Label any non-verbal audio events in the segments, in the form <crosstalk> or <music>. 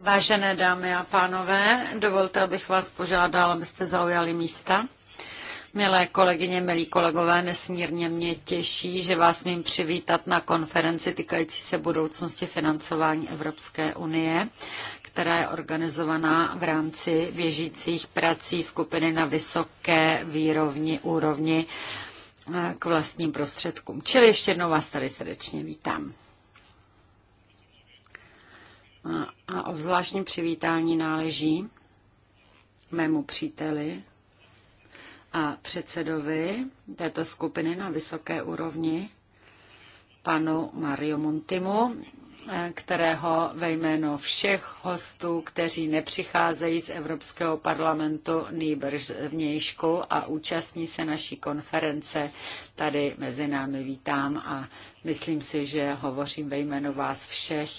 Vážené dámy a pánové, dovolte, abych vás požádal, abyste zaujali místa. Milé kolegyně, milí kolegové, nesmírně mě těší, že vás mím přivítat na konferenci týkající se budoucnosti financování Evropské unie, která je organizovaná v rámci běžících prací skupiny na vysoké výrovni úrovni eh, k vlastním prostředkům. Čili ještě jednou vás tady srdečně vítám a obzvláštní přivítání náleží mému příteli a předsedovi této skupiny na vysoké úrovni, panu Mario Montimu, eh, kterého ve jméno všech hostů, kteří nepřicházejí z Evropského parlamentu nýbrž vnějšku a účastní se naší konference, tady mezi námi vítám a myslím si, že hovořím ve jméno vás všech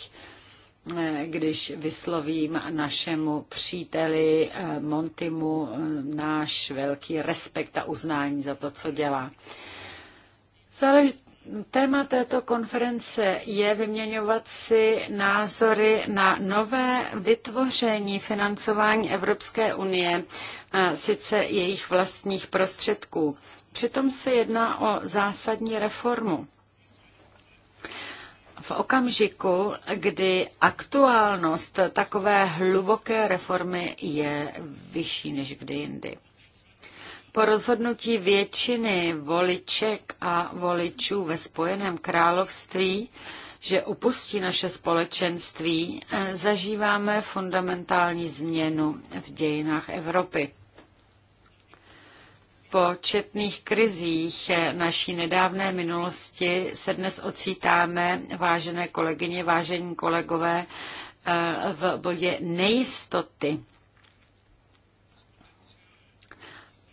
Eh, když vyslovím našemu příteli eh, Montimu eh, náš velký respekt a uznání za to, co dělá. Zálež... Téma této konference je vyměňovat si názory na nové vytvoření financování Evropské unie, sice jejich vlastních prostředků. Přitom se jedná o zásadní reformu. V okamžiku, kdy aktuálnost takové hluboké reformy je vyšší než kdy jindy. Po rozhodnutí většiny voliček a voličů ve Spojeném království, že opustí naše společenství, eh, zažíváme fundamentální změnu v dějinách Evropy po četných krizích naší nedávné minulosti se dnes ocítáme, vážené kolegyně, vážení kolegové, eh, v bodě nejistoty.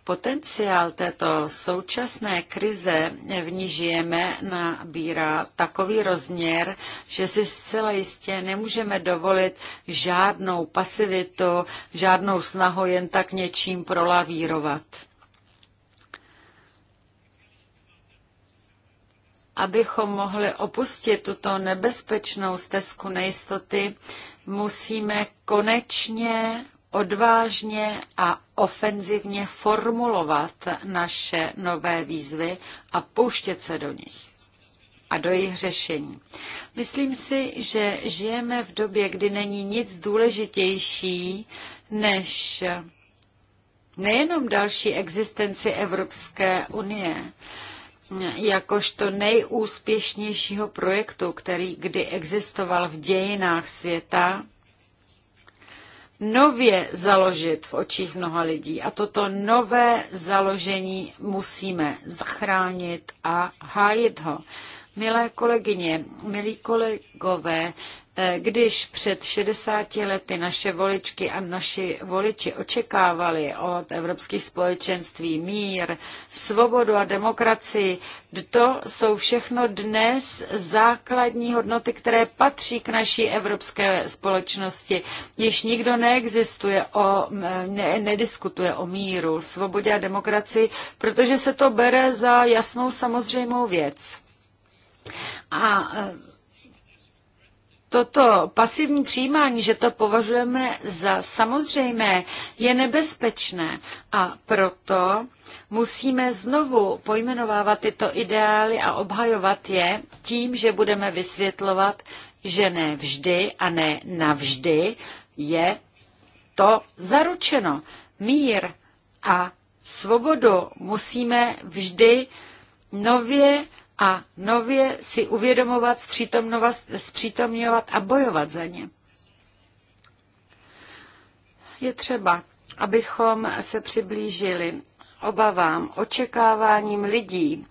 Potenciál této současné krize, v ní žijeme, nabírá takový rozměr, že si zcela jistě nemůžeme dovolit žádnou pasivitu, žádnou snahu jen tak něčím prolavírovat. abychom mohli opustit tuto nebezpečnou stezku nejistoty, musíme konečně odvážně a ofenzivně formulovat naše nové výzvy a pouštět se do nich a do jejich řešení. Myslím si, že žijeme v době, kdy není nic důležitější než nejenom další existenci Evropské unie, jakožto nejúspěšnějšího projektu, který kdy existoval v dějinách světa, nově založit v očích mnoha lidí. A toto nové založení musíme zachránit a hájit ho. Milé kolegyně, milí kolegové, Eh, když před 60 lety naše voličky a naši voliči očekávali od evropských společenství mír, svobodu a demokracii, to jsou všechno dnes základní hodnoty, které patří k naší evropské společnosti. Již nikdo neexistuje o, ne, nediskutuje o míru, svobodě a demokracii, protože se to bere za jasnou samozřejmou věc. A eh, toto pasivní přijímání, že to považujeme za samozřejmé, je nebezpečné a proto musíme znovu pojmenovávat tyto ideály a obhajovat je tím, že budeme vysvětlovat, že ne vždy a ne navždy je to zaručeno. Mír a svobodu musíme vždy nově a nově si uvědomovat, zpřítomňovat a bojovat za ně. Je třeba, abychom se přiblížili obavám, očekáváním lidí,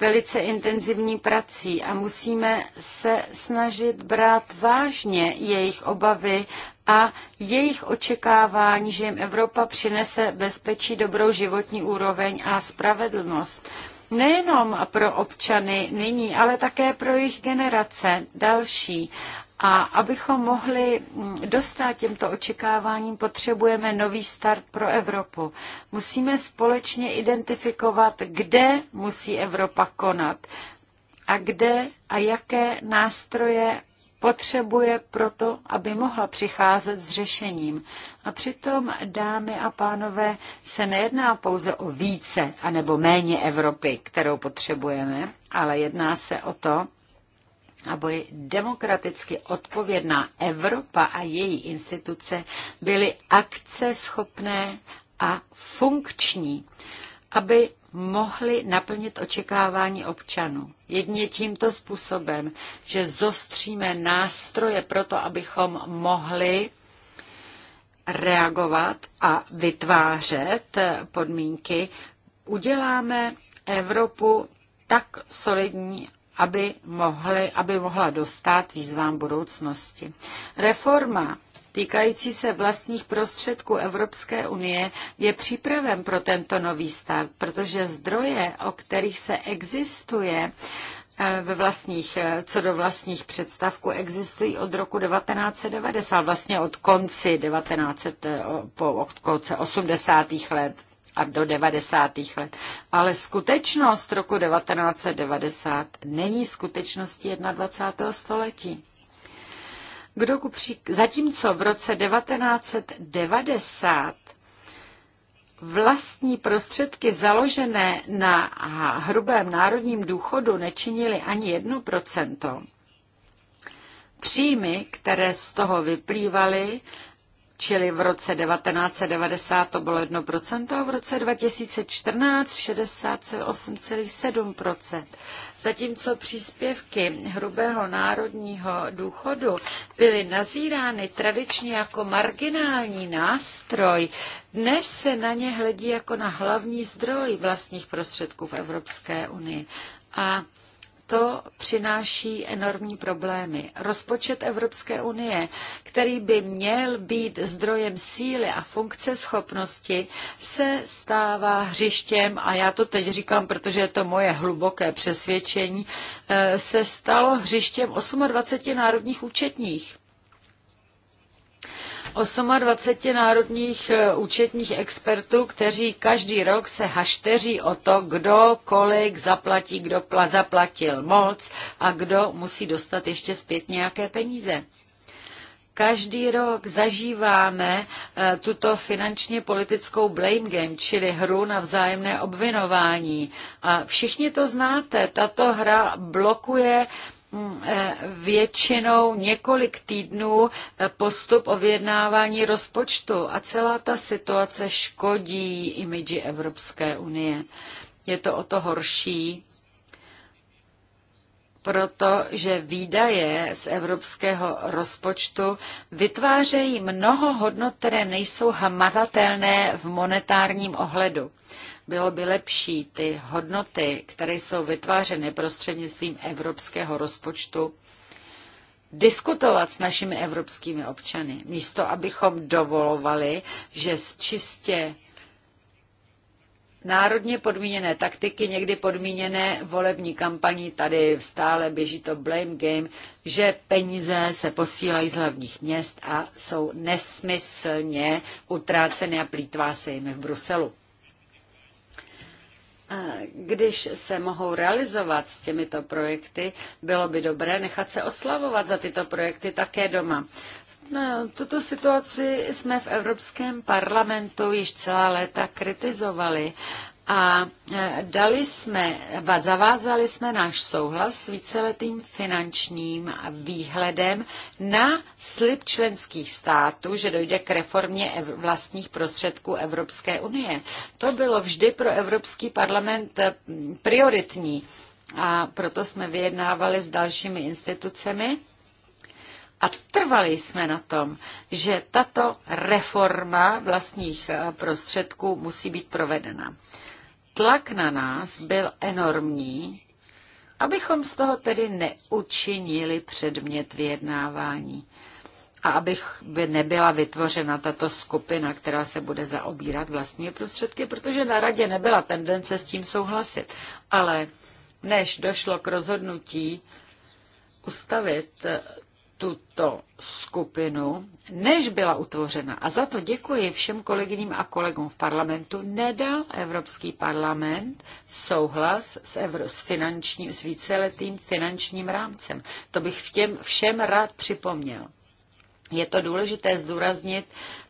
velice intenzivní prací a musíme se snažit brát vážně jejich obavy a jejich očekávání, že jim Evropa přinese bezpečí, dobrou životní úroveň a spravedlnost nejenom pro občany nyní, ale také pro jejich generace další. A abychom mohli mm, dostat těmto očekáváním, potřebujeme nový start pro Evropu. Musíme společně identifikovat, kde musí Evropa konat a kde a jaké nástroje potřebuje proto, aby mohla přicházet s řešením. A přitom, dámy a pánové, se nejedná pouze o více anebo méně Evropy, kterou potřebujeme, ale jedná se o to, aby demokraticky odpovědná Evropa a její instituce byly akceschopné a funkční, aby mohli naplnit očekávání občanů. Jedně tímto způsobem, že zostříme nástroje pro to, abychom mohli reagovat a vytvářet podmínky, uděláme Evropu tak solidní, aby, mohli, aby mohla dostat výzvám budoucnosti. Reforma týkající se vlastních prostředků Evropské unie je přípravem pro tento nový stát, protože zdroje, o kterých se existuje, eh, ve vlastních, eh, co do vlastních představků existují od roku 1990, vlastně od konci 19. Eh, po od konce 80. let a do 90. let. Ale skutečnost roku 1990 není skutečností 21. století. Kdo ku pří... Zatímco v roce 1990 vlastní prostředky založené na hrubém národním důchodu nečinily ani 1%, příjmy, které z toho vyplývaly, Čili v roce 1990 to bylo 1% a v roce 2014 68,7%. Zatímco příspěvky hrubého národního důchodu byly nazírány tradičně jako marginální nástroj, dnes se na ně hledí jako na hlavní zdroj vlastních prostředků v Evropské unii. A to přináší enormní problémy. Rozpočet Evropské unie, který by měl být zdrojem síly a funkce schopnosti, se stává hřištěm, a já to teď říkám, protože je to moje hluboké přesvědčení, eh, se stalo hřištěm 28 národních účetních. 28 národních eh, účetních expertů, kteří každý rok se hašteří o to, kdo kolik zaplatí, kdo pla, zaplatil moc a kdo musí dostat ještě zpět nějaké peníze. Každý rok zažíváme eh, tuto finančně politickou blame game, čili hru na vzájemné obvinování. A všichni to znáte, tato hra blokuje většinou několik týdnů eh, postup o vyjednávání rozpočtu a celá ta situace škodí imidži Evropské unie. Je to o to horší, protože výdaje z evropského rozpočtu vytvářejí mnoho hodnot, které nejsou hamatatelné v monetárním ohledu. Bylo by lepší ty hodnoty, které jsou vytvářeny prostřednictvím evropského rozpočtu, diskutovat s našimi evropskými občany, místo abychom dovolovali, že z čistě národně podmíněné taktiky, někdy podmíněné volební kampaní, tady stále běží to blame game, že peníze se posílají z hlavních měst a jsou nesmyslně utráceny a plítvá se jimi v Bruselu když se mohou realizovat s těmito projekty, bylo by dobré nechat se oslavovat za tyto projekty také doma. No, tuto situaci jsme v Evropském parlamentu již celá léta kritizovali a e, dali jsme, zavázali jsme náš souhlas s víceletým finančním výhledem na slib členských států, že dojde k reformě vlastních prostředků Evropské unie. To bylo vždy pro Evropský parlament e, prioritní a proto jsme vyjednávali s dalšími institucemi a trvali jsme na tom, že tato reforma vlastních e, prostředků musí být provedena tlak na nás byl enormní, abychom z toho tedy neučinili předmět vyjednávání a abych by nebyla vytvořena tato skupina, která se bude zaobírat vlastními prostředky, protože na radě nebyla tendence s tím souhlasit. Ale než došlo k rozhodnutí ustavit tuto skupinu, než byla utvořena, a za to děkuji všem kolegyním a kolegům v parlamentu, nedal Evropský parlament souhlas s, evro, s, finančním, s víceletým finančním rámcem. To bych v těm všem rád připomněl. Je to důležité zdůraznit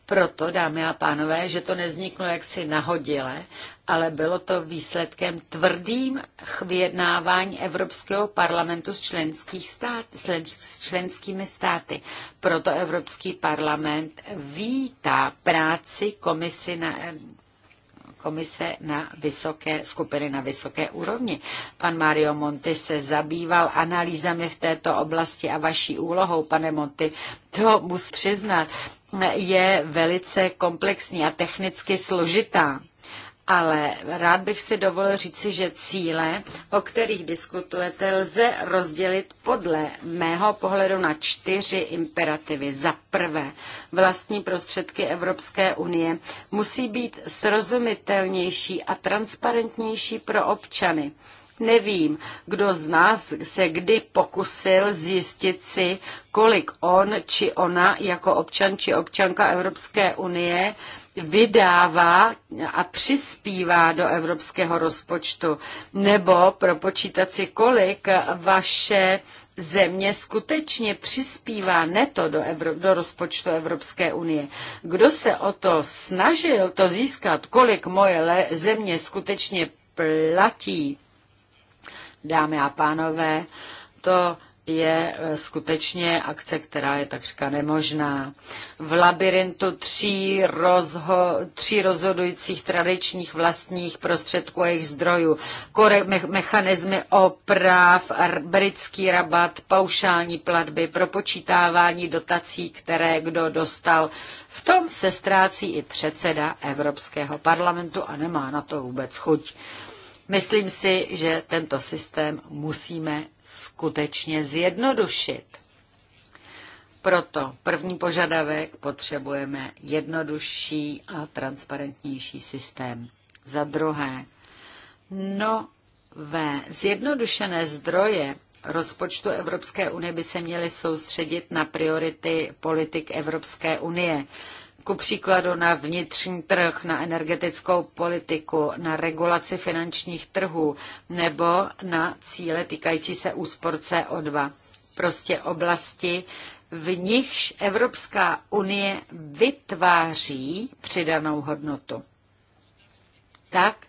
proto, dámy a pánové, že to nevzniklo jaksi nahodile, ale bylo to výsledkem tvrdým vyjednávání Evropského parlamentu s, členských stát, s členskými státy. Proto Evropský parlament vítá práci komisi na, eh, komise na vysoké, skupiny na vysoké úrovni. Pan Mario Monti se zabýval analýzami v této oblasti a vaší úlohou, pane Monti, to musí přiznat, je velice komplexní a technicky složitá ale rád bych si dovolil říci, že cíle, o kterých diskutujete, lze rozdělit podle mého pohledu na čtyři imperativy. Za prvé, vlastní prostředky Evropské unie musí být srozumitelnější a transparentnější pro občany. Nevím, kdo z nás se kdy pokusil zjistit si, kolik on či ona jako občan či občanka Evropské unie vydává a přispívá do evropského rozpočtu, nebo propočítat si, kolik vaše země skutečně přispívá neto do, Evro- do rozpočtu Evropské unie. Kdo se o to snažil, to získat, kolik moje země skutečně platí, dámy a pánové, to je eh, skutečně akce, která je takřka nemožná. V labirintu tří, rozho- tří rozhodujících tradičních vlastních prostředků a jejich zdrojů, kore- me- mechanizmy oprav, britský rabat, paušální platby, propočítávání dotací, které kdo dostal, v tom se ztrácí i předseda Evropského parlamentu a nemá na to vůbec chuť. Myslím si, že tento systém musíme skutečně zjednodušit. Proto první požadavek potřebujeme jednodušší a transparentnější systém. Za druhé, nové zjednodušené zdroje rozpočtu Evropské unie by se měly soustředit na priority politik Evropské unie ku příkladu na vnitřní trh, na energetickou politiku, na regulaci finančních trhů nebo na cíle týkající se úspor CO2. Prostě oblasti, v nichž Evropská unie vytváří přidanou hodnotu. Tak,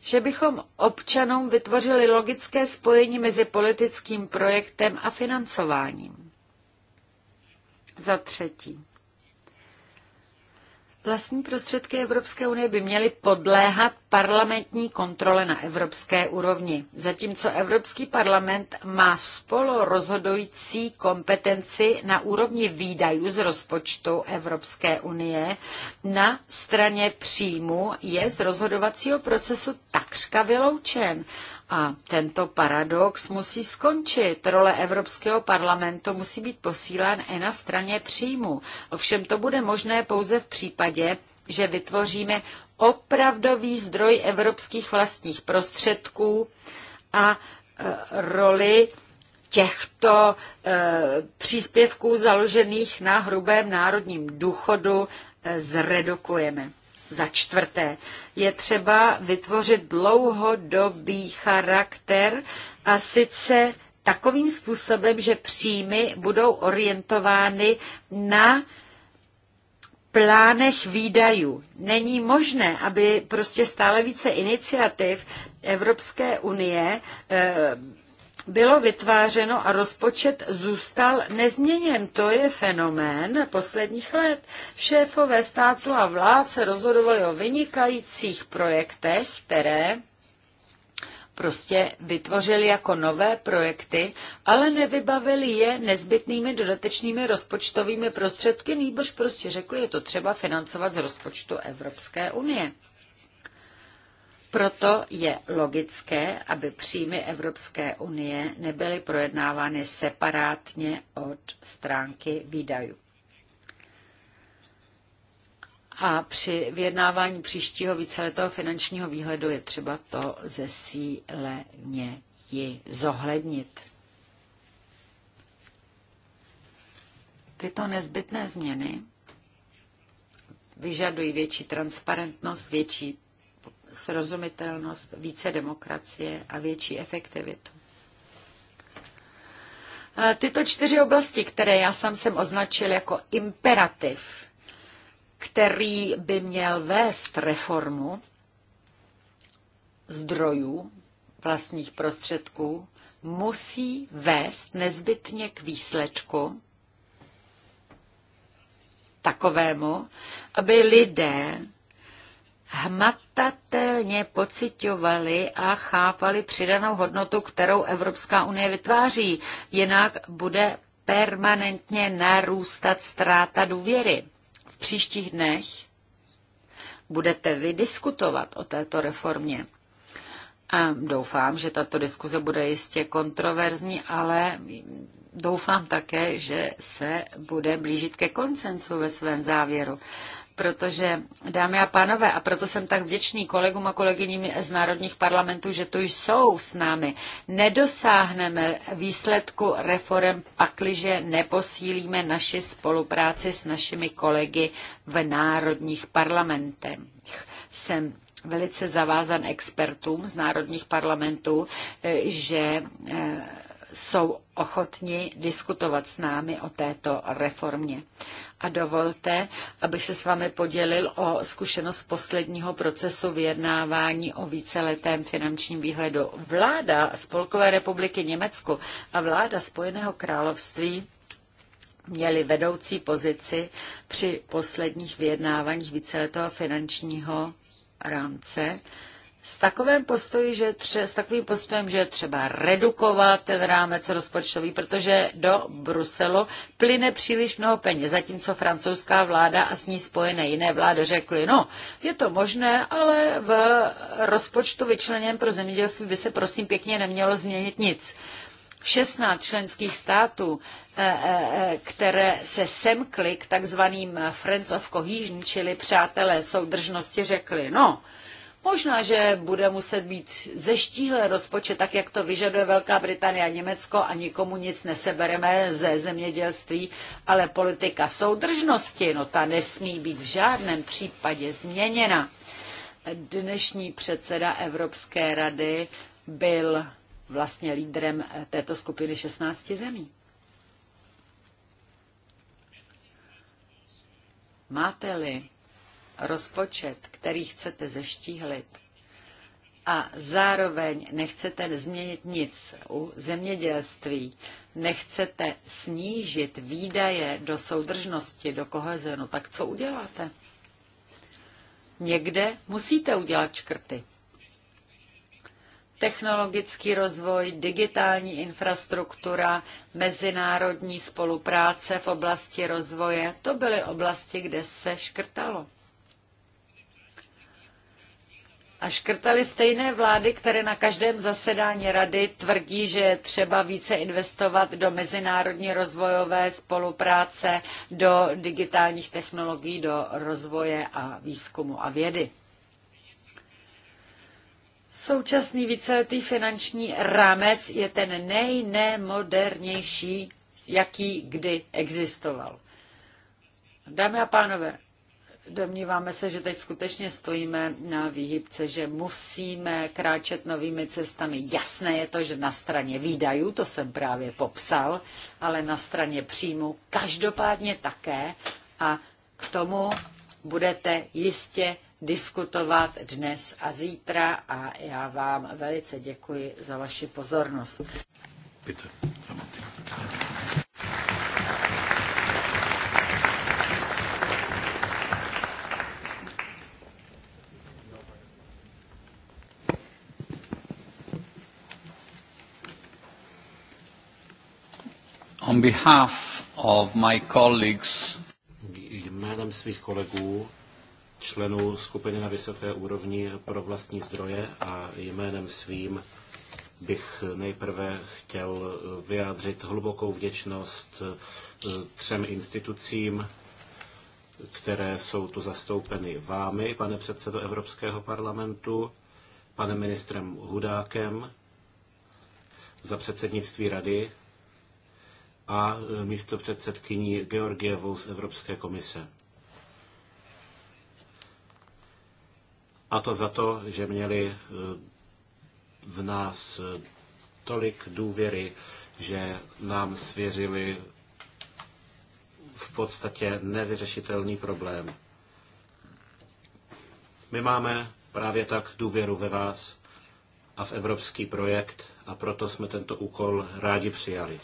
že bychom občanům vytvořili logické spojení mezi politickým projektem a financováním. Za třetí. Vlastní prostředky Evropské unie by měly podléhat parlamentní kontrole na evropské úrovni. Zatímco Evropský parlament má spolo rozhodující kompetenci na úrovni výdajů z rozpočtu Evropské unie, na straně příjmu je z rozhodovacího procesu takřka vyloučen. A tento paradox musí skončit. Role Evropského parlamentu musí být posílán i na straně příjmu. Ovšem to bude možné pouze v případě, že vytvoříme opravdový zdroj evropských vlastních prostředků a e, roli těchto e, příspěvků založených na hrubém národním důchodu e, zredukujeme. Za čtvrté, je třeba vytvořit dlouhodobý charakter a sice takovým způsobem, že příjmy budou orientovány na plánech výdajů. Není možné, aby prostě stále více iniciativ Evropské unie eh, bylo vytvářeno a rozpočet zůstal nezměněn. To je fenomén posledních let. Šéfové státu a vlád se rozhodovali o vynikajících projektech, které prostě vytvořili jako nové projekty, ale nevybavili je nezbytnými dodatečnými rozpočtovými prostředky, nýbrž prostě řekli, je to třeba financovat z rozpočtu Evropské unie. Proto je logické, aby příjmy Evropské unie nebyly projednávány separátně od stránky výdajů. A při vyjednávání příštího víceletého finančního výhledu je třeba to zesíleně ji zohlednit. Tyto nezbytné změny vyžadují větší transparentnost, větší srozumitelnost, více demokracie a větší efektivitu. E, tyto čtyři oblasti, které já sám jsem označil jako imperativ, který by měl vést reformu zdrojů vlastních prostředků, musí vést nezbytně k výslečku, takovému, aby lidé hmatatelně pocitovali a chápali přidanou hodnotu, kterou Evropská unie vytváří. Jinak bude permanentně narůstat ztráta důvěry příštích dnech budete vy diskutovat o této reformě. A doufám, že tato diskuze bude jistě kontroverzní, ale doufám také, že se bude blížit ke koncensu ve svém závěru protože, dámy a pánové, a proto jsem tak vděčný kolegům a kolegyním z národních parlamentů, že tu jsou s námi. Nedosáhneme výsledku reform, pakliže neposílíme naši spolupráci s našimi kolegy v národních parlamentech. Jsem velice zavázan expertům z národních parlamentů, že eh, jsou ochotni diskutovat s námi o této reformě. A dovolte, abych se s vámi podělil o zkušenost posledního procesu vyjednávání o víceletém finančním výhledu. Vláda Spolkové republiky Německu a vláda Spojeného království měli vedoucí pozici při posledních vyjednáváních víceletého finančního rámce s, takovým postoji, že tře, s takovým postojem, že je třeba redukovat ten rámec rozpočtový, protože do Bruselu plyne příliš mnoho peněz, zatímco francouzská vláda a s ní spojené jiné vlády řekly, no, je to možné, ale v rozpočtu vyčleněném pro zemědělství by se prosím pěkně nemělo změnit nic. 16 členských států, eh, eh, eh, které se semkly k takzvaným Friends of Cohesion, čili přátelé soudržnosti, řekli, no, Možná, že bude muset být zeštíhle rozpočet, tak jak to vyžaduje Velká Británie a Německo a nikomu nic nesebereme ze zemědělství, ale politika soudržnosti, no ta nesmí být v žádném případě změněna. Dnešní předseda Evropské rady byl vlastně lídrem této skupiny 16 zemí. Máte-li rozpočet, který chcete zeštíhlit, a zároveň nechcete změnit nic u zemědělství, nechcete snížit výdaje do soudržnosti, do kohezenu, tak co uděláte? Někde musíte udělat škrty. Technologický rozvoj, digitální infrastruktura, mezinárodní spolupráce v oblasti rozvoje, to byly oblasti, kde se škrtalo a škrtali stejné vlády, které na každém zasedání rady tvrdí, že je třeba více investovat do mezinárodní rozvojové spolupráce, do digitálních technologií, do rozvoje a výzkumu a vědy. Současný víceletý finanční rámec je ten nejnemodernější, jaký kdy existoval. Dámy a pánové, Domníváme se, že teď skutečně stojíme na výhybce, že musíme kráčet novými cestami. Jasné je to, že na straně výdajů, to jsem právě popsal, ale na straně příjmu každopádně také a k tomu budete jistě diskutovat dnes a zítra a já vám velice děkuji za vaši pozornost. Peter. On behalf of my colleagues, jménem svých kolegů, členů skupiny na vysoké úrovni pro vlastní zdroje a jménem svým bych nejprve chtěl vyjádřit hlubokou vděčnost eh, třem institucím, které jsou tu zastoupeny vámi, pane předsedo Evropského parlamentu, panem ministrem Hudákem za předsednictví rady a e, místo předsedkyní Georgievou z Evropské komise. A to za to, že měli e, v nás e, tolik důvěry, že nám svěřili v podstatě nevyřešitelný problém. My máme právě tak důvěru ve vás a v evropský projekt a proto jsme tento úkol rádi přijali.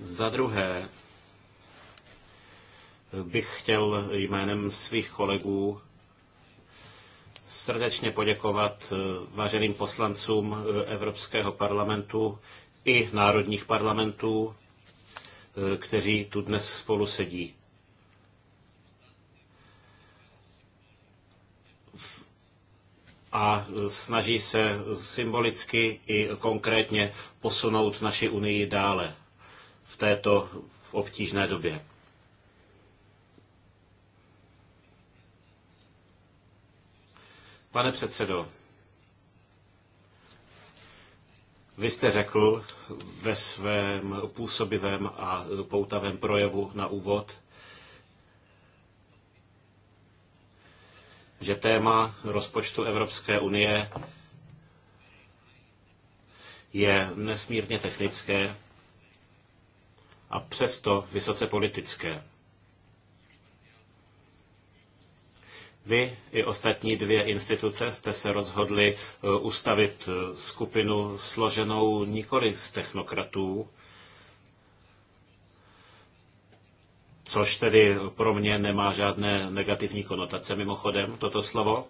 Za druhé bych chtěl jménem svých kolegů srdečně poděkovat eh, váženým poslancům eh, Evropského parlamentu i národních parlamentů, eh, kteří tu dnes spolu sedí. a snaží se symbolicky i konkrétně posunout naši unii dále v této obtížné době. Pane předsedo, Vy jste řekl ve svém působivém a poutavém projevu na úvod, že téma rozpočtu Evropské unie je nesmírně technické a přesto vysoce politické. Vy i ostatní dvě instituce jste se rozhodli eh, ustavit eh, skupinu složenou nikoli z technokratů, což tedy pro mě nemá žádné negativní konotace mimochodem, toto slovo.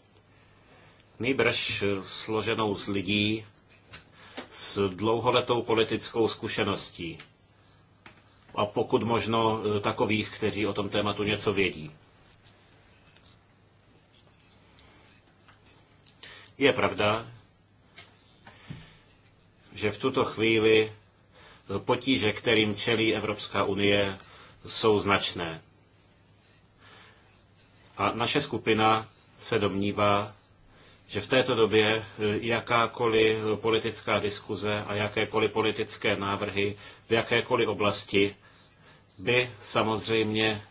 Nýbrž eh, složenou z lidí s dlouholetou politickou zkušeností a pokud možno eh, takových, kteří o tom tématu něco vědí. Je pravda, že v tuto chvíli eh, potíže, kterým čelí Evropská unie, jsou značné. A naše skupina se domnívá, že v této době eh, jakákoliv politická diskuze a jakékoliv politické návrhy v jakékoliv oblasti by samozřejmě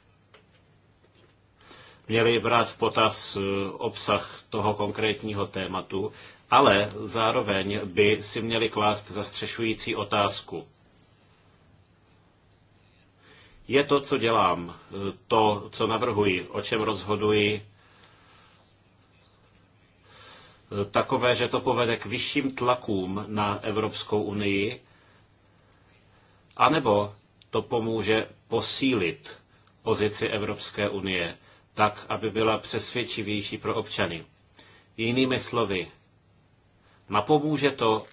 měli brát v potaz e, obsah toho konkrétního tématu, ale zároveň by si měli klást zastřešující otázku. Je to, co dělám, e, to, co navrhuji, o čem rozhoduji, e, takové, že to povede k vyšším tlakům na Evropskou unii anebo to pomůže posílit pozici Evropské unie tak, aby byla přesvědčivější pro občany. Jinými slovy, napomůže to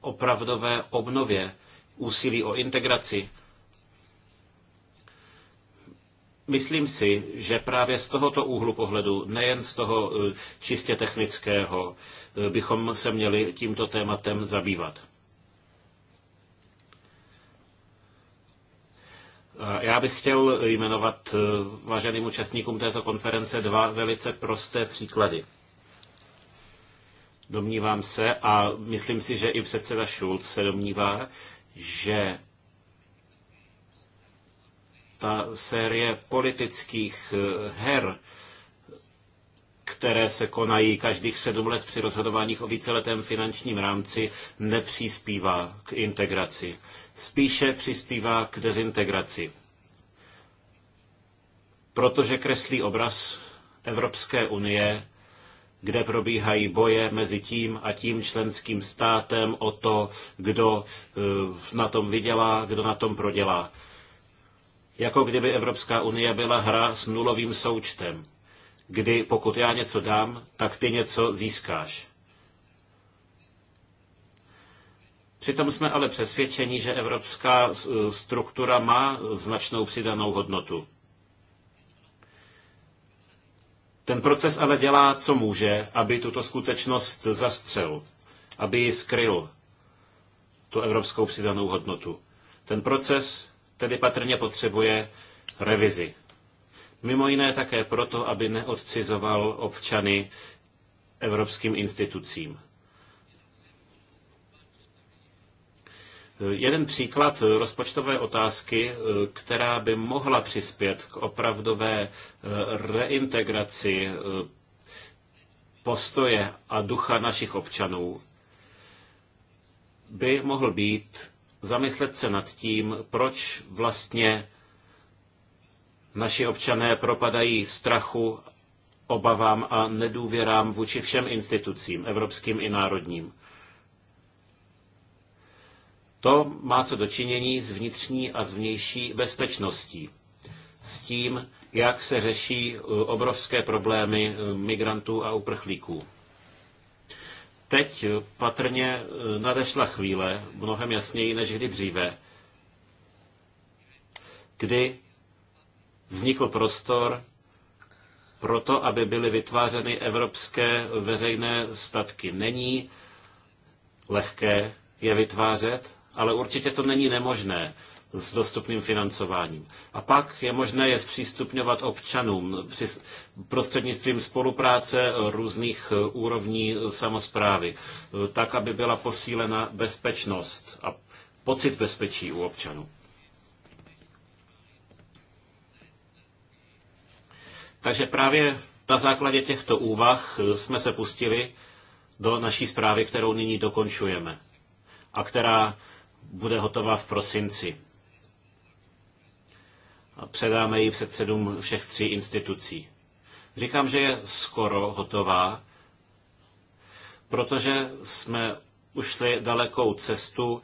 opravdové obnově úsilí o integraci. Myslím si, že právě z tohoto úhlu pohledu, nejen z toho eh, čistě technického, eh, bychom se měli tímto tématem zabývat. Eh, já bych chtěl jmenovat eh, váženým účastníkům této konference dva velice prosté příklady. Domnívám se, a myslím si, že i předseda Schulz se domnívá, že ta série politických eh, her, které se konají každých sedm let při rozhodováních o víceletém finančním rámci, nepřispívá k integraci spíše přispívá k dezintegraci. Protože kreslí obraz Evropské unie, kde probíhají boje mezi tím a tím členským státem o to, kdo eh, na tom vydělá, kdo na tom prodělá. Jako kdyby Evropská unie byla hra s nulovým součtem, kdy pokud já něco dám, tak ty něco získáš. Přitom jsme ale přesvědčeni, že evropská eh, struktura má eh, značnou přidanou hodnotu. Ten proces ale dělá, co může, aby tuto skutečnost zastřel, aby ji skryl, tu evropskou přidanou hodnotu. Ten proces tedy patrně potřebuje revizi. Mimo jiné také proto, aby neodcizoval občany evropským institucím. Jeden příklad rozpočtové otázky, která by mohla přispět k opravdové eh, reintegraci eh, postoje a ducha našich občanů, by mohl být zamyslet se nad tím, proč vlastně naši občané propadají strachu, obavám a nedůvěrám vůči všem institucím, evropským i národním. To má co dočinění s vnitřní a s vnější bezpečností. S tím, jak se řeší eh, obrovské problémy eh, migrantů a uprchlíků. Teď eh, patrně nadešla chvíle, mnohem jasněji než kdy dříve, kdy vznikl prostor pro to, aby byly vytvářeny evropské veřejné statky. Není lehké je vytvářet, ale určitě to není nemožné s dostupným financováním. A pak je možné je zpřístupňovat občanům prostřednictvím spolupráce různých eh, úrovní eh, samozprávy, eh, tak, aby byla posílena bezpečnost a pocit bezpečí u občanů. Takže právě na základě těchto úvah jsme se pustili do naší zprávy, kterou nyní dokončujeme a která bude hotová v prosinci. A předáme ji předsedům všech tří institucí. Říkám, že je skoro hotová, protože jsme ušli dalekou cestu,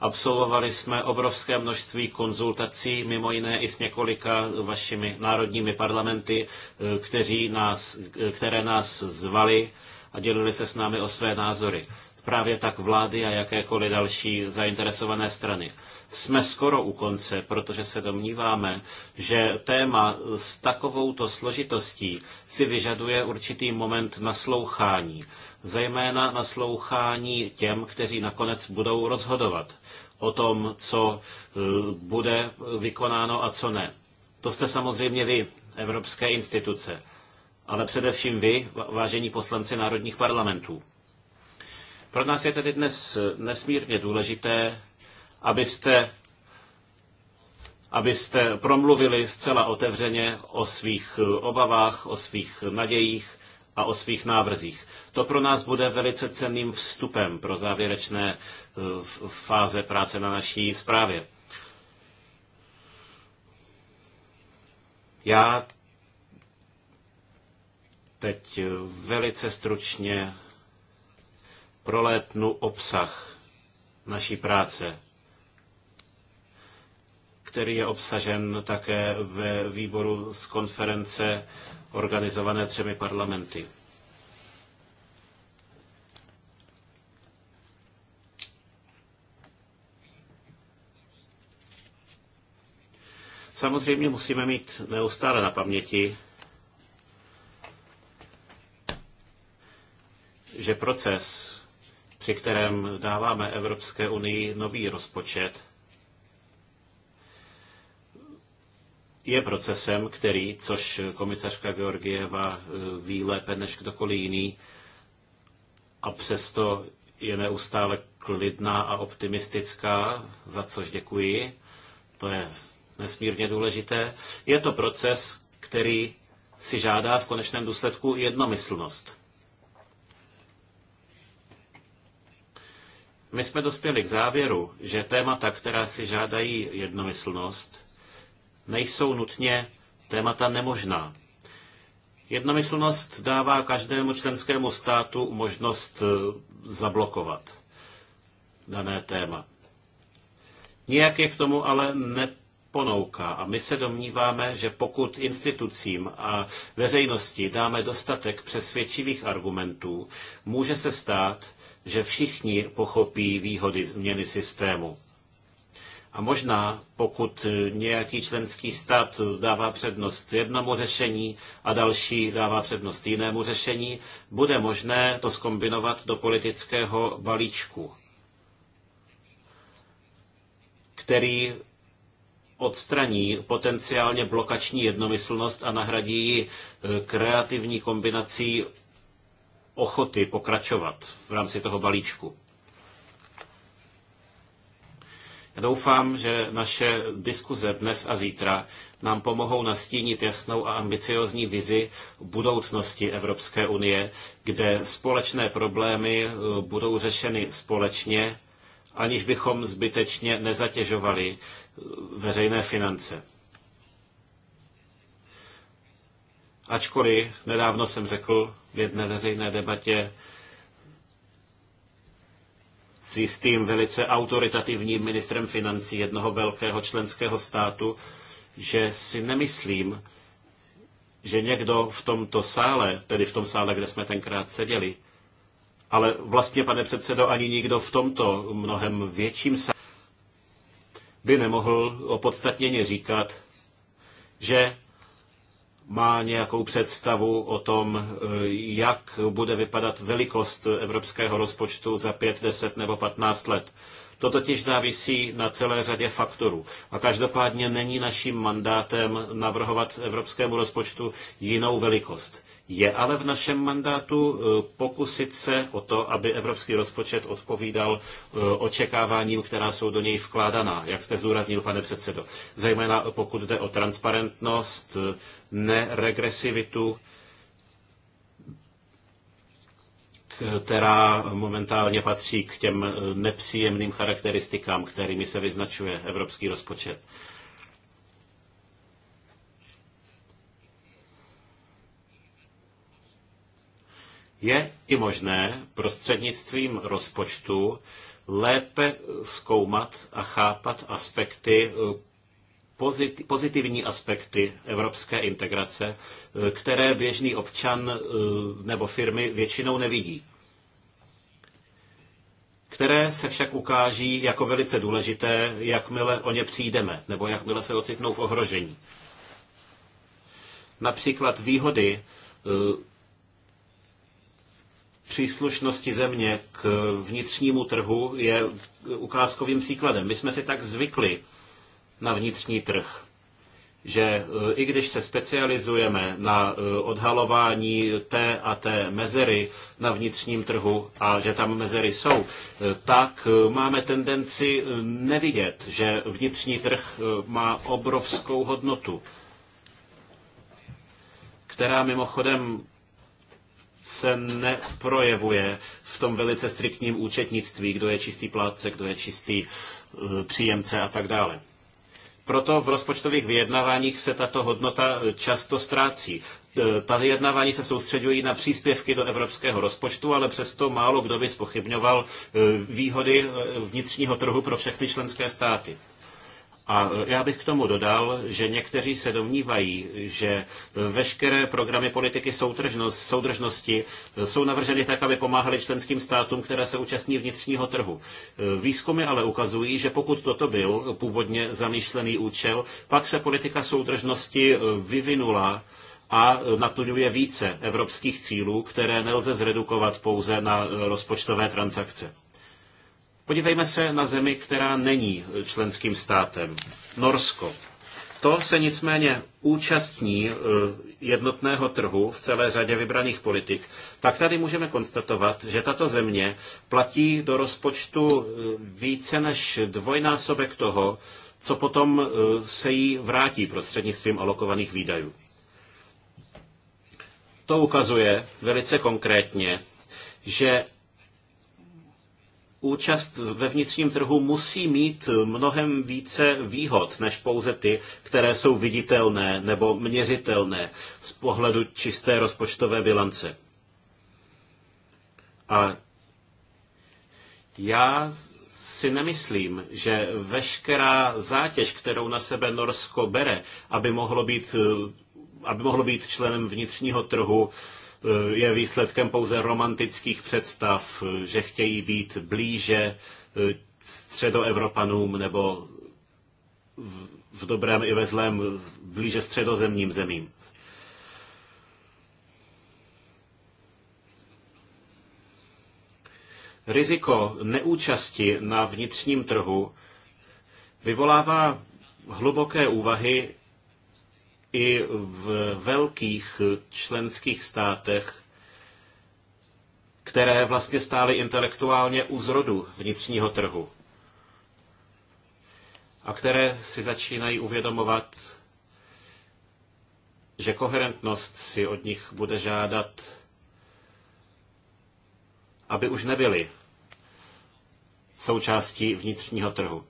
absolvovali jsme obrovské množství konzultací, mimo jiné i s několika vašimi národními parlamenty, eh, kteří nás, eh, které nás zvali a dělili se s námi o své názory právě tak vlády a jakékoliv další zainteresované strany. Jsme skoro u konce, protože se domníváme, že téma s takovouto složitostí si vyžaduje určitý moment naslouchání. Zejména naslouchání těm, kteří nakonec budou rozhodovat o tom, co e, bude vykonáno a co ne. To jste samozřejmě vy, evropské instituce, ale především vy, vážení poslanci národních parlamentů. Pro nás je tedy dnes nesmírně důležité, abyste, abyste promluvili zcela otevřeně o svých obavách, o svých nadějích a o svých návrzích. To pro nás bude velice cenným vstupem pro závěrečné eh, fáze práce na naší zprávě. Já teď velice stručně prolétnu obsah naší práce, který je obsažen také ve výboru z konference organizované třemi parlamenty. Samozřejmě musíme mít neustále na paměti, že proces ke kterém dáváme Evropské unii nový rozpočet, je procesem, který, což komisařka Georgieva eh, ví lépe než kdokoliv jiný, a přesto je neustále klidná a optimistická, za což děkuji. To je nesmírně důležité. Je to proces, který si žádá v konečném důsledku jednomyslnost. My jsme dospěli k závěru, že témata, která si žádají jednomyslnost, nejsou nutně témata nemožná. Jednomyslnost dává každému členskému státu možnost e, zablokovat dané téma. Nijak je k tomu ale neponouká a my se domníváme, že pokud institucím a veřejnosti dáme dostatek přesvědčivých argumentů, může se stát, že všichni pochopí výhody změny systému. A možná, pokud nějaký členský stát dává přednost jednomu řešení a další dává přednost jinému řešení, bude možné to skombinovat do politického balíčku, který odstraní potenciálně blokační jednomyslnost a nahradí ji eh, kreativní kombinací ochoty pokračovat v rámci toho balíčku. Já doufám, že naše diskuze dnes a zítra nám pomohou nastínit jasnou a ambiciozní vizi budoucnosti Evropské unie, kde společné problémy eh, budou řešeny společně, aniž bychom zbytečně nezatěžovali eh, veřejné finance. Ačkoliv nedávno jsem řekl, v jedné veřejné debatě s jistým velice autoritativním ministrem financí jednoho velkého členského státu, že si nemyslím, že někdo v tomto sále, tedy v tom sále, kde jsme tenkrát seděli, ale vlastně, pane předsedo, ani nikdo v tomto mnohem větším sále by nemohl opodstatněně říkat, že má nějakou představu o tom, eh, jak bude vypadat velikost evropského rozpočtu za 5, 10 nebo 15 let. To totiž závisí na celé řadě faktorů. A každopádně není naším mandátem navrhovat evropskému rozpočtu jinou velikost. Je ale v našem mandátu eh, pokusit se o to, aby evropský rozpočet odpovídal eh, očekáváním, která jsou do něj vkládaná, jak jste zúraznil, pane předsedo. Zejména pokud jde o transparentnost, eh, neregresivitu, která momentálně patří k těm nepříjemným charakteristikám, kterými se vyznačuje evropský rozpočet. Je i možné prostřednictvím rozpočtu lépe zkoumat a chápat aspekty eh, pozitivní aspekty evropské integrace, eh, které běžný občan eh, nebo firmy většinou nevidí, které se však ukáží jako velice důležité, jakmile o ně přijdeme nebo jakmile se ocitnou v ohrožení. Například výhody příslušnosti země k vnitřnímu trhu je ukázkovým příkladem. My jsme si tak zvykli na vnitřní trh, že e, i když se specializujeme na e, odhalování té a té mezery na vnitřním trhu a že tam mezery jsou, e, tak máme tendenci nevidět, že vnitřní trh má obrovskou hodnotu, která mimochodem se neprojevuje v tom velice striktním účetnictví, kdo je čistý plátce, kdo je čistý eh, příjemce a tak dále. Proto v rozpočtových vyjednáváních se tato hodnota eh, často ztrácí. Eh, ta vyjednávání se soustředují na příspěvky do evropského rozpočtu, ale přesto málo kdo by spochybňoval výhody vnitřního trhu pro všechny členské státy. A já bych k tomu dodal, že někteří se domnívají, že veškeré programy politiky soudržnosti jsou navrženy tak, aby pomáhaly členským státům, které se účastní vnitřního trhu. Výzkumy ale ukazují, že pokud toto byl původně zamýšlený účel, pak se politika soudržnosti vyvinula a naplňuje více evropských cílů, které nelze zredukovat pouze na rozpočtové transakce. Podívejme se na zemi, která není členským státem. Norsko. To se nicméně účastní eh, jednotného trhu v celé řadě vybraných politik, tak tady můžeme konstatovat, že tato země platí do rozpočtu eh, více než dvojnásobek toho, co potom eh, se jí vrátí prostřednictvím alokovaných výdajů. To ukazuje velice konkrétně, že účast ve vnitřním trhu musí mít mnohem více výhod než pouze ty, které jsou viditelné nebo měřitelné z pohledu čisté rozpočtové bilance. A já si nemyslím, že veškerá zátěž, kterou na sebe Norsko bere, aby mohlo být, aby mohlo být členem vnitřního trhu, je výsledkem pouze romantických představ, že chtějí být blíže eh, středoevropanům nebo v dobrém i ve zlém blíže středozemním zemím. Riziko neúčasti na vnitřním trhu vyvolává hluboké úvahy i v velkých členských státech, které vlastně stály intelektuálně u zrodu vnitřního trhu a které si začínají uvědomovat, že koherentnost si od nich bude žádat, aby už nebyly součástí vnitřního trhu.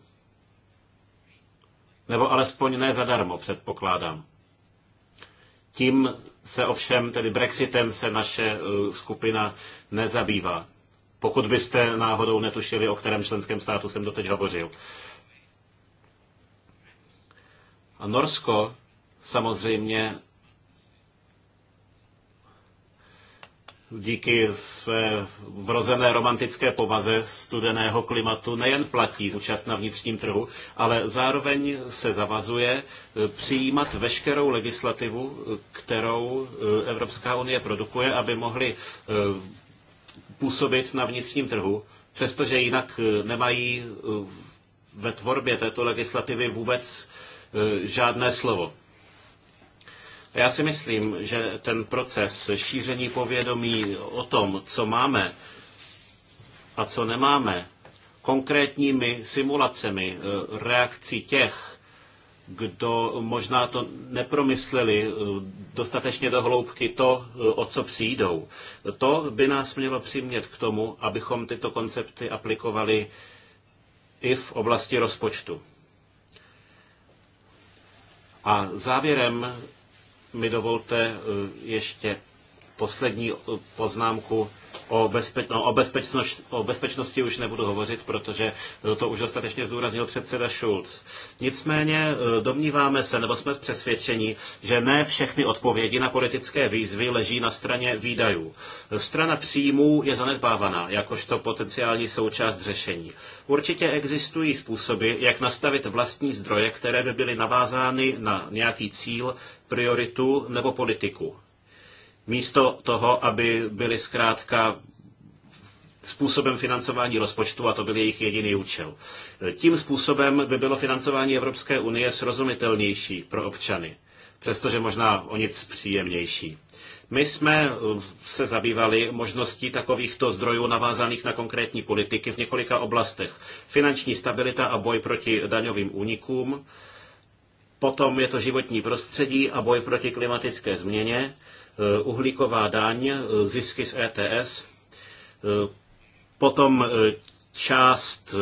Nebo alespoň ne zadarmo, předpokládám. Tím se ovšem, tedy Brexitem, se naše eh, skupina nezabývá. Pokud byste náhodou netušili, o kterém členském státu jsem doteď hovořil. A Norsko samozřejmě díky své vrozené romantické povaze studeného klimatu nejen platí účast na vnitřním trhu, ale zároveň se zavazuje e, přijímat veškerou legislativu, kterou e, Evropská unie produkuje, aby mohli e, působit na vnitřním trhu, přestože jinak nemají ve tvorbě této legislativy vůbec žádné slovo. Já si myslím, že ten proces šíření povědomí o tom, co máme a co nemáme, konkrétními simulacemi eh, reakcí těch, kdo možná to nepromysleli eh, dostatečně do hloubky to, eh, o co přijdou. To by nás mělo přimět k tomu, abychom tyto koncepty aplikovali i v oblasti rozpočtu. A závěrem mi dovolte eh, ještě poslední eh, poznámku O, bezpe- no, o, o bezpečnosti už nebudu hovořit, protože to už dostatečně zdůraznil předseda Schulz. Nicméně e, domníváme se, nebo jsme přesvědčeni, že ne všechny odpovědi na politické výzvy leží na straně výdajů. Strana příjmů je zanedbávaná jakožto potenciální součást řešení. Určitě existují způsoby, jak nastavit vlastní zdroje, které by byly navázány na nějaký cíl, prioritu nebo politiku místo toho, aby byly zkrátka způsobem financování rozpočtu a to byl jejich jediný účel. Tím způsobem by bylo financování Evropské unie srozumitelnější pro občany, přestože možná o nic příjemnější. My jsme uh, se zabývali možností takovýchto zdrojů navázaných na konkrétní politiky v několika oblastech. Finanční stabilita a boj proti daňovým únikům, potom je to životní prostředí a boj proti klimatické změně, Eh, uhlíková daň, eh, zisky z ETS, eh, potom část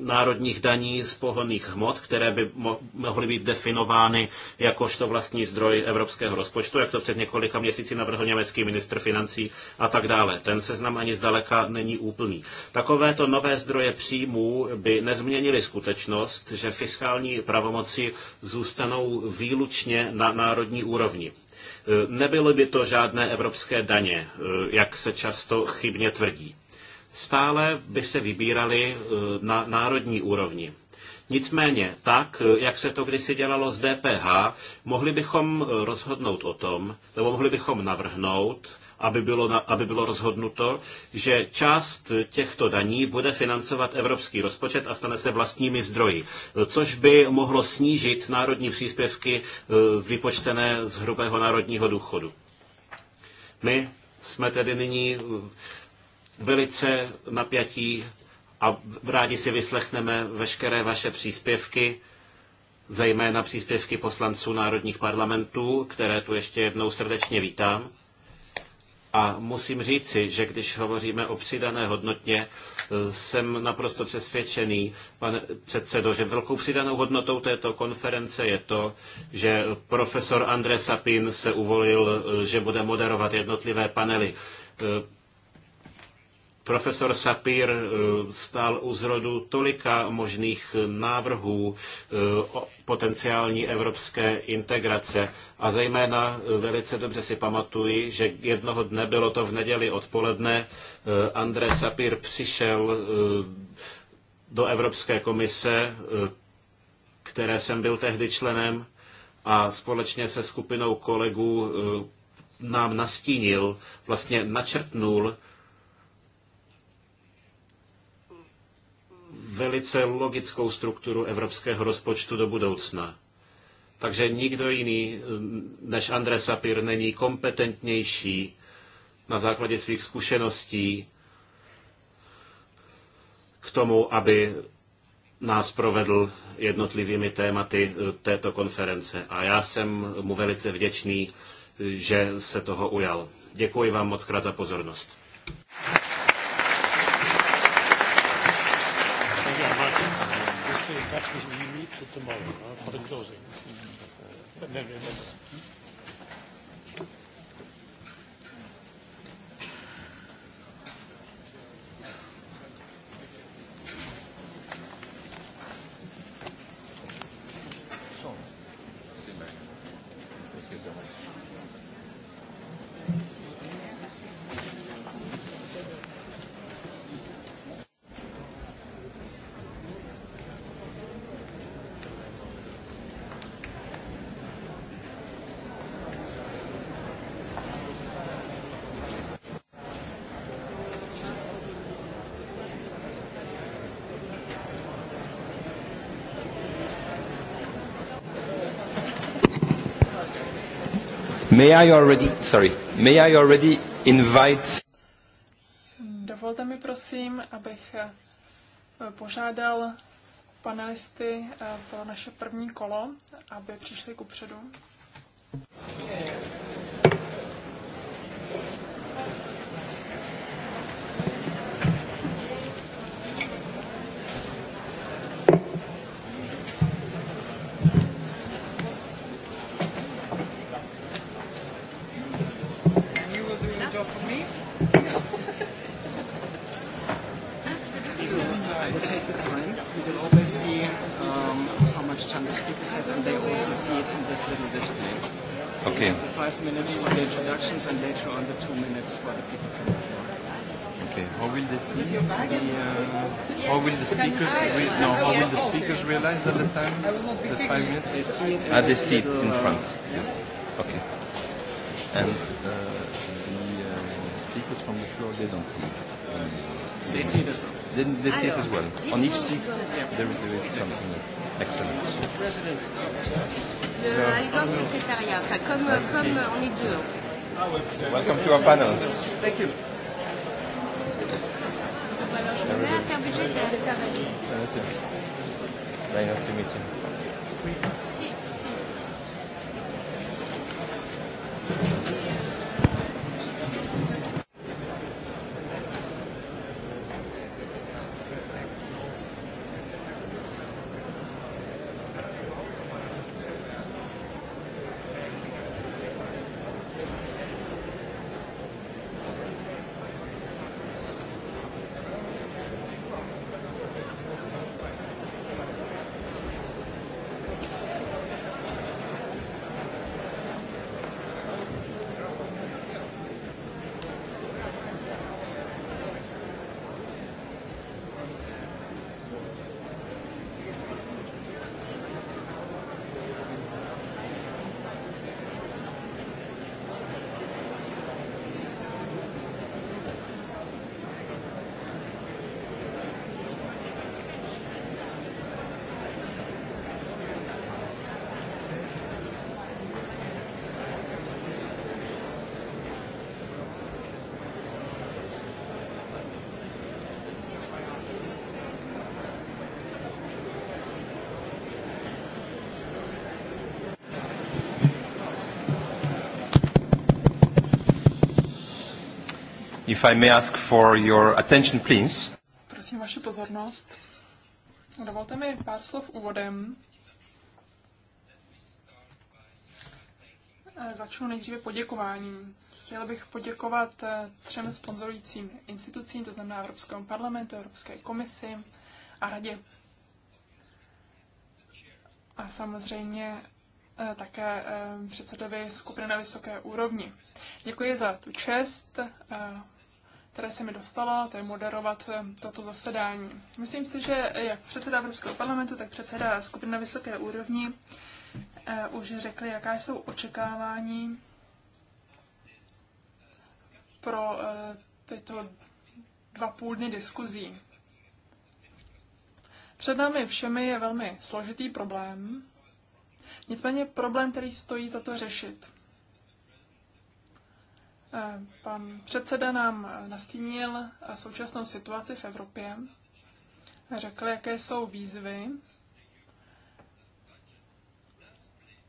národních daní z pohonných hmot, které by mohly být definovány jakožto vlastní zdroj evropského rozpočtu, jak to před několika měsíci navrhl německý ministr financí a tak dále. Ten seznam ani zdaleka není úplný. Takovéto nové zdroje příjmů by nezměnily skutečnost, že fiskální pravomoci zůstanou výlučně na národní úrovni. Eh, nebyly by to žádné evropské daně, eh, jak se často chybně tvrdí. Stále by se vybíraly eh, na národní úrovni. Nicméně, tak, jak se to kdysi dělalo s DPH, mohli bychom rozhodnout o tom, nebo mohli bychom navrhnout, aby bylo, na, aby bylo rozhodnuto, že část těchto daní bude financovat evropský rozpočet a stane se vlastními zdroji, což by mohlo snížit národní příspěvky eh, vypočtené z hrubého národního důchodu. My jsme tedy nyní eh, velice napjatí a rádi si vyslechneme veškeré vaše příspěvky, zejména příspěvky poslanců národních parlamentů, které tu ještě jednou srdečně vítám. A musím říci, že když hovoříme o přidané hodnotě, eh, jsem naprosto přesvědčený, pane předsedo, že velkou přidanou hodnotou této konference je to, že profesor Andrej Sapin se uvolil, eh, že bude moderovat jednotlivé panely eh, Profesor Sapir eh, stál u zrodu tolika možných návrhů eh, o potenciální evropské integrace a zejména eh, velice dobře si pamatuji, že jednoho dne, bylo to v neděli odpoledne, André Sapir přišel do Evropské komise, které jsem byl tehdy členem a společně se skupinou kolegů nám nastínil, vlastně načrtnul, velice logickou strukturu evropského rozpočtu do budoucna. Takže nikdo jiný eh, než Andre Sapir není kompetentnější na základě svých zkušeností k tomu, aby nás provedl jednotlivými tématy eh, této konference. A já jsem mu velice vděčný, eh, že se toho ujal. Děkuji vám moc krát za pozornost. actually we meet tomorrow uh, for the closing. And then, yes. May I already, sorry, may I already invite... Dovolte mi prosím, abych eh, požádal panelisty eh, pro naše první kolo, aby přišli ku předu. Yeah. At the seat in front. Yes. Okay. And uh, the uh, speakers from the floor, they don't leave. Um, they see this. They, they see it as well. On each seat, there, there is something. Excellent. Le président secrétariat, enfin, comme, comme euh, on est deux. Ah Welcome to our panel. Thank you. Alors, je me mets à faire budgétaire. Nice to meet you. Si. I may ask for your attention, please. Prosím vaši pozornost. Dovolte mi pár slov úvodem. Začnu nejdříve poděkováním. Chtěla bych poděkovat eh, třem sponzorujícím institucím, to znamená Evropskému parlamentu, Evropské komisi a Radě. A samozřejmě eh, také eh, předsedovi skupiny na vysoké úrovni. Děkuji za tu čest které se mi dostalo, to je moderovat eh, toto zasedání. Myslím si, že jak předseda Evropského parlamentu, tak předseda skupiny na vysoké úrovni eh, už řekli, jaká jsou očekávání pro eh, tyto dva půl dny diskuzí. Před námi všemi je velmi složitý problém, nicméně problém, který stojí za to řešit. Pan předseda nám nastínil současnou situaci v Evropě, řekl, jaké jsou výzvy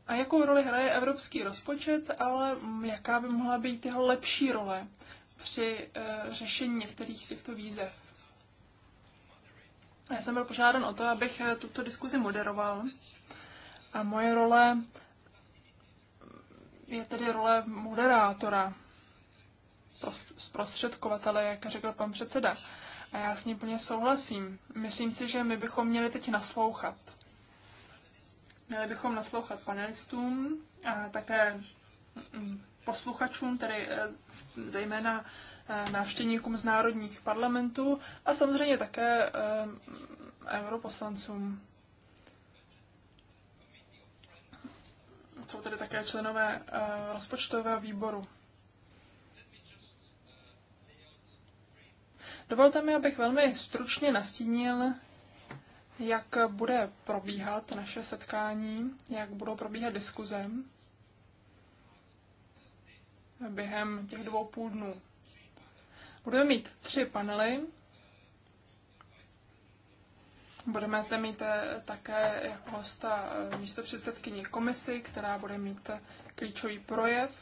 a jakou roli hraje evropský rozpočet, ale jaká by mohla být jeho lepší role při eh, řešení některých z těchto výzev. Já jsem byl požádán o to, abych eh, tuto diskuzi moderoval. A moje role je tedy role moderátora, zprostředkovatele, jak řekl pan předseda. A já s ním plně souhlasím. Myslím si, že my bychom měli teď naslouchat. Měli bychom naslouchat panelistům a také mm, posluchačům, tedy eh, zejména eh, návštěvníkům z národních parlamentů a samozřejmě také eh, europoslancům. Jsou tedy také členové rozpočtového výboru. Dovolte mi, abych velmi stručně nastínil, jak bude probíhat naše setkání, jak budou probíhat diskuze během těch dvou půl dnů. Budeme mít tři panely. Budeme zde mít eh, také jako hosta eh, místo předsedkyně komisy, která bude mít eh, klíčový projev.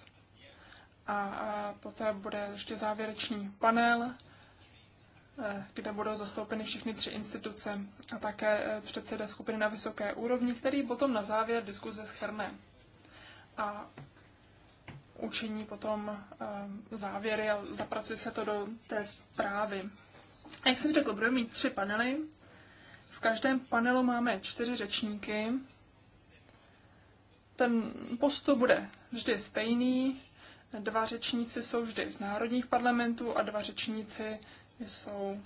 A poté bude ještě závěrečný panel Eh, kde budou zastoupeny všechny tři instituce a také eh, předseda skupiny na vysoké úrovni, který potom na závěr diskuze schrne a učiní potom eh, závěry a zapracuje se to do té zprávy. A jak jsem řekl, budeme mít tři panely. V každém panelu máme čtyři řečníky. Ten postup bude vždy stejný. Dva řečníci jsou vždy z národních parlamentů a dva řečníci jsou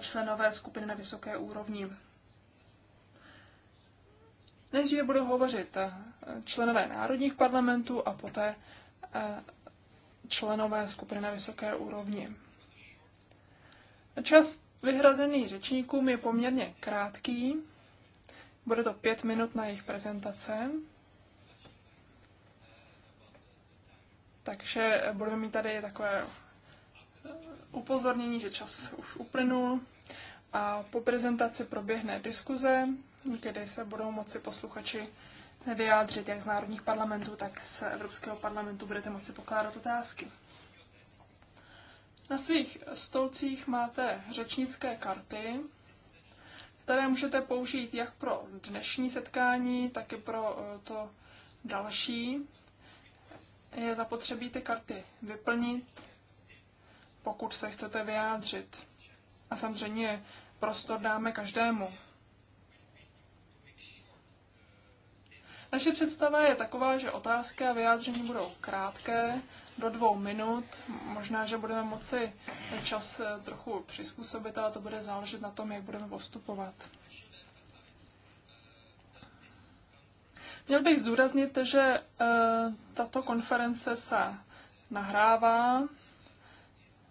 členové skupiny na vysoké úrovni. Nejdříve budou hovořit eh, členové národních parlamentů a poté eh, členové skupiny na vysoké úrovni. Čas vyhrazený řečníkům je poměrně krátký. Bude to pět minut na jejich prezentace. Takže budeme mít tady takové upozornění, že čas už uplynul a po prezentaci proběhne diskuze, kdy se budou moci posluchači vyjádřit jak z národních parlamentů, tak z Evropského parlamentu budete moci pokládat otázky. Na svých stolcích máte řečnické karty, které můžete použít jak pro dnešní setkání, tak i pro eh, to další. Je zapotřebí ty karty vyplnit pokud se chcete vyjádřit. A samozřejmě prostor dáme každému. Naše představa je taková, že otázky a vyjádření budou krátké, do dvou minut. Možná, že budeme moci čas eh, trochu přizpůsobit, ale to bude záležet na tom, jak budeme postupovat. Měl bych zdůraznit, že e, tato konference se nahrává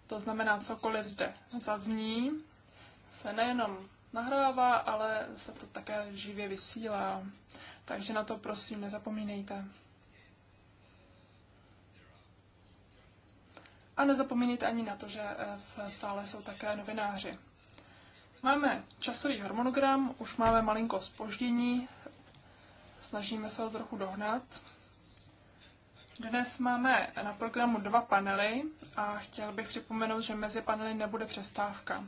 to znamená, cokoliv zde zazní, se nejenom nahrává, ale se to také živě vysílá. Takže na to prosím nezapomínejte. A nezapomínejte ani na to, že eh, v sále jsou také novináři. Máme časový harmonogram, už máme malinko spoždění, snažíme se ho trochu dohnat. Dnes máme na programu dva panely a chtěl bych připomenout, že mezi panely nebude přestávka.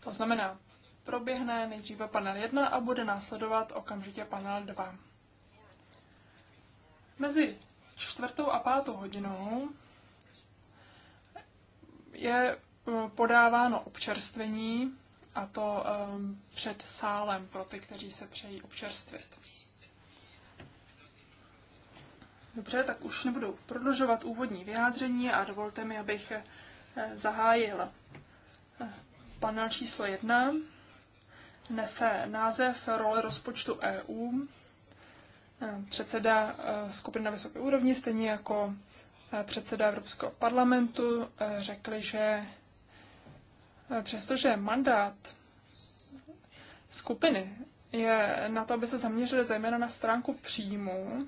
To znamená, proběhne nejdříve panel 1 a bude následovat okamžitě panel 2. Mezi čtvrtou a pátou hodinou je eh, podáváno občerstvení, a to eh, před sálem pro ty, kteří se přejí občerstvit. Dobře, tak už nebudu prodlužovat úvodní vyjádření a dovolte mi, abych eh, zahájil eh, panel číslo jedna. Nese název Role rozpočtu EU. Eh, předseda skupiny na vysoké úrovni, stejně jako předseda Evropského parlamentu, řekli, že přestože mandát skupiny je na to, aby se zaměřili zejména na stránku příjmu,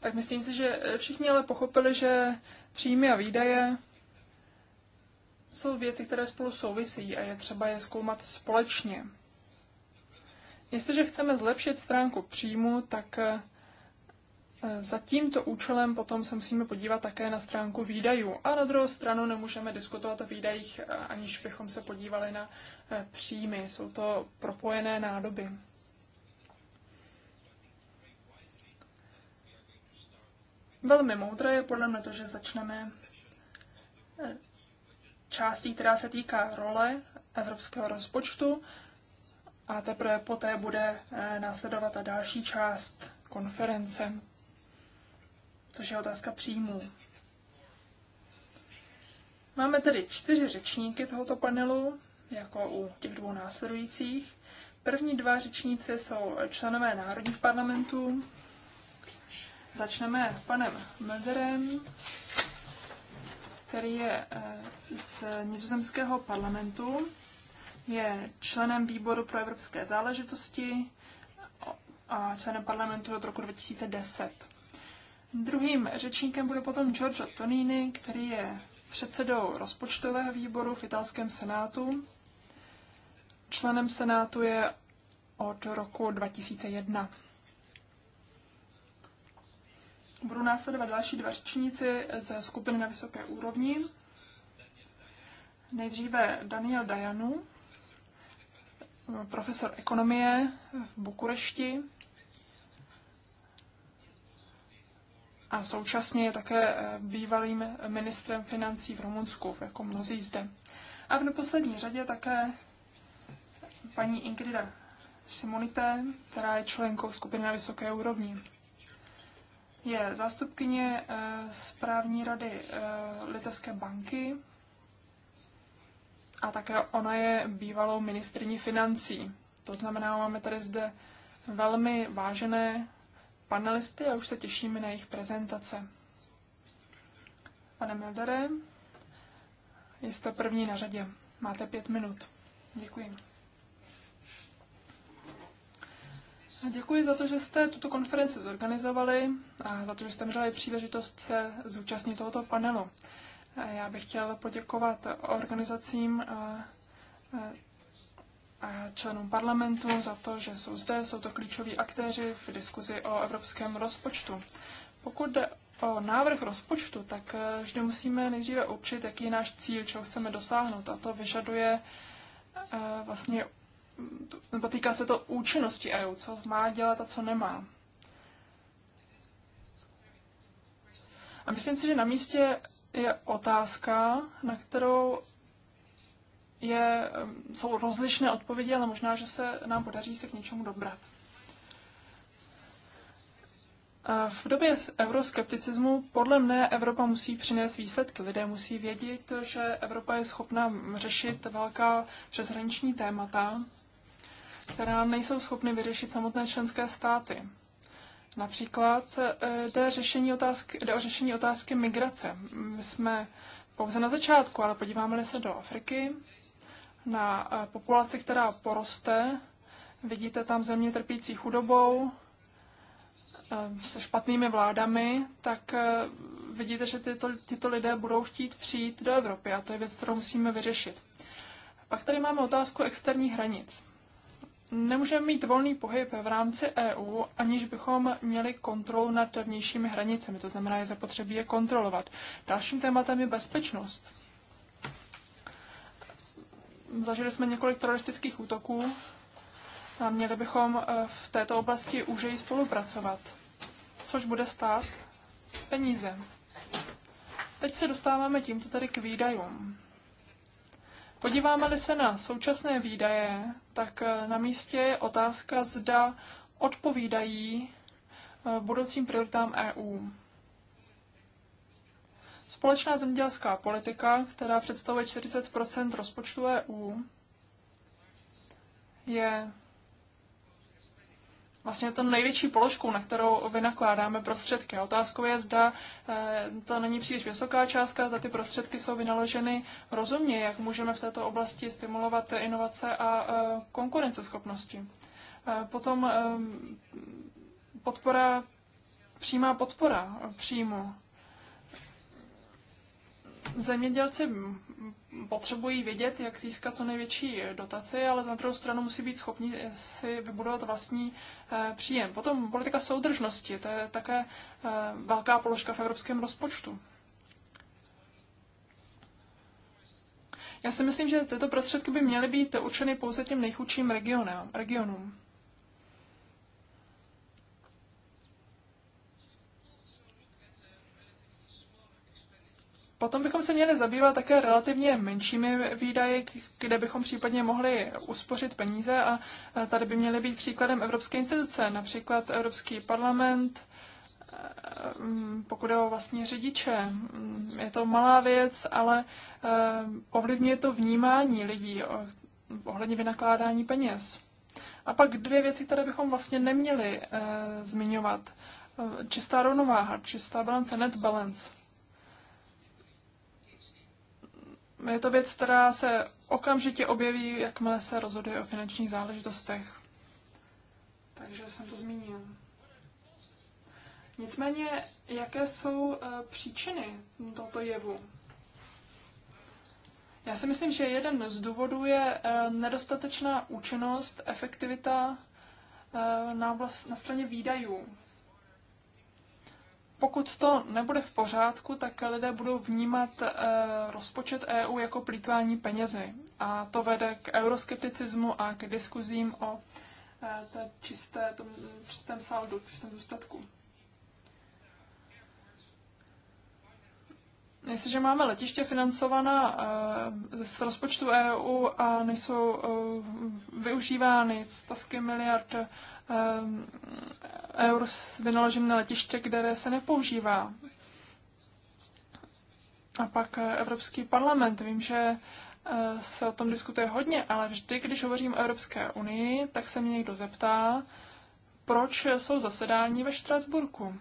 tak myslím si, že všichni ale pochopili, že příjmy a výdaje jsou věci, které spolu souvisí a je třeba je zkoumat společně. Jestliže chceme zlepšit stránku příjmu, tak eh, za tímto účelem potom se musíme podívat také na stránku výdajů. A na druhou stranu nemůžeme diskutovat o výdajích, eh, aniž bychom se podívali na eh, příjmy. Jsou to propojené nádoby. Velmi moudré je podle mě to, že začneme eh, částí, která se týká role evropského rozpočtu a teprve poté bude eh, následovat ta další část konference, což je otázka příjmů. Máme tedy čtyři řečníky tohoto panelu, jako u těch dvou následujících. První dva řečníci jsou členové národních parlamentů, Začneme panem Mölderem, který je eh, z nizozemského parlamentu, je členem výboru pro evropské záležitosti a členem parlamentu od roku 2010. Druhým řečníkem bude potom Giorgio Tonini, který je předsedou rozpočtového výboru v italském senátu. Členem senátu je od roku 2001. Budou následovat další dva řečníci ze skupiny na vysoké úrovni. Nejdříve Daniel Dajanu, profesor ekonomie v Bukurešti a současně je také eh, bývalým ministrem financí v Rumunsku, jako mnozí zde. A v neposlední řadě také paní Ingrida Simonité, která je členkou skupiny na vysoké úrovni je zástupkyně eh, správní rady eh, Litevské banky a také ona je bývalou ministrní financí. To znamená, máme tady zde velmi vážené panelisty a už se těšíme na jejich prezentace. Pane Mildere, jste první na řadě. Máte pět minut. Děkuji. Děkuji za to, že jste tuto konferenci zorganizovali a za to, že jste měli příležitost se zúčastnit tohoto panelu. Já bych chtěl poděkovat organizacím a členům parlamentu za to, že jsou zde, jsou to klíčoví aktéři v diskuzi o evropském rozpočtu. Pokud jde o návrh rozpočtu, tak e, vždy musíme nejdříve určit, jaký je náš cíl, čeho chceme dosáhnout. A to vyžaduje e, vlastně nebo týká se to účinnosti EU, co má dělat a co nemá. A myslím si, že na místě je otázka, na kterou je, mm, jsou rozlišné odpovědi, ale možná, že se nám podaří se k něčemu dobrat. V době euroskepticismu podle mne Evropa musí přinést výsledky. Lidé musí vědět, že Evropa je schopna řešit velká přeshraniční témata která nejsou schopny vyřešit samotné členské státy. Například eh, jde, řešení otázky, jde o řešení otázky migrace. My jsme pouze na začátku, ale podíváme-li se do Afriky, na eh, populaci, která poroste, vidíte tam země trpící chudobou, eh, se špatnými vládami, tak vidíte, že tyto, tyto lidé budou chtít přijít do Evropy a to je věc, kterou musíme vyřešit. Pak tady máme otázku externích hranic. Nemůžeme mít volný pohyb v rámci EU, aniž bychom měli kontrolu nad vnějšími hranicemi, to znamená, je zapotřebí je kontrolovat. Dalším tématem je bezpečnost. Zažili jsme několik teroristických útoků a měli bychom eh, v této oblasti už i spolupracovat, což bude stát peníze. Teď se dostáváme tímto tedy k výdajům. Podíváme-li se na současné výdaje, tak eh, na místě je otázka, zda odpovídají eh, budoucím prioritám EU. Společná zemědělská politika, která představuje 40 rozpočtu EU, je vlastně to největší položkou, na kterou vynakládáme prostředky. A otázkou je, zda eh, to není příliš vysoká částka, zda ty prostředky jsou vynaloženy rozumně, jak můžeme v této oblasti stimulovat inovace a eh, konkurenceschopnosti. Eh, potom podpora, přímá podpora příjmu. Zemědělci potřebují vědět, jak získat co největší dotaci, ale na druhou stranu musí být schopni si vybudovat vlastní eh, příjem. Potom politika soudržnosti, to je také eh, velká položka v evropském rozpočtu. Já si myslím, že tyto prostředky by měly být určeny pouze těm nejchudším regionem, regionům. Potom bychom se měli zabývat také relativně menšími výdaji, kde bychom případně mohli uspořit peníze a tady by měly být příkladem evropské instituce, například Evropský parlament, mm, pokud je o vlastně řidiče. Mm, je to malá věc, ale e, ovlivňuje to vnímání lidí ohledně vynakládání peněz. A pak dvě věci, které bychom vlastně neměli e, zmiňovat. E, čistá rovnováha, čistá balance, net balance. je to věc, která se okamžitě objeví, jakmile se rozhoduje o finančních záležitostech. Takže jsem to zmínil. Nicméně, jaké jsou eh, příčiny tohoto jevu? Já si myslím, že jeden z důvodů je eh, nedostatečná účinnost, efektivita eh, na, vlast, na straně výdajů. Pokud to nebude v pořádku, tak lidé budou vnímat eh, rozpočet EU jako plítvání penězi. A to vede k euroskepticismu a k diskuzím o eh, té čisté, tom čistém saldu, čistém zůstatku. Jestliže máme letiště financovaná eh, z rozpočtu EU a nejsou využívány stovky miliard Ehm, eur vynaložím na letiště, které se nepoužívá. A pak eh, Evropský parlament. Vím, že eh, se o tom diskutuje hodně, ale vždy, když hovořím o Evropské unii, tak se mě někdo zeptá, proč jsou zasedání ve Štrasburku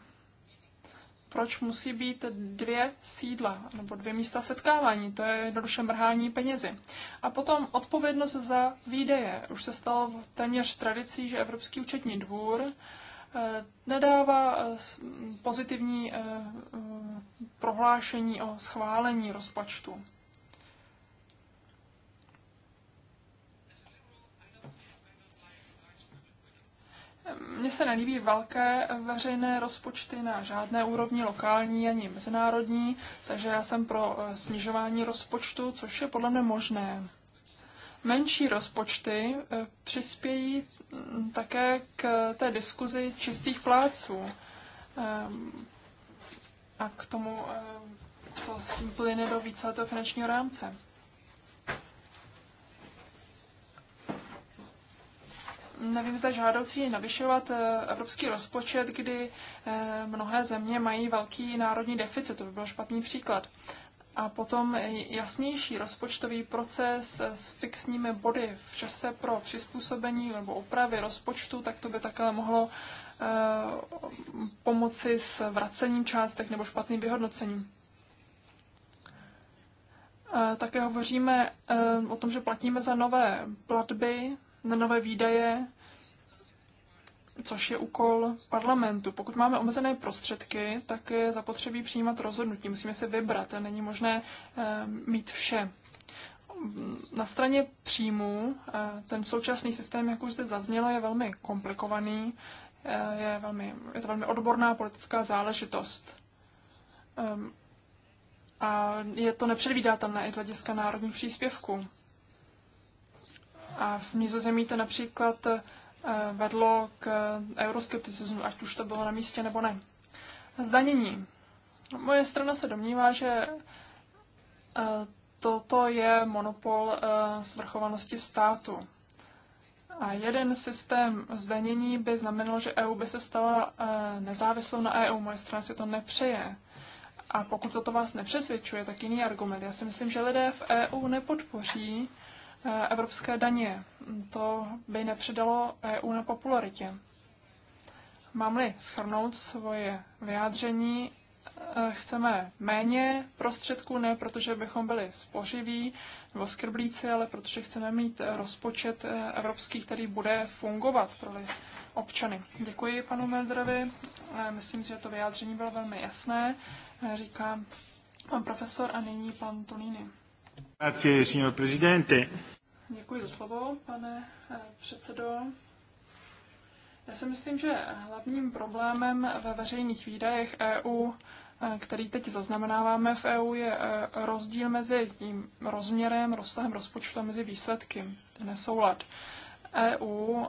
proč musí být dvě sídla nebo dvě místa setkávání. To je jednoduše mrhání penězi. A potom odpovědnost za výdeje. Už se stalo téměř tradicí, že Evropský účetní dvůr eh, nedává eh, pozitivní eh, prohlášení o schválení rozpočtu. Mně se nelíbí velké veřejné rozpočty na žádné úrovni, lokální ani mezinárodní, takže já jsem pro eh, snižování rozpočtu, což je podle mě možné. Menší rozpočty eh, přispějí mm, také k eh, té diskuzi čistých pláců ehm, a k tomu, co plyne do víceletého finančního rámce. nevím, zda žádoucí navyšovat eh, evropský rozpočet, kdy eh, mnohé země mají velký národní deficit. To by byl špatný příklad. A potom jasnější rozpočtový proces eh, s fixními body v čase pro přizpůsobení nebo opravy rozpočtu, tak to by také mohlo pomoci s vracením částek nebo špatným vyhodnocením. Také hovoříme o tom, že platíme za nové platby na nové výdaje, což je úkol parlamentu. Pokud máme omezené prostředky, tak je zapotřebí přijímat rozhodnutí. Musíme se vybrat, není možné eh, mít vše. Na straně příjmů eh, ten současný systém, jak už zde zaznělo, je velmi komplikovaný, eh, je, velmi, je to velmi odborná politická záležitost. Ehm, a je to nepředvídatelné i z hlediska národních příspěvků. A v Nizozemí to například eh, vedlo k eh, euroskepticismu, ať už to bylo na místě nebo ne. Zdanění. Moje strana se domnívá, že eh, toto je monopol svrchovanosti státu. A jeden systém zdanění by znamenal, že EU by se stala nezávislou na EU. Moje strana si to nepřeje. A pokud toto vás nepřesvědčuje, tak jiný argument. Já si myslím, že lidé v EU nepodpoří Eh, evropské daně. To by nepřidalo EU na popularitě. Mám-li schrnout svoje vyjádření, eh, chceme méně prostředků, ne protože bychom byli spořiví nebo skrblíci, ale protože chceme mít rozpočet eh, evropský, který bude fungovat pro občany. Děkuji panu Meldrovi. Myslím si, že to vyjádření bylo velmi jasné, říká pan profesor a nyní pan Tonini. Děkuji za slovo, pane eh, předsedo. Já si myslím, že hlavním problémem ve veřejných výdajech EU, eh, který teď zaznamenáváme v EU, je eh, rozdíl mezi tím rozměrem, rozsahem rozpočtu a mezi výsledky, ten nesoulad. EU,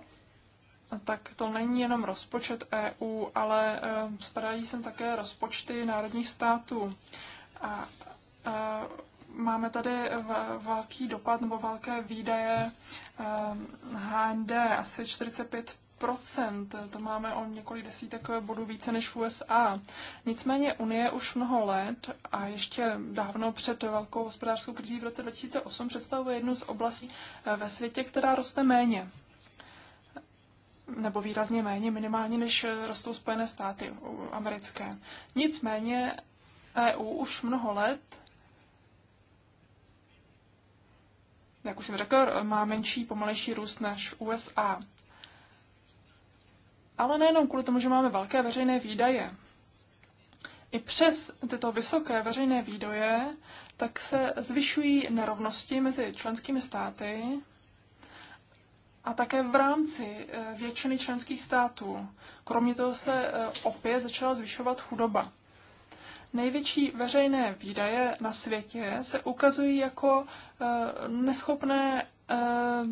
tak to není jenom rozpočet EU, ale spadají sem také rozpočty národních států. A máme tady velký dopad nebo velké výdaje HND, ehm, asi 45 to máme o několik desítek bodů více než v USA. Nicméně Unie už mnoho let a ještě dávno před velkou hospodářskou krizí v roce 2008 představuje jednu z oblastí eh, ve světě, která roste méně nebo výrazně méně, minimálně než eh, rostou Spojené státy americké. Nicméně EU už mnoho let jak už jsem řekl, má menší, pomalejší růst než USA. Ale nejenom kvůli tomu, že máme velké veřejné výdaje. I přes tyto vysoké veřejné výdaje, tak se zvyšují nerovnosti mezi členskými státy a také v rámci eh, většiny členských států. Kromě toho se eh, opět začala zvyšovat chudoba. Největší veřejné výdaje na světě se ukazují jako eh, neschopné eh,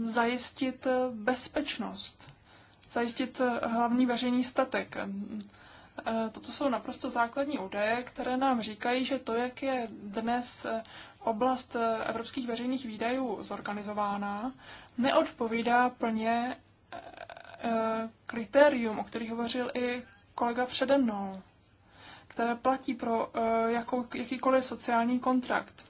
zajistit eh, bezpečnost, zajistit hlavní veřejný statek. Toto jsou naprosto základní údaje, které nám říkají, že to, jak je dnes oblast evropských veřejných výdajů zorganizována, neodpovídá plně kritérium, o kterých hovořil i kolega přede mnou které platí pro eh, jakou, jakýkoliv sociální kontrakt.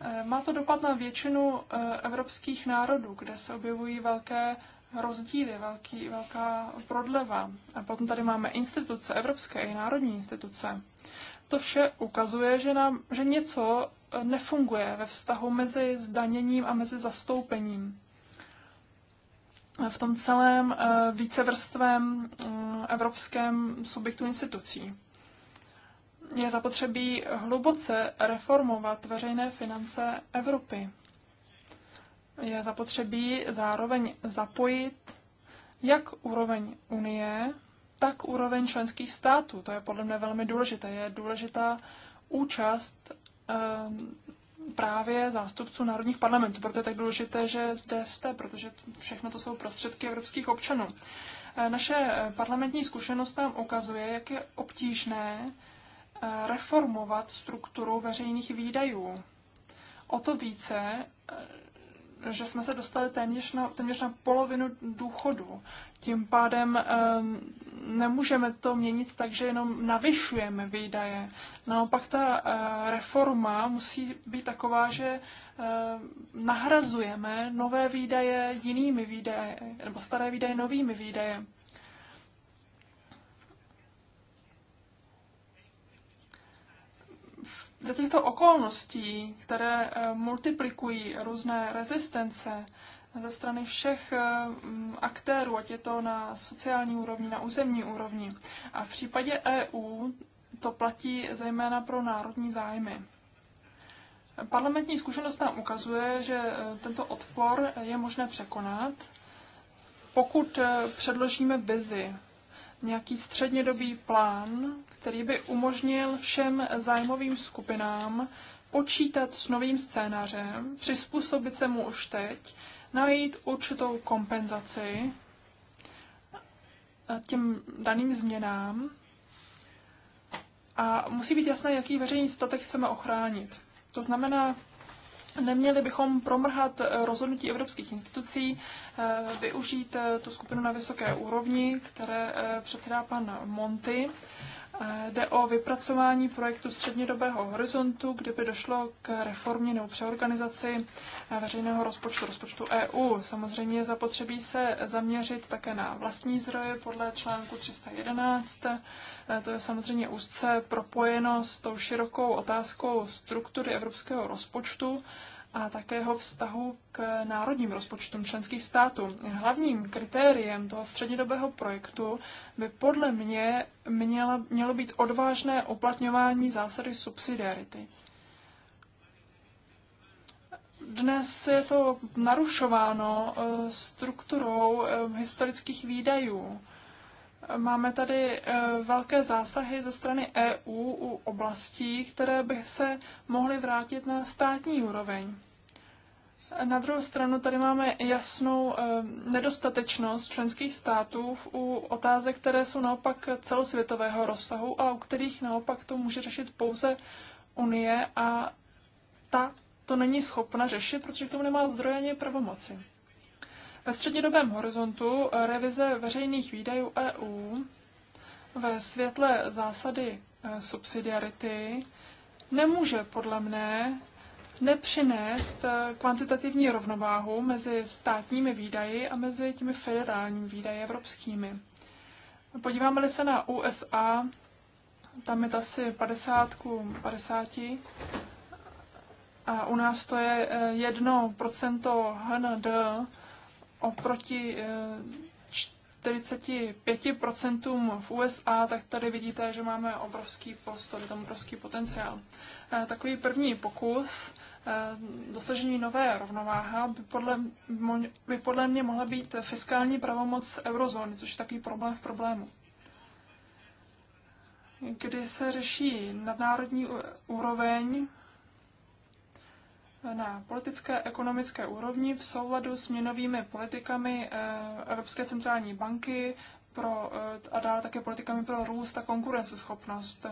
Eh, má to dopad na většinu eh, evropských národů, kde se objevují velké rozdíly, velký, velká prodleva. A potom tady máme instituce, evropské i národní instituce. To vše ukazuje, že, nám, že něco nefunguje ve vztahu mezi zdaněním a mezi zastoupením v tom celém eh, vícevrstvém mm, evropském subjektu institucí. Je zapotřebí hluboce reformovat veřejné finance Evropy. Je zapotřebí zároveň zapojit jak úroveň Unie, tak úroveň členských států. To je podle mě velmi důležité. Je důležitá účast eh, právě zástupců národních parlamentů. Proto je tak důležité, že zde jste, protože všechno to jsou prostředky evropských občanů. E, naše e, parlamentní zkušenost nám ukazuje, jak je obtížné e, reformovat strukturu veřejných výdajů. O to více, že jsme se dostali téměř na, téměř na polovinu důchodu. Tím pádem um, nemůžeme to měnit tak, že jenom navyšujeme výdaje. Naopak ta uh, reforma musí být taková, že uh, nahrazujeme nové výdaje jinými výdaje, nebo staré výdaje novými výdaje. Za těchto okolností, které eh, multiplikují různé rezistence eh, ze strany všech eh, mm, aktérů, ať je to na sociální úrovni, na územní úrovni, a v případě EU to platí zejména pro národní zájmy. Parlamentní zkušenost nám ukazuje, že tento odpor je možné překonat, pokud předložíme vizi, nějaký střednědobý plán, který by umožnil všem zájmovým skupinám počítat s novým scénářem, přizpůsobit se mu už teď, najít určitou kompenzaci těm daným změnám a musí být jasné, jaký veřejný statek chceme ochránit. To znamená, neměli bychom promrhat rozhodnutí evropských institucí, eh, využít eh, tu skupinu na vysoké úrovni, které eh, předsedá pan Monty Jde o vypracování projektu střednědobého horizontu, kde by došlo k reformě nebo přeorganizaci eh, veřejného rozpočtu, rozpočtu EU. Samozřejmě zapotřebí se zaměřit také na vlastní zdroje podle článku 311. Eh, to je samozřejmě úzce propojeno s tou širokou otázkou struktury evropského rozpočtu a také jeho vztahu k národním rozpočtům členských států. Hlavním kritériem toho střednědobého projektu by podle mě mělo, mělo být odvážné uplatňování zásady subsidiarity. Dnes je to narušováno eh, strukturou eh, historických výdajů Máme tady eh, velké zásahy ze strany EU u oblastí, které by se mohly vrátit na státní úroveň. Na druhou stranu tady máme jasnou eh, nedostatečnost členských států u otázek, které jsou naopak celosvětového rozsahu a u kterých naopak to může řešit pouze Unie a ta to není schopna řešit, protože k tomu nemá zdroje ani pravomoci. Ve střednědobém horizontu eh, revize veřejných výdajů EU ve světle zásady eh, subsidiarity nemůže podle mne nepřinést eh, kvantitativní rovnováhu mezi státními výdaji a mezi těmi federálními výdaji evropskými. Podíváme-li se na USA, tam je to asi 50 k 50 a u nás to je 1% HND, oproti 45% eh, v USA, tak tady vidíte, že máme obrovský prostor, je tam obrovský potenciál. Eh, takový první pokus eh, dosažení nové rovnováha by podle, by podle mě mohla být fiskální pravomoc eurozóny, což je takový problém v problému. Kdy se řeší nadnárodní úroveň na politické ekonomické úrovni v souladu s měnovými politikami eh, Evropské centrální banky pro, eh, a dále také politikami pro růst a konkurenceschopnost.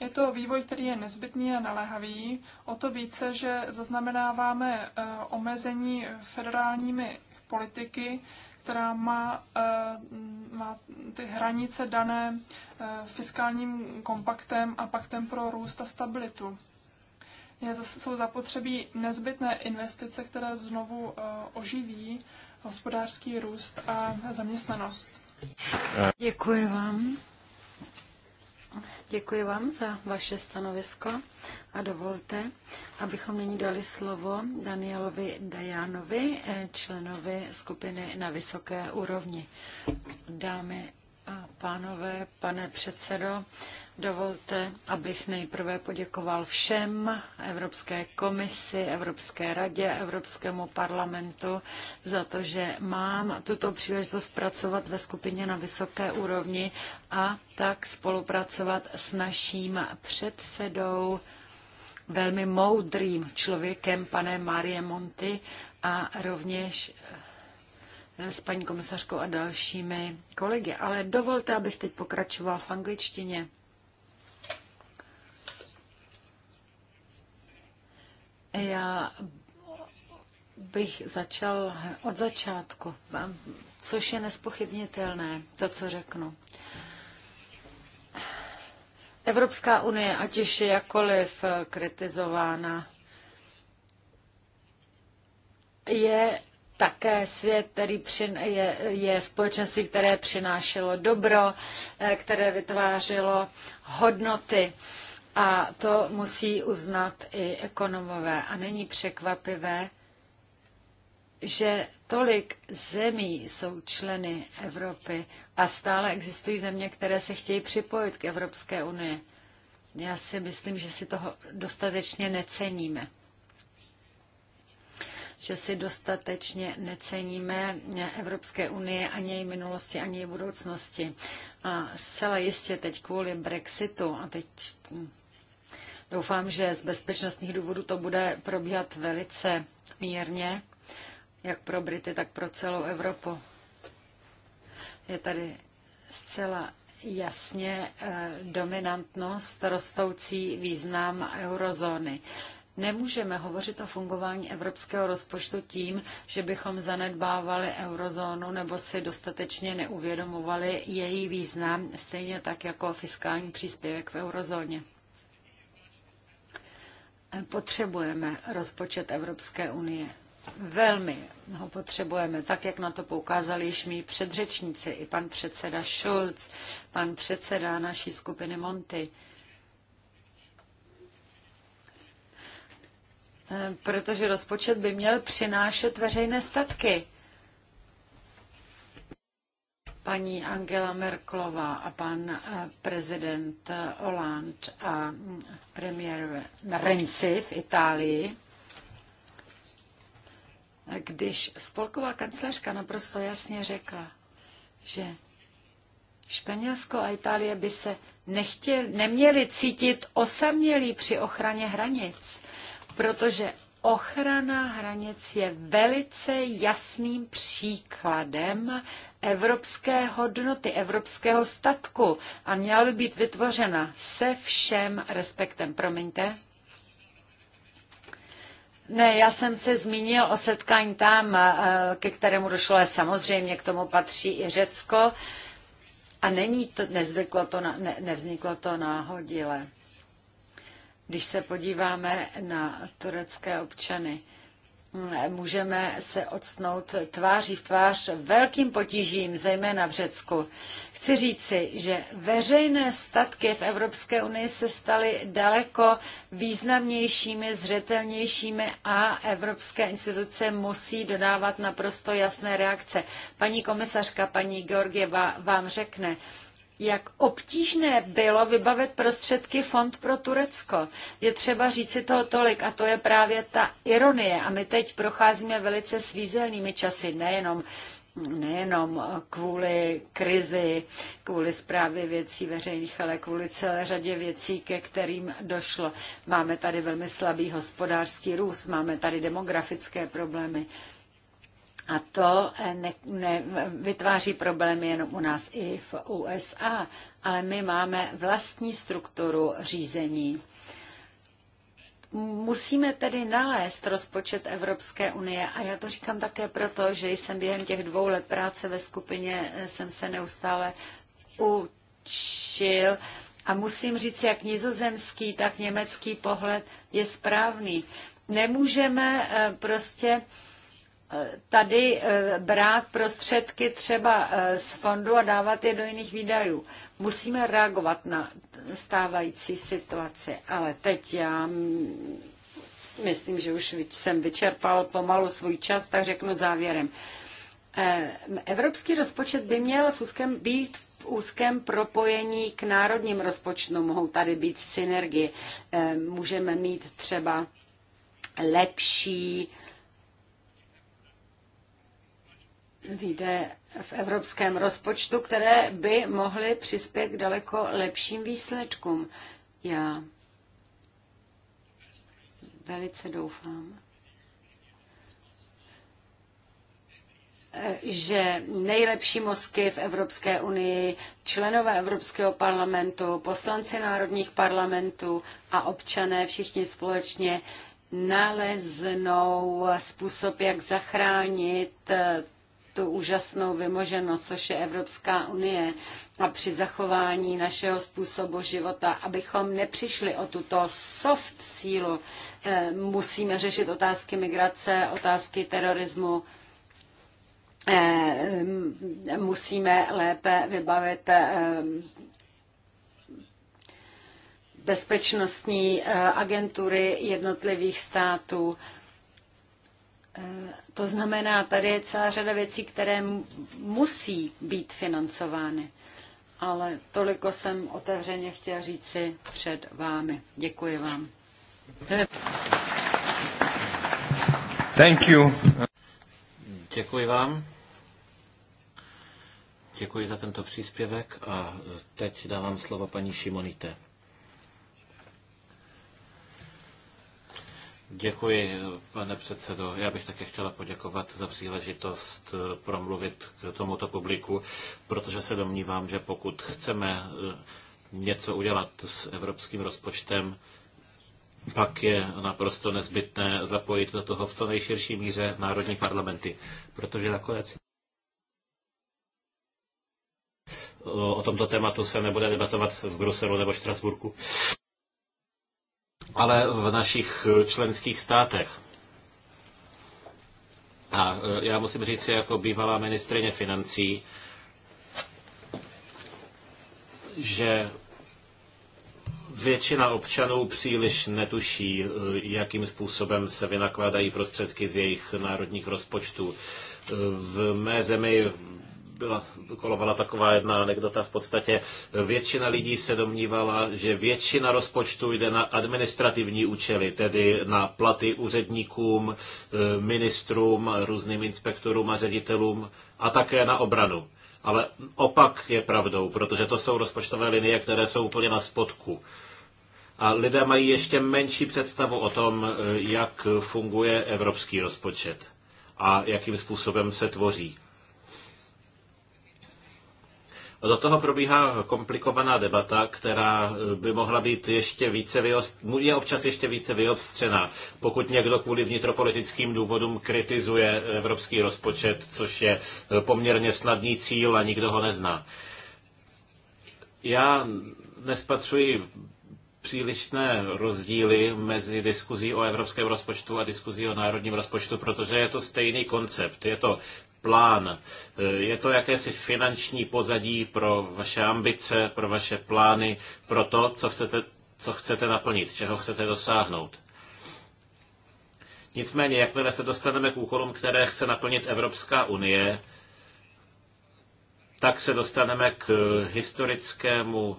Je to vývoj, který je nezbytný a naléhavý, o to více, že zaznamenáváme eh, omezení federálními politiky, která má, má ty hranice dané fiskálním kompaktem a paktem pro růst a stabilitu je, jsou zapotřebí nezbytné investice, které znovu uh, oživí hospodářský růst a zaměstnanost. Děkuji vám. Děkuji vám za vaše stanovisko a dovolte, abychom nyní dali slovo Danielovi Dajánovi, eh, členovi skupiny na vysoké úrovni. Dáme a pánové, pane předsedo, dovolte, abych nejprve poděkoval všem Evropské komisi, Evropské radě, Evropskému parlamentu za to, že mám tuto příležitost pracovat ve skupině na vysoké úrovni a tak spolupracovat s naším předsedou, velmi moudrým člověkem, panem Marie Monty, a rovněž s paní komisařkou a dalšími kolegy. Ale dovolte, abych teď pokračoval v angličtině. Já bych začal od začátku, což je nespochybnitelné, to, co řeknu. Evropská unie, ať už je jakoliv eh, kritizována, je také svět, který přin, je, je společenství, které přinášelo dobro, eh, které vytvářelo hodnoty. A to musí uznat i ekonomové. A není překvapivé, že tolik zemí jsou členy Evropy a stále existují země, které se chtějí připojit k Evropské unii. Já si myslím, že si toho dostatečně neceníme že si dostatečně neceníme Evropské unie ani její minulosti, ani její budoucnosti. A zcela jistě teď kvůli Brexitu a teď doufám, že z bezpečnostních důvodů to bude probíhat velice mírně, jak pro Brity, tak pro celou Evropu. Je tady zcela jasně eh, dominantnost, rostoucí význam eurozóny. Nemůžeme hovořit o fungování evropského rozpočtu tím, že bychom zanedbávali eurozónu nebo si dostatečně neuvědomovali její význam, stejně tak jako fiskální příspěvek v eurozóně. Potřebujeme rozpočet Evropské unie. Velmi ho potřebujeme, tak jak na to poukázali již mý předřečníci, i pan předseda Schulz, pan předseda naší skupiny Monty. protože rozpočet by měl přinášet veřejné statky. Paní Angela Merklová a pan eh, prezident Hollande a mm, premiér Renzi v Itálii když spolková kancelářka naprosto jasně řekla, že Španělsko a Itálie by se nechtěli, neměli cítit osamělí při ochraně hranic protože ochrana hranic je velice jasným příkladem evropské hodnoty, evropského statku a měla by být vytvořena se všem respektem. Promiňte. Ne, já jsem se zmínil o setkání tam, eh, ke kterému došlo, ale samozřejmě k tomu patří i Řecko. A není to, nezvyklo to, ne, nevzniklo to náhodile. Když se podíváme na turecké občany, můžeme se odstnout tváří v tvář velkým potížím, zejména v Řecku. Chci říci, že veřejné statky v Evropské unii se staly daleko významnějšími, zřetelnějšími a evropské instituce musí dodávat naprosto jasné reakce. Paní komisařka, paní Georgieva vám řekne, jak obtížné bylo vybavit prostředky Fond pro Turecko. Je třeba říct si toho tolik a to je právě ta ironie. A my teď procházíme velice svízelnými časy, nejenom nejenom kvůli krizi, kvůli zprávě věcí veřejných, ale kvůli celé řadě věcí, ke kterým došlo. Máme tady velmi slabý hospodářský růst, máme tady demografické problémy. A to eh, ne, ne, vytváří problémy jenom u nás i v USA, ale my máme vlastní strukturu řízení. Musíme tedy nalézt rozpočet Evropské unie a já to říkám také proto, že jsem během těch dvou let práce ve skupině eh, jsem se neustále učil a musím říct, jak nizozemský, tak německý pohled je správný. Nemůžeme eh, prostě tady eh, brát prostředky třeba eh, z fondu a dávat je do jiných výdajů. Musíme reagovat na stávající situaci, ale teď já myslím, že už jsem vyčerpal pomalu svůj čas, tak řeknu závěrem. Eh, evropský rozpočet by měl v úzkém, být v úzkém propojení k národním rozpočtům. Mohou tady být synergie. Můžeme mít třeba lepší výdaje v evropském rozpočtu, které by mohly přispět k daleko lepším výsledkům. Já velice doufám, že nejlepší mozky v Evropské unii, členové Evropského parlamentu, poslanci národních parlamentů a občané všichni společně naleznou způsob, jak zachránit tu úžasnou vymoženost, což je Evropská unie a při zachování našeho způsobu života, abychom nepřišli o tuto soft sílu, eh, musíme řešit otázky migrace, otázky terorismu, eh, musíme lépe vybavit eh, bezpečnostní agentury jednotlivých států Eh, to znamená, tady je celá řada věcí, které musí být financovány. Ale toliko jsem otevřeně chtěl říci před vámi. Děkuji vám. Thank you. Děkuji vám. Děkuji za tento příspěvek a teď dávám slovo paní Šimonite. Děkuji, pane předsedo. Já bych také chtěla poděkovat za příležitost eh, promluvit k tomuto publiku, protože se domnívám, že pokud chceme eh, něco udělat s evropským rozpočtem, pak je naprosto nezbytné zapojit do toho v co nejširší míře národní parlamenty, protože nakonec o tomto tématu se nebude debatovat v Bruselu nebo Štrasburku, ale v našich eh, členských státech. A eh, já musím říct, jako bývalá ministrině financí, že většina občanů příliš netuší, eh, jakým způsobem se vynakládají prostředky z jejich národních rozpočtů. V mé zemi byla, kolovala taková jedna anekdota. V podstatě většina lidí se domnívala, že většina rozpočtu jde na administrativní účely, tedy na platy úředníkům, eh, ministrům, různým inspektorům a ředitelům a také na obranu. Ale opak je pravdou, protože to jsou rozpočtové linie, které jsou úplně na spodku. A lidé mají ještě menší představu o tom, eh, jak funguje evropský rozpočet a jakým způsobem se tvoří. Do toho probíhá komplikovaná debata, která eh, by mohla být ještě více vyost, je občas ještě více vyobstřená, pokud někdo kvůli vnitropolitickým důvodům kritizuje evropský rozpočet, což je eh, poměrně snadný cíl a nikdo ho nezná. Já nespatřuji přílišné rozdíly mezi diskuzí o evropském rozpočtu a diskuzí o národním rozpočtu, protože je to stejný koncept. Je to plán. E, je to jakési finanční pozadí pro vaše ambice, pro vaše plány, pro to, co chcete, co chcete naplnit, čeho chcete dosáhnout. Nicméně, jakmile se dostaneme k úkolům, které chce naplnit Evropská unie, tak se dostaneme k historickému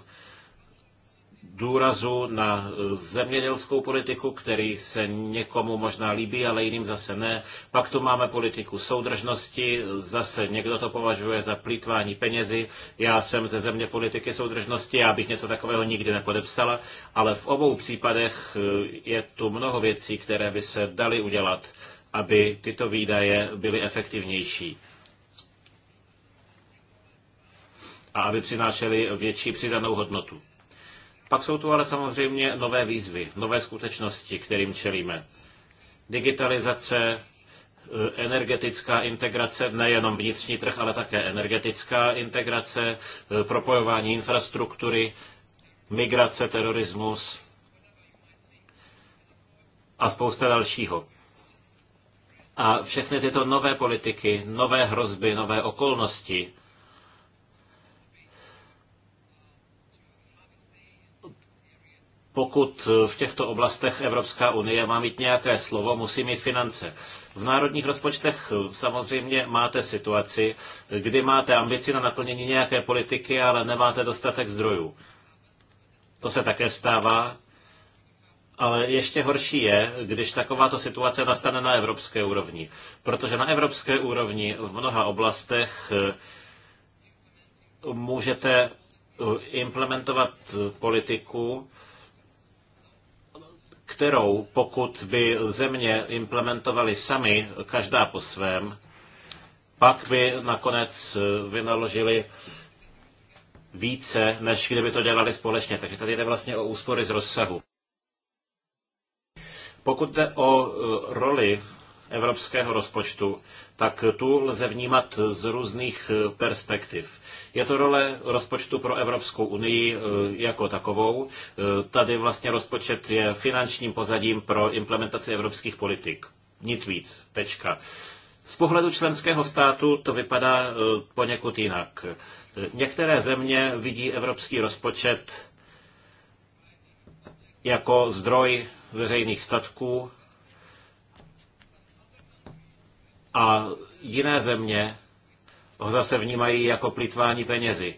důrazu na eh, zemědělskou politiku, který se někomu možná líbí, ale jiným zase ne. Pak tu máme politiku soudržnosti, zase někdo to považuje za plítvání penězi. Já jsem ze země politiky soudržnosti, já bych něco takového nikdy nepodepsala, ale v obou případech eh, je tu mnoho věcí, které by se daly udělat, aby tyto výdaje byly efektivnější. a aby přinášely větší přidanou hodnotu. Pak jsou tu ale samozřejmě nové výzvy, nové skutečnosti, kterým čelíme. Digitalizace, e, energetická integrace, nejenom vnitřní trh, ale také energetická integrace, e, propojování infrastruktury, migrace, terorismus a spousta dalšího. A všechny tyto nové politiky, nové hrozby, nové okolnosti pokud eh, v těchto oblastech Evropská unie má mít nějaké slovo, musí mít finance. V národních rozpočtech eh, samozřejmě máte situaci, kdy máte ambici na naplnění nějaké politiky, ale nemáte dostatek zdrojů. To se také stává. Ale ještě horší je, když takováto situace nastane na evropské úrovni. Protože na evropské úrovni v mnoha oblastech eh, můžete implementovat politiku, kterou, pokud by země implementovaly sami, každá po svém, pak by nakonec eh, vynaložili více, než kdyby to dělali společně. Takže tady jde vlastně o úspory z rozsahu. Pokud jde o eh, roli evropského rozpočtu, tak tu lze vnímat z různých eh, perspektiv. Je to role rozpočtu pro Evropskou unii eh, jako takovou. Eh, tady vlastně rozpočet je finančním pozadím pro implementaci evropských politik. Nic víc. Tečka. Z pohledu členského státu to vypadá poněkud jinak. Některé země vidí evropský rozpočet jako zdroj veřejných statků A jiné země ho zase vnímají jako plitvání penězi.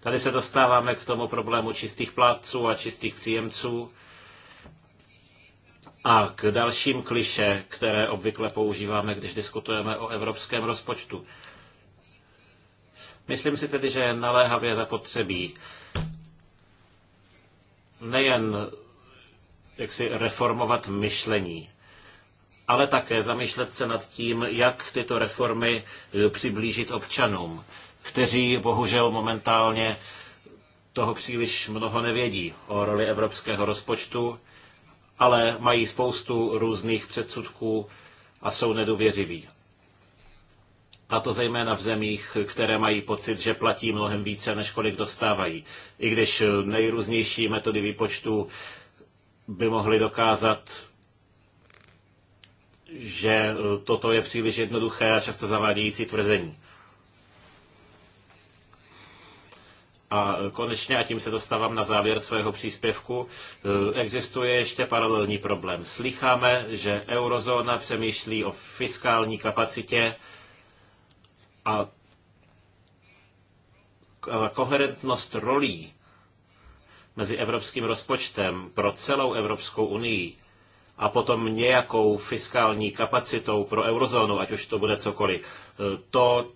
Tady se dostáváme k tomu problému čistých plátců a čistých příjemců a k dalším kliše, které obvykle používáme, když diskutujeme o evropském rozpočtu. Myslím si tedy, že je naléhavě zapotřebí nejen jak si reformovat myšlení, ale také zamýšlet se nad tím, jak tyto reformy eh, přiblížit občanům, kteří bohužel momentálně toho příliš mnoho nevědí o roli evropského rozpočtu, ale mají spoustu různých předsudků a jsou nedůvěřiví. A to zejména v zemích, které mají pocit, že platí mnohem více, než kolik dostávají. I když eh, nejrůznější metody výpočtu by mohly dokázat že eh, toto je příliš jednoduché a často zavádějící tvrzení. A eh, konečně, a tím se dostávám na závěr svého příspěvku, eh, existuje ještě paralelní problém. Slycháme, že eurozóna přemýšlí o fiskální kapacitě a koherentnost rolí mezi evropským rozpočtem pro celou Evropskou unii a potom nějakou fiskální kapacitou pro eurozónu, ať už to bude cokoliv. E, to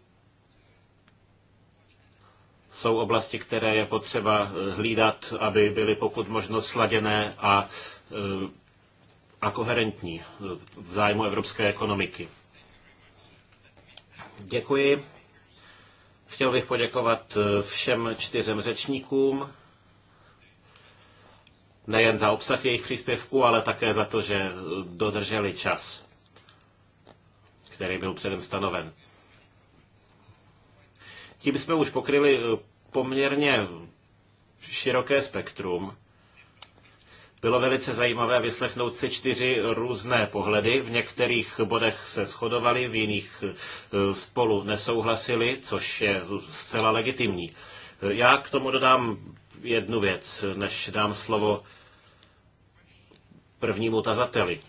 jsou oblasti, které je potřeba e, hlídat, aby byly pokud možno sladěné a, e, a koherentní v zájmu evropské ekonomiky. Děkuji. Chtěl bych poděkovat všem čtyřem řečníkům nejen za obsah jejich příspěvků, ale také za to, že dodrželi čas, který byl předem stanoven. Tím jsme už pokryli eh, poměrně široké spektrum. Bylo velice zajímavé vyslechnout si čtyři různé pohledy. V některých bodech se shodovali, v jiných eh, spolu nesouhlasili, což je zcela legitimní. Eh, já k tomu dodám jednu věc, než dám slovo prvnímu tazateli.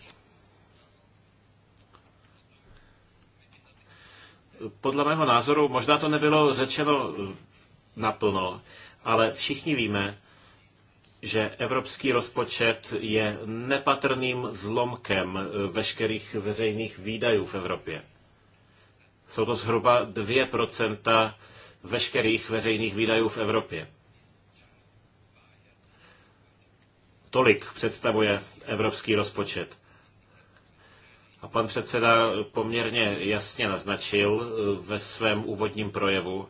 Podle mého názoru, možná to nebylo řečeno naplno, ale všichni víme, že evropský rozpočet je nepatrným zlomkem veškerých veřejných výdajů v Evropě. Jsou to zhruba 2 veškerých veřejných výdajů v Evropě. Tolik představuje evropský rozpočet. A pan předseda poměrně jasně naznačil e, ve svém úvodním projevu,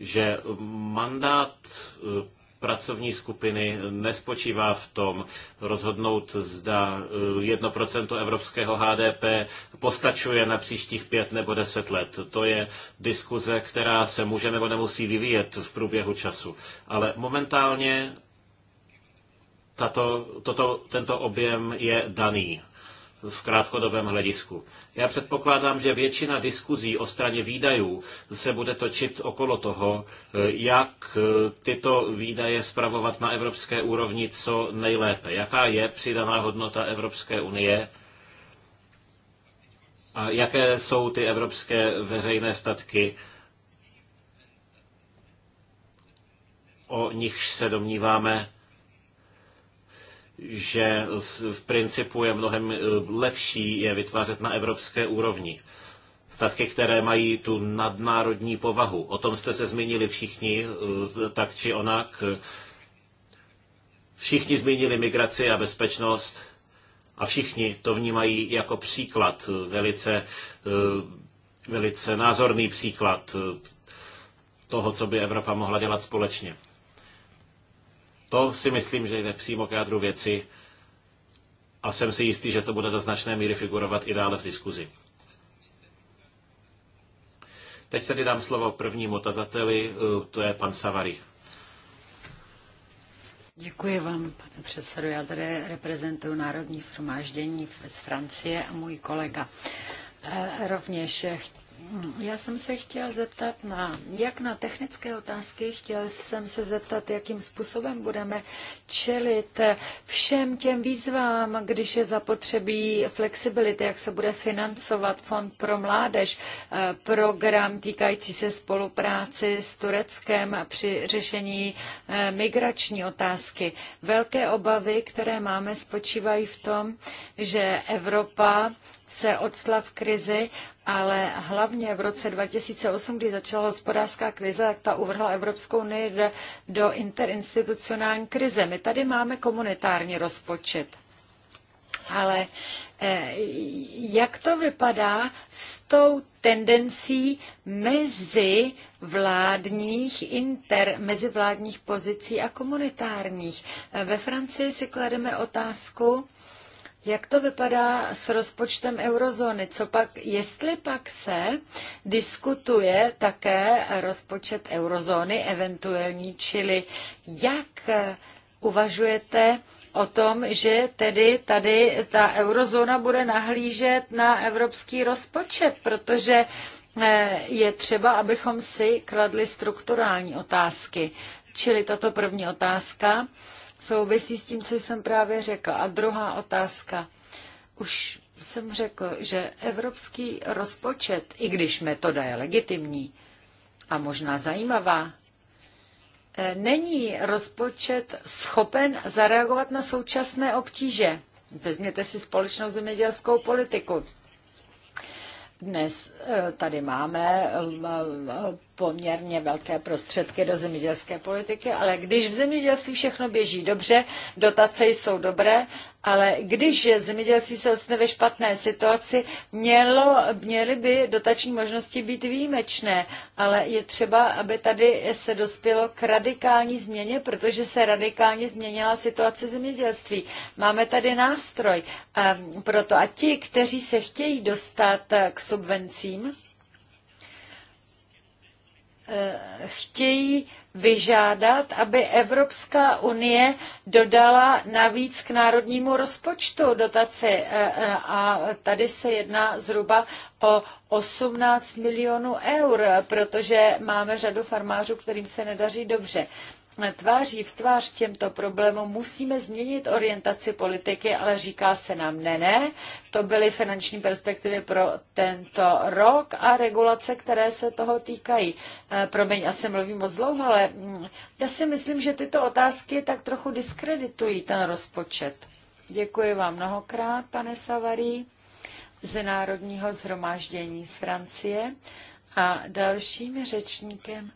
že mandát e, pracovní skupiny nespočívá v tom rozhodnout, zda 1% eh, evropského HDP postačuje na příštích pět nebo deset let. To je diskuze, která se může nebo nemusí vyvíjet v průběhu času. Ale momentálně tato, toto, tento objem je daný v krátkodobém hledisku. Já předpokládám, že většina diskuzí o straně výdajů se bude točit okolo toho, eh, jak eh, tyto výdaje spravovat na evropské úrovni co nejlépe. Jaká je přidaná hodnota Evropské unie? A jaké jsou ty evropské veřejné statky, o nichž se domníváme, že v principu je mnohem eh, lepší je vytvářet na evropské úrovni. Statky, které mají tu nadnárodní povahu. O tom jste se zmínili všichni, eh, tak či onak. Všichni zmínili migraci a bezpečnost a všichni to vnímají jako příklad, velice, eh, velice názorný příklad toho, co by Evropa mohla dělat společně. To si myslím, že jde přímo k jádru věci a jsem si jistý, že to bude do značné míry figurovat i dále v diskuzi. Teď tedy dám slovo prvnímu tazateli, eh, to je pan Savary. Děkuji vám, pane předsedo. Já tady reprezentuji Národní shromáždění z Francie a můj kolega eh, rovněž já jsem se chtěl zeptat na, jak na technické otázky, chtěl jsem se zeptat, jakým způsobem budeme čelit všem těm výzvám, když je zapotřebí flexibility, jak se bude financovat Fond pro mládež, eh, program týkající se spolupráci s Tureckem při řešení eh, migrační otázky. Velké obavy, které máme, spočívají v tom, že Evropa se odslav v krizi ale hlavně v roce 2008, kdy začala hospodářská krize, tak ta uvrhla Evropskou unii do interinstitucionální krize. My tady máme komunitární rozpočet. Ale eh, jak to vypadá s tou tendencí mezi vládních, inter, mezi vládních pozicí a komunitárních? Eh, ve Francii si klademe otázku, jak to vypadá s rozpočtem eurozóny? Co pak, jestli pak se diskutuje také rozpočet eurozóny eventuální, čili jak uvažujete o tom, že tedy tady ta eurozóna bude nahlížet na evropský rozpočet, protože eh, je třeba, abychom si kladli strukturální otázky. Čili tato první otázka souvisí s tím, co jsem právě řekla. A druhá otázka. Už jsem řekl, že evropský rozpočet, i když metoda je legitimní a možná zajímavá, eh, není rozpočet schopen zareagovat na současné obtíže. Vezměte si společnou zemědělskou politiku. Dnes eh, tady máme eh, poměrně velké prostředky do zemědělské politiky, ale když v zemědělství všechno běží dobře, dotace jsou dobré, ale když zemědělství se dostane ve špatné situaci, mělo, měly by dotační možnosti být výjimečné, ale je třeba, aby tady se dospělo k radikální změně, protože se radikálně změnila situace zemědělství. Máme tady nástroj eh, pro to a ti, kteří se chtějí dostat k subvencím, eh, chtějí vyžádat, aby Evropská unie dodala navíc k národnímu rozpočtu dotaci. Eh, eh, a tady se jedná zhruba o 18 milionů eur, protože máme řadu farmářů, kterým se nedaří dobře tváří v tvář těmto problémům musíme změnit orientaci politiky, ale říká se nám ne, ne. To byly finanční perspektivy pro tento rok a regulace, které se toho týkají. E, promiň, asi mluvím moc dlouho, ale mm, já si myslím, že tyto otázky tak trochu diskreditují ten rozpočet. Děkuji vám mnohokrát, pane Savary, ze Národního zhromáždění z Francie. A dalším řečníkem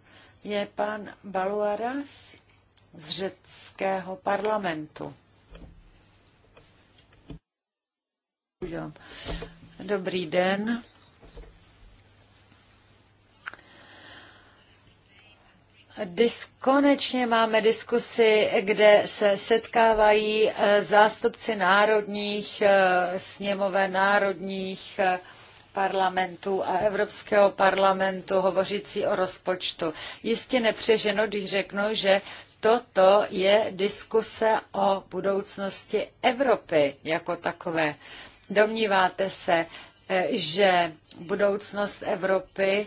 je pan Baluaras z řeckého parlamentu. Dobrý den. Dis, konečně máme diskusy, kde se setkávají eh, zástupci národních eh, sněmové národních eh, Parlamentu a Evropského parlamentu hovořící o rozpočtu. Jistě nepřeženo, když řeknu, že toto je diskuse o budoucnosti Evropy jako takové. Domníváte se, že budoucnost Evropy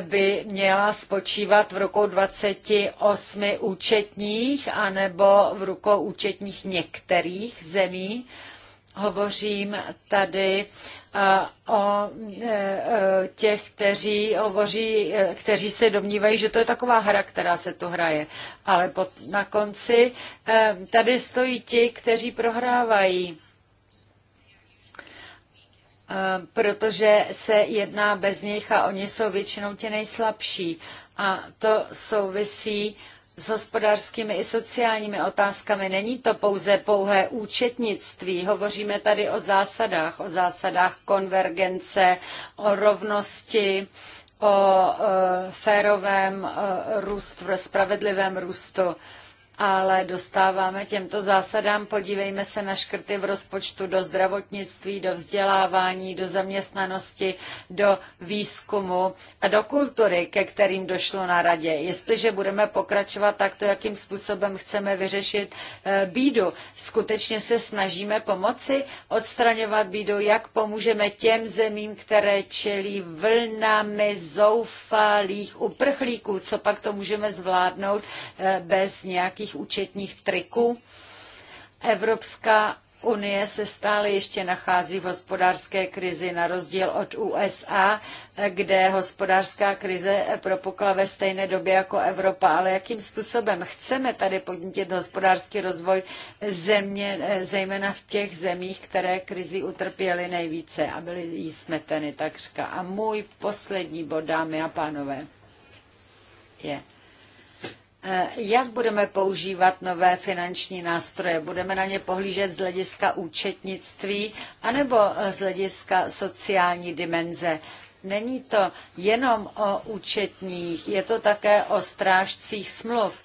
by měla spočívat v rukou 28 účetních anebo v rukou účetních některých zemí. Hovořím tady o e, e, těch, kteří hovoří, e, kteří se domnívají, že to je taková hra, která se tu hraje. Ale pod, na konci tady stojí ti, kteří prohrávají protože se jedná bez nich a oni jsou většinou ti nejslabší. A to souvisí s hospodářskými i sociálními otázkami. Není to pouze pouhé účetnictví. Hovoříme tady o zásadách, o zásadách konvergence, o rovnosti, o e, férovém e, růstu, spravedlivém růstu ale dostáváme těmto zásadám. Podívejme se na škrty v rozpočtu do zdravotnictví, do vzdělávání, do zaměstnanosti, do výzkumu a do kultury, ke kterým došlo na radě. Jestliže budeme pokračovat takto, jakým způsobem chceme vyřešit eh, bídu, skutečně se snažíme pomoci odstraňovat bídu, jak pomůžeme těm zemím, které čelí vlnami zoufalých uprchlíků, co pak to můžeme zvládnout eh, bez nějakých nějakých účetních triků. Evropská Unie se stále ještě nachází v hospodářské krizi, na rozdíl od USA, kde hospodářská krize propukla ve stejné době jako Evropa. Ale jakým způsobem chceme tady podnítit hospodářský rozvoj země, zejména v těch zemích, které krizi utrpěly nejvíce a byly jí smeteny takřka. A můj poslední bod, dámy a pánové, je Eh, jak budeme používat nové finanční nástroje? Budeme na ně pohlížet z hlediska účetnictví anebo eh, z hlediska sociální dimenze? Není to jenom o účetních, je to také o strážcích smluv.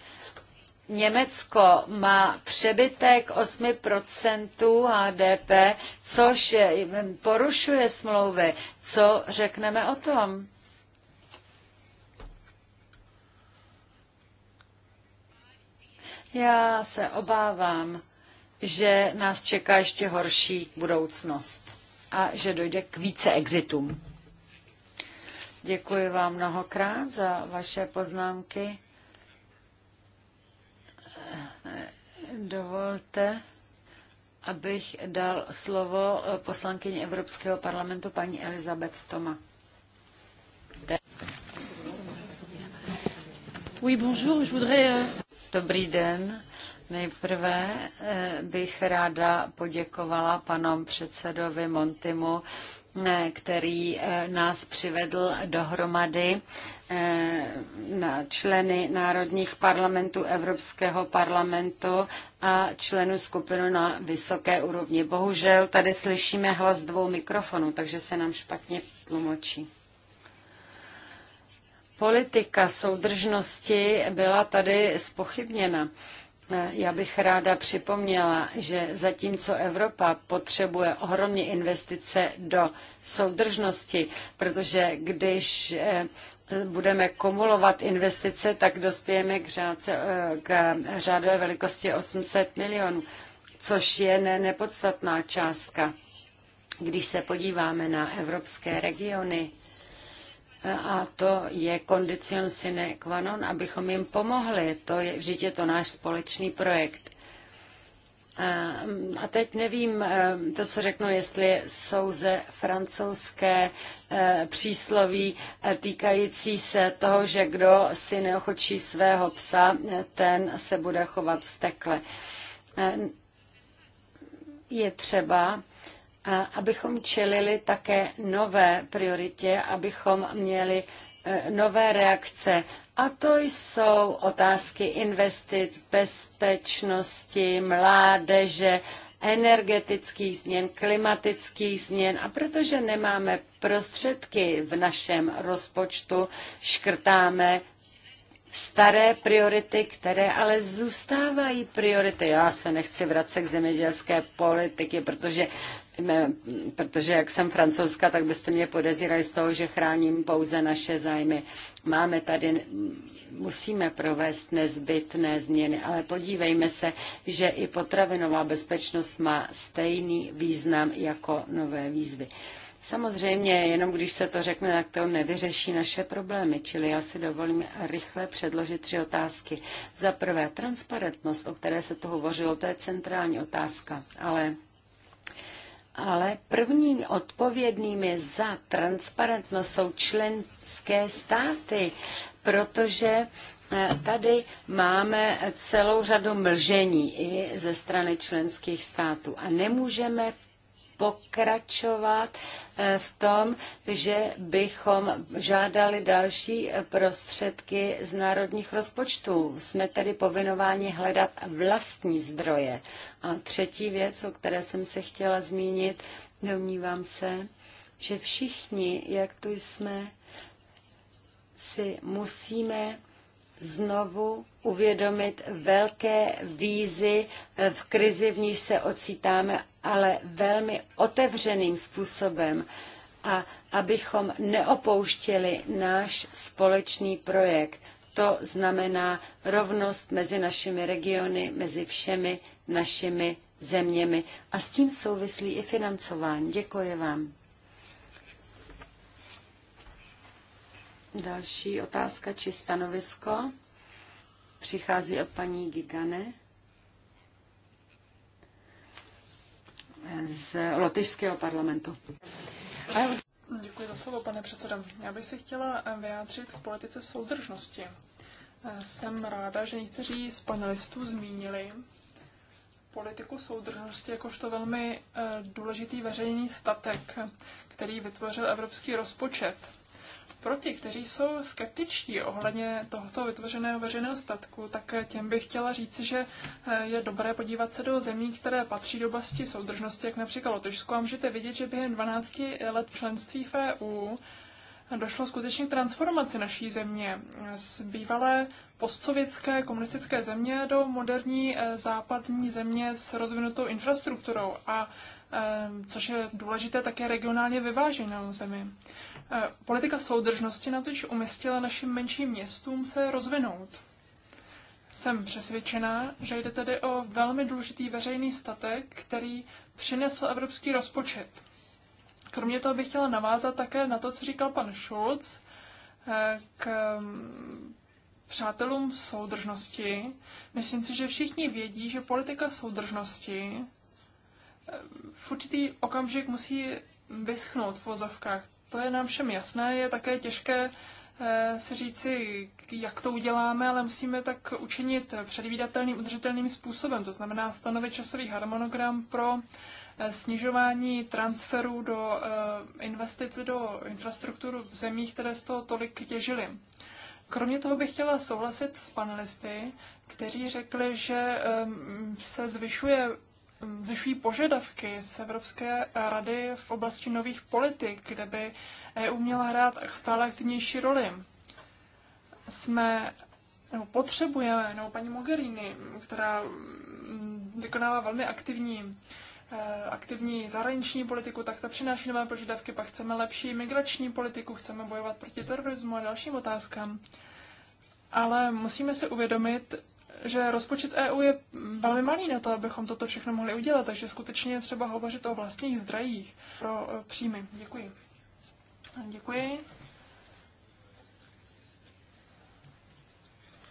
Německo má přebytek 8% HDP, což eh, porušuje smlouvy. Co řekneme o tom? Já se obávám, že nás čeká ještě horší budoucnost a že dojde k více exitům. Děkuji vám mnohokrát za vaše poznámky. Dovolte, abych dal slovo poslankyni Evropského parlamentu paní Elizabeth Toma. Oui, bonjour, je voudrais... Euh, Dobrý den. Nejprve eh, bych ráda poděkovala panu předsedovi Montimu, eh, který eh, nás přivedl dohromady na členy národních parlamentů, Evropského parlamentu a členů skupinu na vysoké úrovni. Bohužel tady slyšíme hlas dvou mikrofonů, takže se nám špatně tlumočí politika soudržnosti byla tady spochybněna. Já bych ráda připomněla, že zatímco Evropa potřebuje ohromně investice do soudržnosti, protože když eh, budeme kumulovat investice, tak dospějeme k, řádce, eh, k řádové velikosti 800 milionů, což je ne, nepodstatná částka. Když se podíváme na evropské regiony, a to je kondicion sine qua non, abychom jim pomohli. To je, vždyť je to náš společný projekt. A teď nevím, e, to, co řeknu, jestli jsou ze francouzské e, přísloví e, týkající se toho, že kdo si neochočí svého psa, ten se bude chovat vztekle. Je třeba abychom čelili také nové prioritě, abychom měli e, nové reakce. A to jsou otázky investic, bezpečnosti, mládeže, energetických změn, klimatických změn a protože nemáme prostředky v našem rozpočtu, škrtáme staré priority, které ale zůstávají priority. Já se nechci vracet k zemědělské politiky, protože protože jak jsem francouzska, tak byste mě podezírali z toho, že chráním pouze naše zájmy. Máme tady, musíme provést nezbytné změny, ale podívejme se, že i potravinová bezpečnost má stejný význam jako nové výzvy. Samozřejmě, jenom když se to řekne, tak to nevyřeší naše problémy, čili já si dovolím rychle předložit tři otázky. Za prvé, transparentnost, o které se to hovořilo, to je centrální otázka, ale ale prvním odpovědnými za transparentnost jsou členské státy, protože eh, tady máme celou řadu mlžení i ze strany členských států a nemůžeme pokračovat eh, v tom, že bychom žádali další eh, prostředky z národních rozpočtů. Jsme tedy povinováni hledat vlastní zdroje. A třetí věc, o které jsem se chtěla zmínit, domnívám se, že všichni, jak tu jsme, si musíme znovu uvědomit velké vízy eh, v krizi, v níž se ocitáme ale velmi otevřeným způsobem a abychom neopouštěli náš společný projekt. To znamená rovnost mezi našimi regiony, mezi všemi našimi zeměmi. A s tím souvislí i financování. Děkuji vám. Další otázka či stanovisko přichází od paní Gigane. z lotyšského parlamentu. Děkuji za slovo, pane předsedo. Já bych se chtěla vyjádřit k politice soudržnosti. Jsem ráda, že někteří z panelistů zmínili politiku soudržnosti jakožto velmi eh, důležitý veřejný statek, který vytvořil evropský rozpočet pro ty, kteří jsou skeptičtí ohledně tohoto vytvořeného veřejného statku, tak těm bych chtěla říci, že eh, je dobré podívat se do zemí, které patří do oblasti soudržnosti, jak například Lotyšsko, a můžete vidět, že během 12 let členství v EU došlo skutečně k transformaci naší země eh, z bývalé postsovětské komunistické země do moderní eh, západní země s rozvinutou infrastrukturou a což je důležité také regionálně vyváženou zemi. Eh, politika soudržnosti natotiž umistila našim menším městům se rozvinout. Jsem přesvědčená, že jde tedy o velmi důležitý veřejný statek, který přinesl evropský rozpočet. Kromě toho bych chtěla navázat také na to, co říkal pan Schulz eh, k mm, přátelům soudržnosti. Myslím si, že všichni vědí, že politika soudržnosti eh, v určitý okamžik musí vyschnout v vozovkách. To je nám všem jasné, je také těžké eh, si říci, jak to uděláme, ale musíme tak učinit předvídatelným, udržitelným způsobem. To znamená stanovit časový harmonogram pro eh, snižování transferu do eh, investic do infrastrukturu v zemích, které z toho tolik těžily. Kromě toho bych chtěla souhlasit s panelisty, kteří řekli, že se zvyšuje zvyšují požadavky z Evropské rady v oblasti nových politik, kde by EU měla hrát stále aktivnější roli. Jsme, nebo potřebujeme, nebo paní Mogherini, která mm, vykonává velmi aktivní eh, aktivní zahraniční politiku, tak ta přináší nové požadavky, pak chceme lepší migrační politiku, chceme bojovat proti terorismu a dalším otázkám. Ale musíme si uvědomit, že rozpočet EU je velmi malý na to, abychom toto všechno mohli udělat, takže skutečně je třeba hovořit o vlastních zdrajích pro e, příjmy. Děkuji. Děkuji.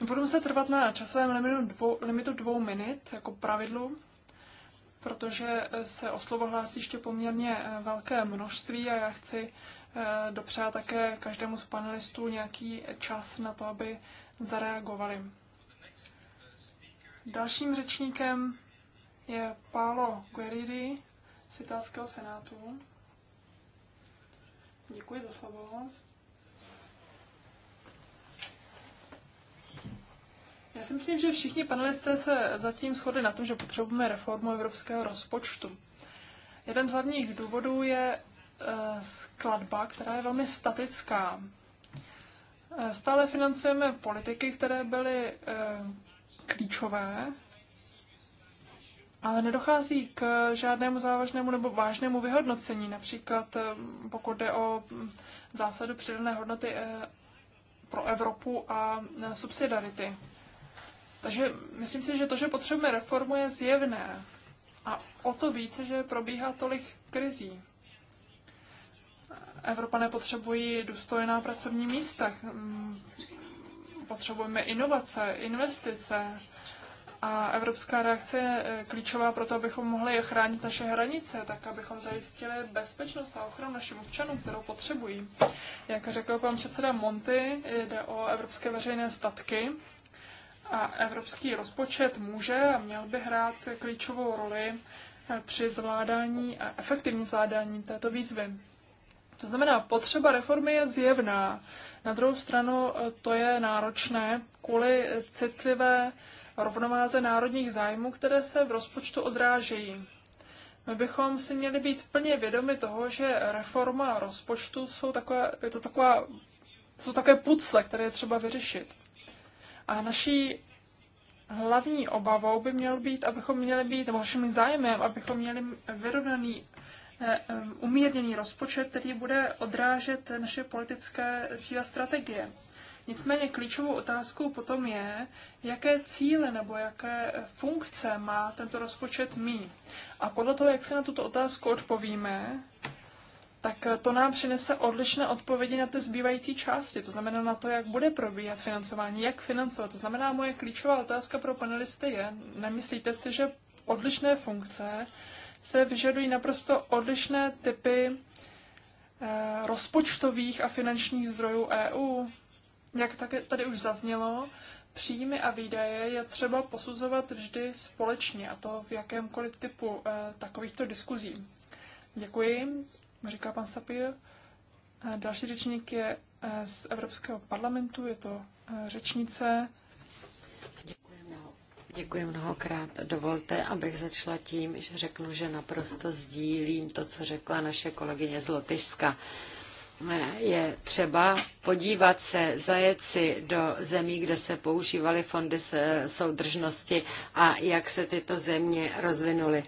Budu se trvat na časovém limitu dvou, limitu dvou minut jako pravidlu, protože e, se o slovo hlásí ještě poměrně e, velké množství a já chci dopřát také každému z panelistů nějaký čas na to, aby zareagovali. Dalším řečníkem je Paolo Guerrieri z italského senátu. Děkuji za slovo. Já si myslím, že všichni panelisté se zatím shodli na tom, že potřebujeme reformu evropského rozpočtu. Jeden z hlavních důvodů je eh, skladba, která je velmi statická. Eh, stále financujeme politiky, které byly eh, klíčové, ale nedochází k žádnému závažnému nebo vážnému vyhodnocení. Například pokud jde o mm, zásadu přidané hodnoty eh, pro Evropu a eh, subsidiarity. Takže myslím si, že to, že potřebujeme reformu, je zjevné. A o to více, že probíhá tolik krizí. Evropané potřebují důstojná pracovní místa, potřebujeme inovace, investice. A evropská reakce je eh, klíčová pro to, abychom mohli chránit naše hranice, tak abychom zajistili bezpečnost a ochranu našim občanům, kterou potřebují. Jak řekl pan předseda Monty, jde o evropské veřejné statky a evropský rozpočet může a měl by hrát klíčovou roli eh, při zvládání a efektivní zvládání této výzvy. To znamená, potřeba reformy je zjevná. Na druhou stranu eh, to je náročné kvůli citlivé rovnováze národních zájmů, které se v rozpočtu odrážejí. My bychom si měli být plně vědomi toho, že reforma rozpočtu jsou takové, je to taková, jsou takové pucle, které je třeba vyřešit. A naší hlavní obavou by měl být, abychom měli být, nebo naším zájmem, abychom měli vyrovnaný Eh, eh, umírněný rozpočet, který bude odrážet naše politické cíle strategie. Nicméně klíčovou otázkou potom je, jaké cíle nebo jaké funkce má tento rozpočet mít. A podle toho, jak si na tuto otázku odpovíme, tak to nám přinese odlišné odpovědi na ty zbývající části, to znamená na to, jak bude probíhat financování, jak financovat. To znamená, moje klíčová otázka pro panelisty je, nemyslíte si, že odlišné funkce se vyžadují naprosto odlišné typy eh, rozpočtových a finančních zdrojů EU. Jak také tady už zaznělo, příjmy a výdaje je třeba posuzovat vždy společně, a to v jakémkoliv typu eh, takovýchto diskuzí. Děkuji, říká pan Sapir. Eh, další řečník je z Evropského parlamentu, je to řečnice Děkuji mnohokrát. Dovolte, abych začala tím, že řeknu, že naprosto sdílím to, co řekla naše kolegyně z Lotyšska je třeba podívat se, zajet si do zemí, kde se používaly fondy eh, soudržnosti a jak se tyto země rozvinuly.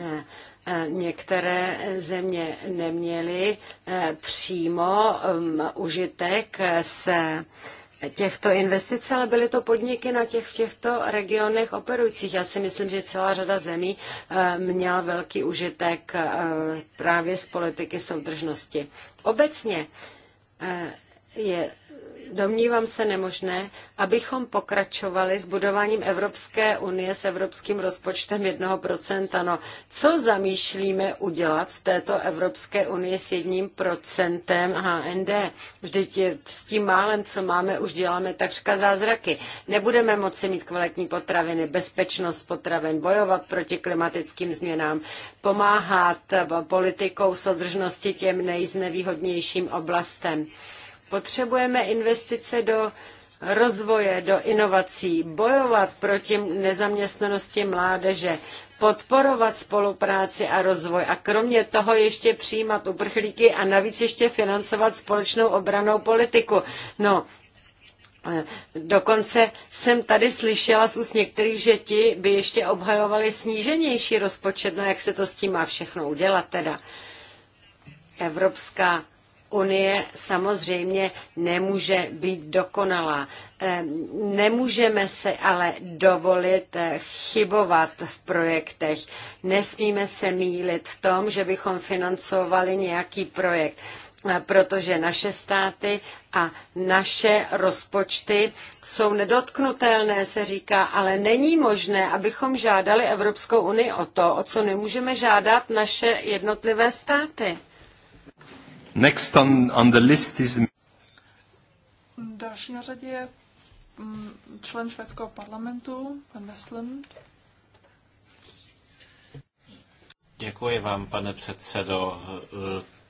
Eh, eh, některé země neměly přímo mm, užitek se těchto investic, ale byly to podniky na těch, těchto regionech operujících. Já si myslím, že celá řada zemí eh, měla velký užitek eh, právě z politiky soudržnosti. Obecně eh, je domnívám se nemožné, abychom pokračovali s budováním Evropské unie s evropským rozpočtem 1%. No, co zamýšlíme udělat v této Evropské unii s jedním procentem HND? Vždyť s tím málem, co máme, už děláme takřka zázraky. Nebudeme moci mít kvalitní potraviny, bezpečnost potravin, bojovat proti klimatickým změnám, pomáhat politikou soudržnosti těm nejznevýhodnějším oblastem. Potřebujeme investice do rozvoje, do inovací, bojovat proti nezaměstnanosti mládeže, podporovat spolupráci a rozvoj a kromě toho ještě přijímat uprchlíky a navíc ještě financovat společnou obranou politiku. No, Dokonce jsem tady slyšela z úst některých, že ti by ještě obhajovali sníženější rozpočet, no jak se to s tím má všechno udělat teda. Evropská Unie samozřejmě nemůže být dokonalá. Eh, nemůžeme se ale dovolit eh, chybovat v projektech. Nesmíme se mílit v tom, že bychom financovali nějaký projekt eh, protože naše státy a naše rozpočty jsou nedotknutelné, se říká, ale není možné, abychom žádali Evropskou unii o to, o co nemůžeme žádat naše jednotlivé státy. Next on, on the list is... Další na řadě je mm, člen švédského parlamentu, pan Westland. Děkuji vám, pane předsedo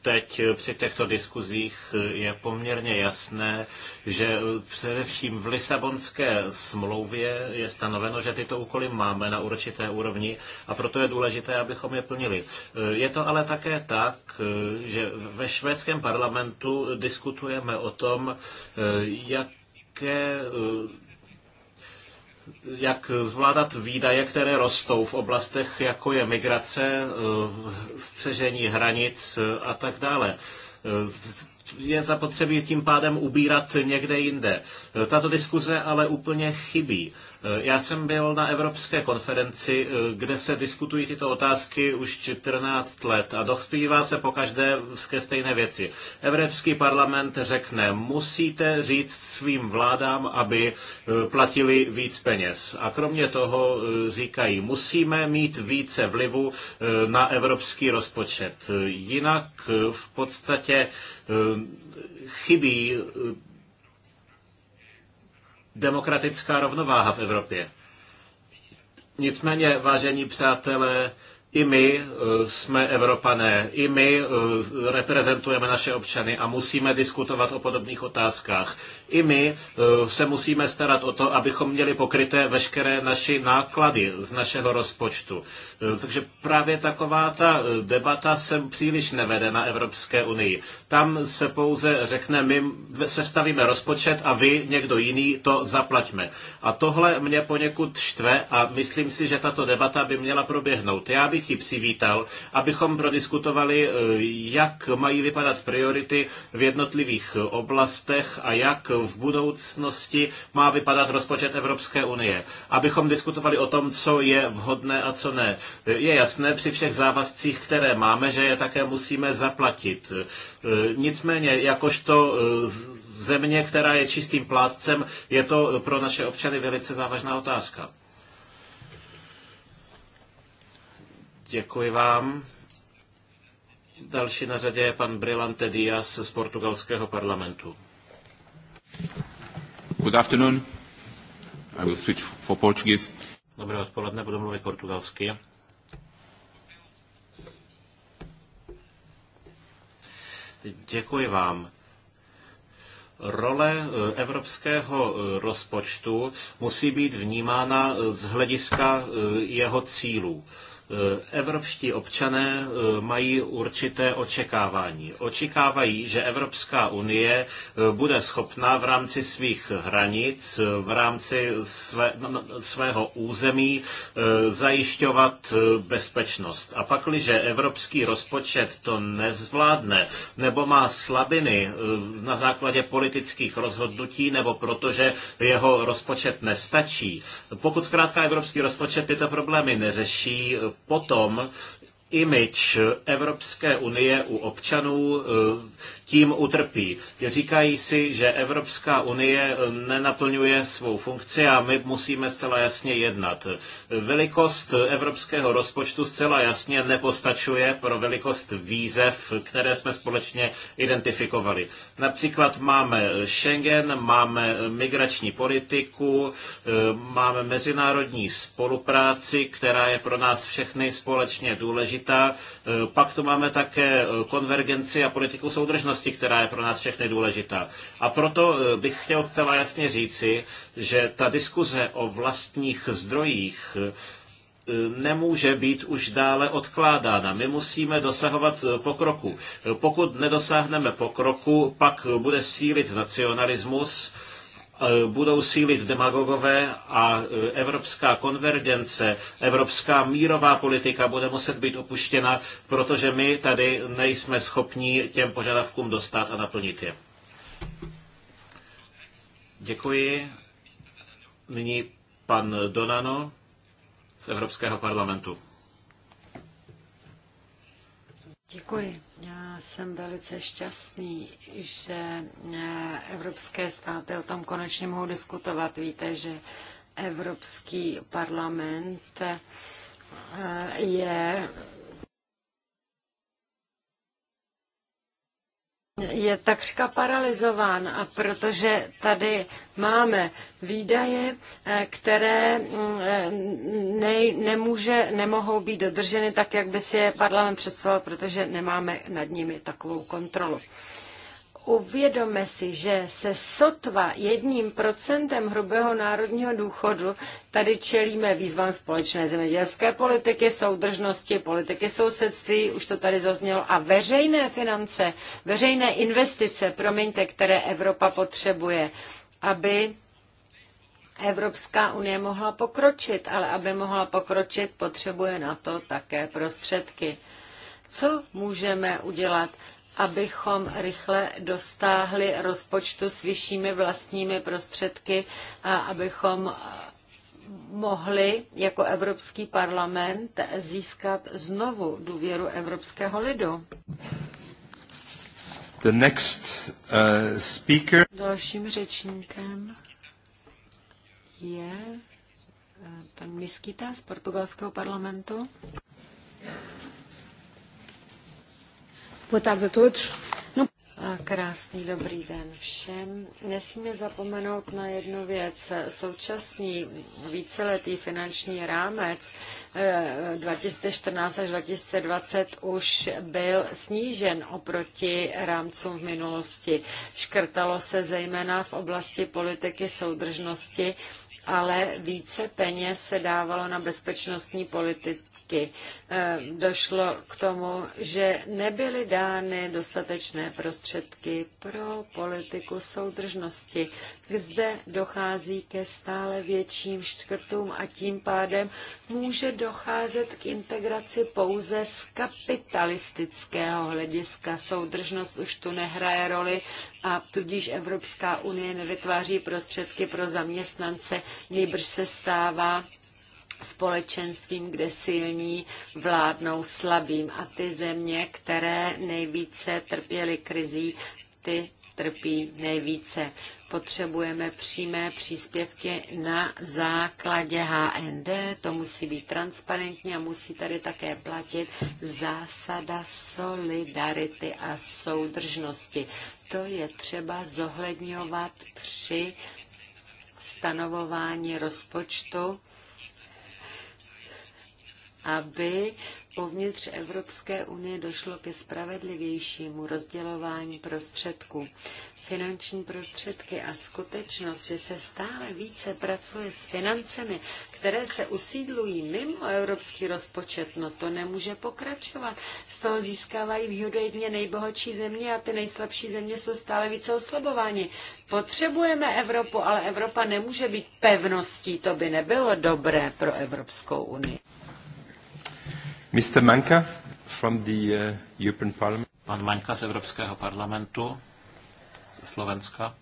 teď při těchto diskuzích je poměrně jasné, že především v Lisabonské smlouvě je stanoveno, že tyto úkoly máme na určité úrovni a proto je důležité, abychom je plnili. Je to ale také tak, že ve švédském parlamentu diskutujeme o tom, jak jaké jak zvládat výdaje, které rostou v oblastech, jako je migrace, eh, střežení hranic eh, a tak dále eh, je zapotřebí tím pádem ubírat někde jinde. Tato diskuze ale úplně chybí. Eh, já jsem byl na Evropské konferenci, eh, kde se diskutují tyto otázky už 14 let a dospívá se po každé ke stejné věci. Evropský parlament řekne, musíte říct svým vládám, aby eh, platili víc peněz. A kromě toho říkají, musíme mít více vlivu na evropský rozpočet. Jinak v podstatě chybí demokratická rovnováha v Evropě. Nicméně, vážení přátelé, i my e, jsme Evropané, i my e, reprezentujeme naše občany a musíme diskutovat o podobných otázkách. I my e, se musíme starat o to, abychom měli pokryté veškeré naše náklady z našeho rozpočtu. Takže právě taková ta debata se příliš nevede na Evropské unii. Tam se pouze řekne, my sestavíme rozpočet a vy, někdo jiný, to zaplaťme. A tohle mě poněkud štve a myslím si, že tato debata by měla proběhnout. Já bych bych ji přivítal, abychom prodiskutovali, eh, jak mají vypadat priority v jednotlivých oblastech a jak v budoucnosti má vypadat rozpočet Evropské unie. Abychom diskutovali o tom, co je vhodné a co ne. Je jasné při všech závazcích, které máme, že je také musíme zaplatit. Eh, nicméně, jakožto eh, země, která je čistým plátcem, je to pro naše občany velice závažná otázka. Děkuji vám. Další na řadě je pan Brilante Díaz z portugalského parlamentu. Good afternoon. I will switch for Portuguese. Dobré odpoledne, budu mluvit portugalsky. Děkuji vám. Role eh, evropského eh, rozpočtu musí být vnímána eh, z hlediska jeho cílů. Eh, evropští občané eh, mají určité očekávání. Očekávají, že Evropská unie eh, bude schopná v rámci svých hranic, v rámci své, svého území zajišťovat bezpečnost. A pakliže evropský rozpočet to nezvládne, nebo má slabiny na základě politických rozhodnutí, nebo protože jeho rozpočet nestačí, pokud zkrátka evropský rozpočet tyto problémy neřeší, potom image Evropské unie u občanů eh, tím utrpí. Říkají si, že Evropská unie eh, nenaplňuje svou funkci a my musíme zcela jasně jednat. Velikost evropského rozpočtu zcela jasně nepostačuje pro velikost výzev, které jsme společně identifikovali. Například máme Schengen, máme migrační politiku, eh, máme mezinárodní spolupráci, která je pro nás všechny společně důležitá důležitá. E, pak tu máme také e, konvergenci a politiku soudržnosti, která je pro nás všechny důležitá. A proto e, bych chtěl zcela jasně říci, že ta diskuze o vlastních zdrojích nemůže být už dále odkládána. My musíme dosahovat pokroku. Pokud nedosáhneme pokroku, pak bude sílit nacionalismus, E, budou sílit demagogové a e, evropská konvergence, evropská mírová politika bude muset být opuštěna, protože my tady nejsme schopni těm požadavkům dostat a naplnit je. Děkuji. Nyní pan Donano z Evropského parlamentu. Děkuji. Já jsem velice šťastný, že eh, evropské státy o tom konečně mohou diskutovat. Víte, že Evropský parlament eh, je je takřka paralizován, a protože tady máme výdaje, eh, které mm, eh, ne, nemůže, nemohou být dodrženy tak, jak by si je parlament představoval, protože nemáme nad nimi takovou kontrolu. Uvědome si, že se sotva jedním procentem hrubého národního důchodu tady čelíme výzvám společné zemědělské politiky, soudržnosti, politiky sousedství, už to tady zaznělo, a veřejné finance, veřejné investice, promiňte, které Evropa potřebuje, aby Evropská unie mohla pokročit, ale aby mohla pokročit, potřebuje na to také prostředky. Co můžeme udělat? abychom rychle dostáhli rozpočtu s vyššími vlastními prostředky a abychom mohli jako Evropský parlament získat znovu důvěru evropského lidu. The next, uh, speaker. Dalším řečníkem je eh, pan Miskita z portugalského parlamentu. Boa tarde a todos. Krásný dobrý den všem. Nesmíme zapomenout na jednu věc. Současný víceletý finanční rámec 2014 eh, až 2020 už byl snížen oproti rámcům v minulosti. Škrtalo se zejména v oblasti politiky soudržnosti, ale více peněz se dávalo na bezpečnostní politiku taky e, došlo k tomu, že nebyly dány dostatečné prostředky pro politiku soudržnosti. Zde dochází ke stále větším škrtům a tím pádem může docházet k integraci pouze z kapitalistického hlediska. Soudržnost už tu nehraje roli a tudíž Evropská unie nevytváří prostředky pro zaměstnance, nejbrž se stává společenstvím, kde silní vládnou slabým. A ty země, které nejvíce trpěly krizí, ty trpí nejvíce. Potřebujeme přímé příspěvky na základě HND, to musí být transparentní a musí tady také platit zásada solidarity a soudržnosti. To je třeba zohledňovat při stanovování rozpočtu aby uvnitř Evropské unie došlo ke spravedlivějšímu rozdělování prostředků. Finanční prostředky a skutečnost, že se stále více pracuje s financemi, které se usídlují mimo evropský rozpočet, no to nemůže pokračovat. Z toho získávají výhodu jedně nejbohatší země a ty nejslabší země jsou stále více oslabováni. Potřebujeme Evropu, ale Evropa nemůže být pevností, to by nebylo dobré pro Evropskou unii. Mr. Manka from the uh, European Parliament. Pan Manka z Evropského parlamentu ze Slovenska.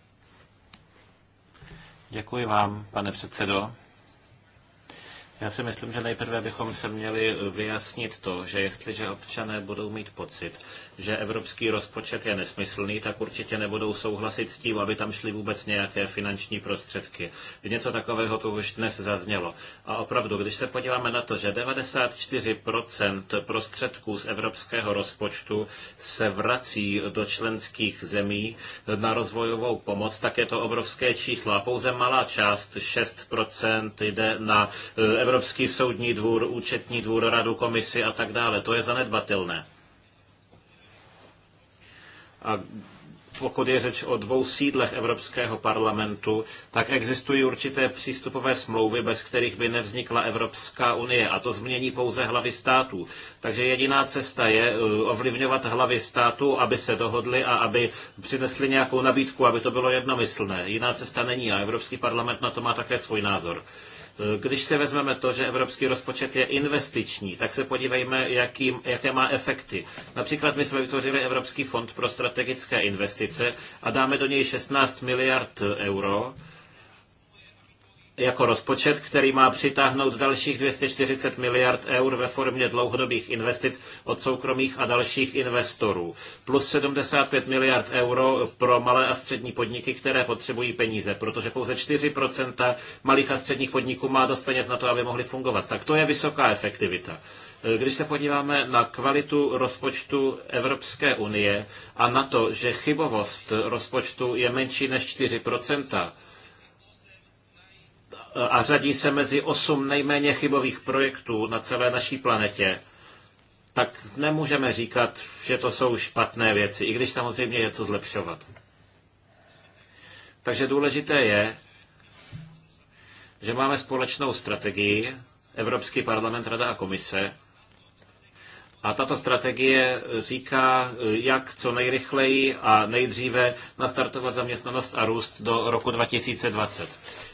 Děkuji vám, pane předsedo. Já si myslím, že nejprve bychom se měli vyjasnit to, že jestliže občané budou mít pocit, že evropský rozpočet je nesmyslný, tak určitě nebudou souhlasit s tím, aby tam šly vůbec nějaké finanční prostředky. Něco takového to už dnes zaznělo. A opravdu, když se podíváme na to, že 94% prostředků z evropského rozpočtu se vrací do členských zemí na rozvojovou pomoc, tak je to obrovské číslo. A pouze malá část, 6%, jde na evropské eh, Evropský soudní dvůr, účetní dvůr, radu, komisi a tak dále. To je zanedbatelné. A pokud je řeč o dvou sídlech Evropského parlamentu, tak existují určité přístupové smlouvy, bez kterých by nevznikla Evropská unie. A to změní pouze hlavy států. Takže jediná cesta je uh, ovlivňovat hlavy států, aby se dohodli a aby přinesli nějakou nabídku, aby to bylo jednomyslné. Jiná cesta není a Evropský parlament na to má také svůj názor. Když si vezmeme to, že evropský rozpočet je investiční, tak se podívejme, jaký, jaké má efekty. Například my jsme vytvořili Evropský fond pro strategické investice a dáme do něj 16 miliard euro jako rozpočet, který má přitáhnout dalších 240 miliard eur ve formě dlouhodobých investic od soukromých a dalších investorů. Plus 75 miliard euro pro malé a střední podniky, které potřebují peníze, protože pouze 4% malých a středních podniků má dost peněz na to, aby mohly fungovat. Tak to je vysoká efektivita. Když se podíváme na kvalitu rozpočtu Evropské unie a na to, že chybovost rozpočtu je menší než 4 a řadí se mezi osm nejméně chybových projektů na celé naší planetě, tak nemůžeme říkat, že to jsou špatné věci, i když samozřejmě je co zlepšovat. Takže důležité je, že máme společnou strategii, Evropský parlament, Rada a Komise. A tato strategie říká, jak co nejrychleji a nejdříve nastartovat zaměstnanost a růst do roku 2020.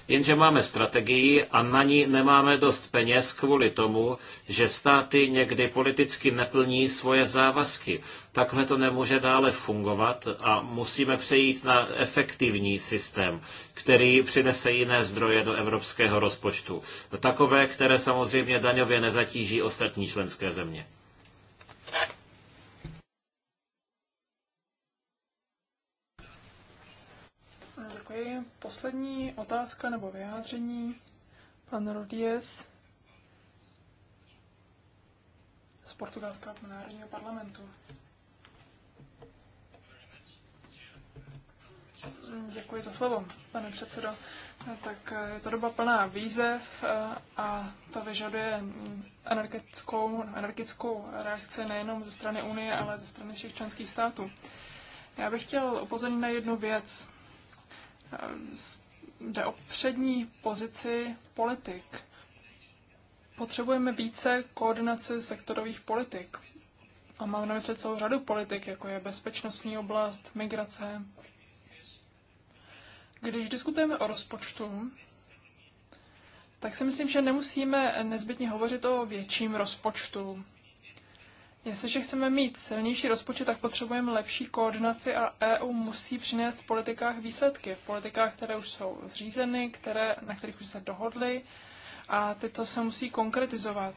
Jenže máme strategii a na ní nemáme dost peněz kvůli tomu, že státy někdy politicky neplní svoje závazky. Takhle to nemůže dále fungovat a musíme přejít na efektivní systém, který přinese jiné zdroje do evropského rozpočtu. Takové, které samozřejmě daňově nezatíží ostatní členské země. poslední otázka nebo vyjádření. Pan Rodies z portugalského národního parlamentu. Děkuji za slovo, pane předsedo. Tak eh, je to doba plná výzev eh, a to vyžaduje energetickou, energetickou reakci nejenom ze strany Unie, ale ze strany všech členských států. Já bych chtěl upozornit na jednu věc. Ehm, jde o přední pozici politik. Potřebujeme více koordinace sektorových politik. A mám na mysli celou řadu politik, jako je bezpečnostní oblast, migrace. Když diskutujeme o rozpočtu, tak si myslím, že nemusíme nezbytně hovořit o větším rozpočtu. Jestliže chceme mít silnější rozpočet, tak potřebujeme lepší koordinaci a EU musí přinést v politikách výsledky. V politikách, které už jsou zřízeny, které, na kterých už se dohodly a tyto se musí konkretizovat.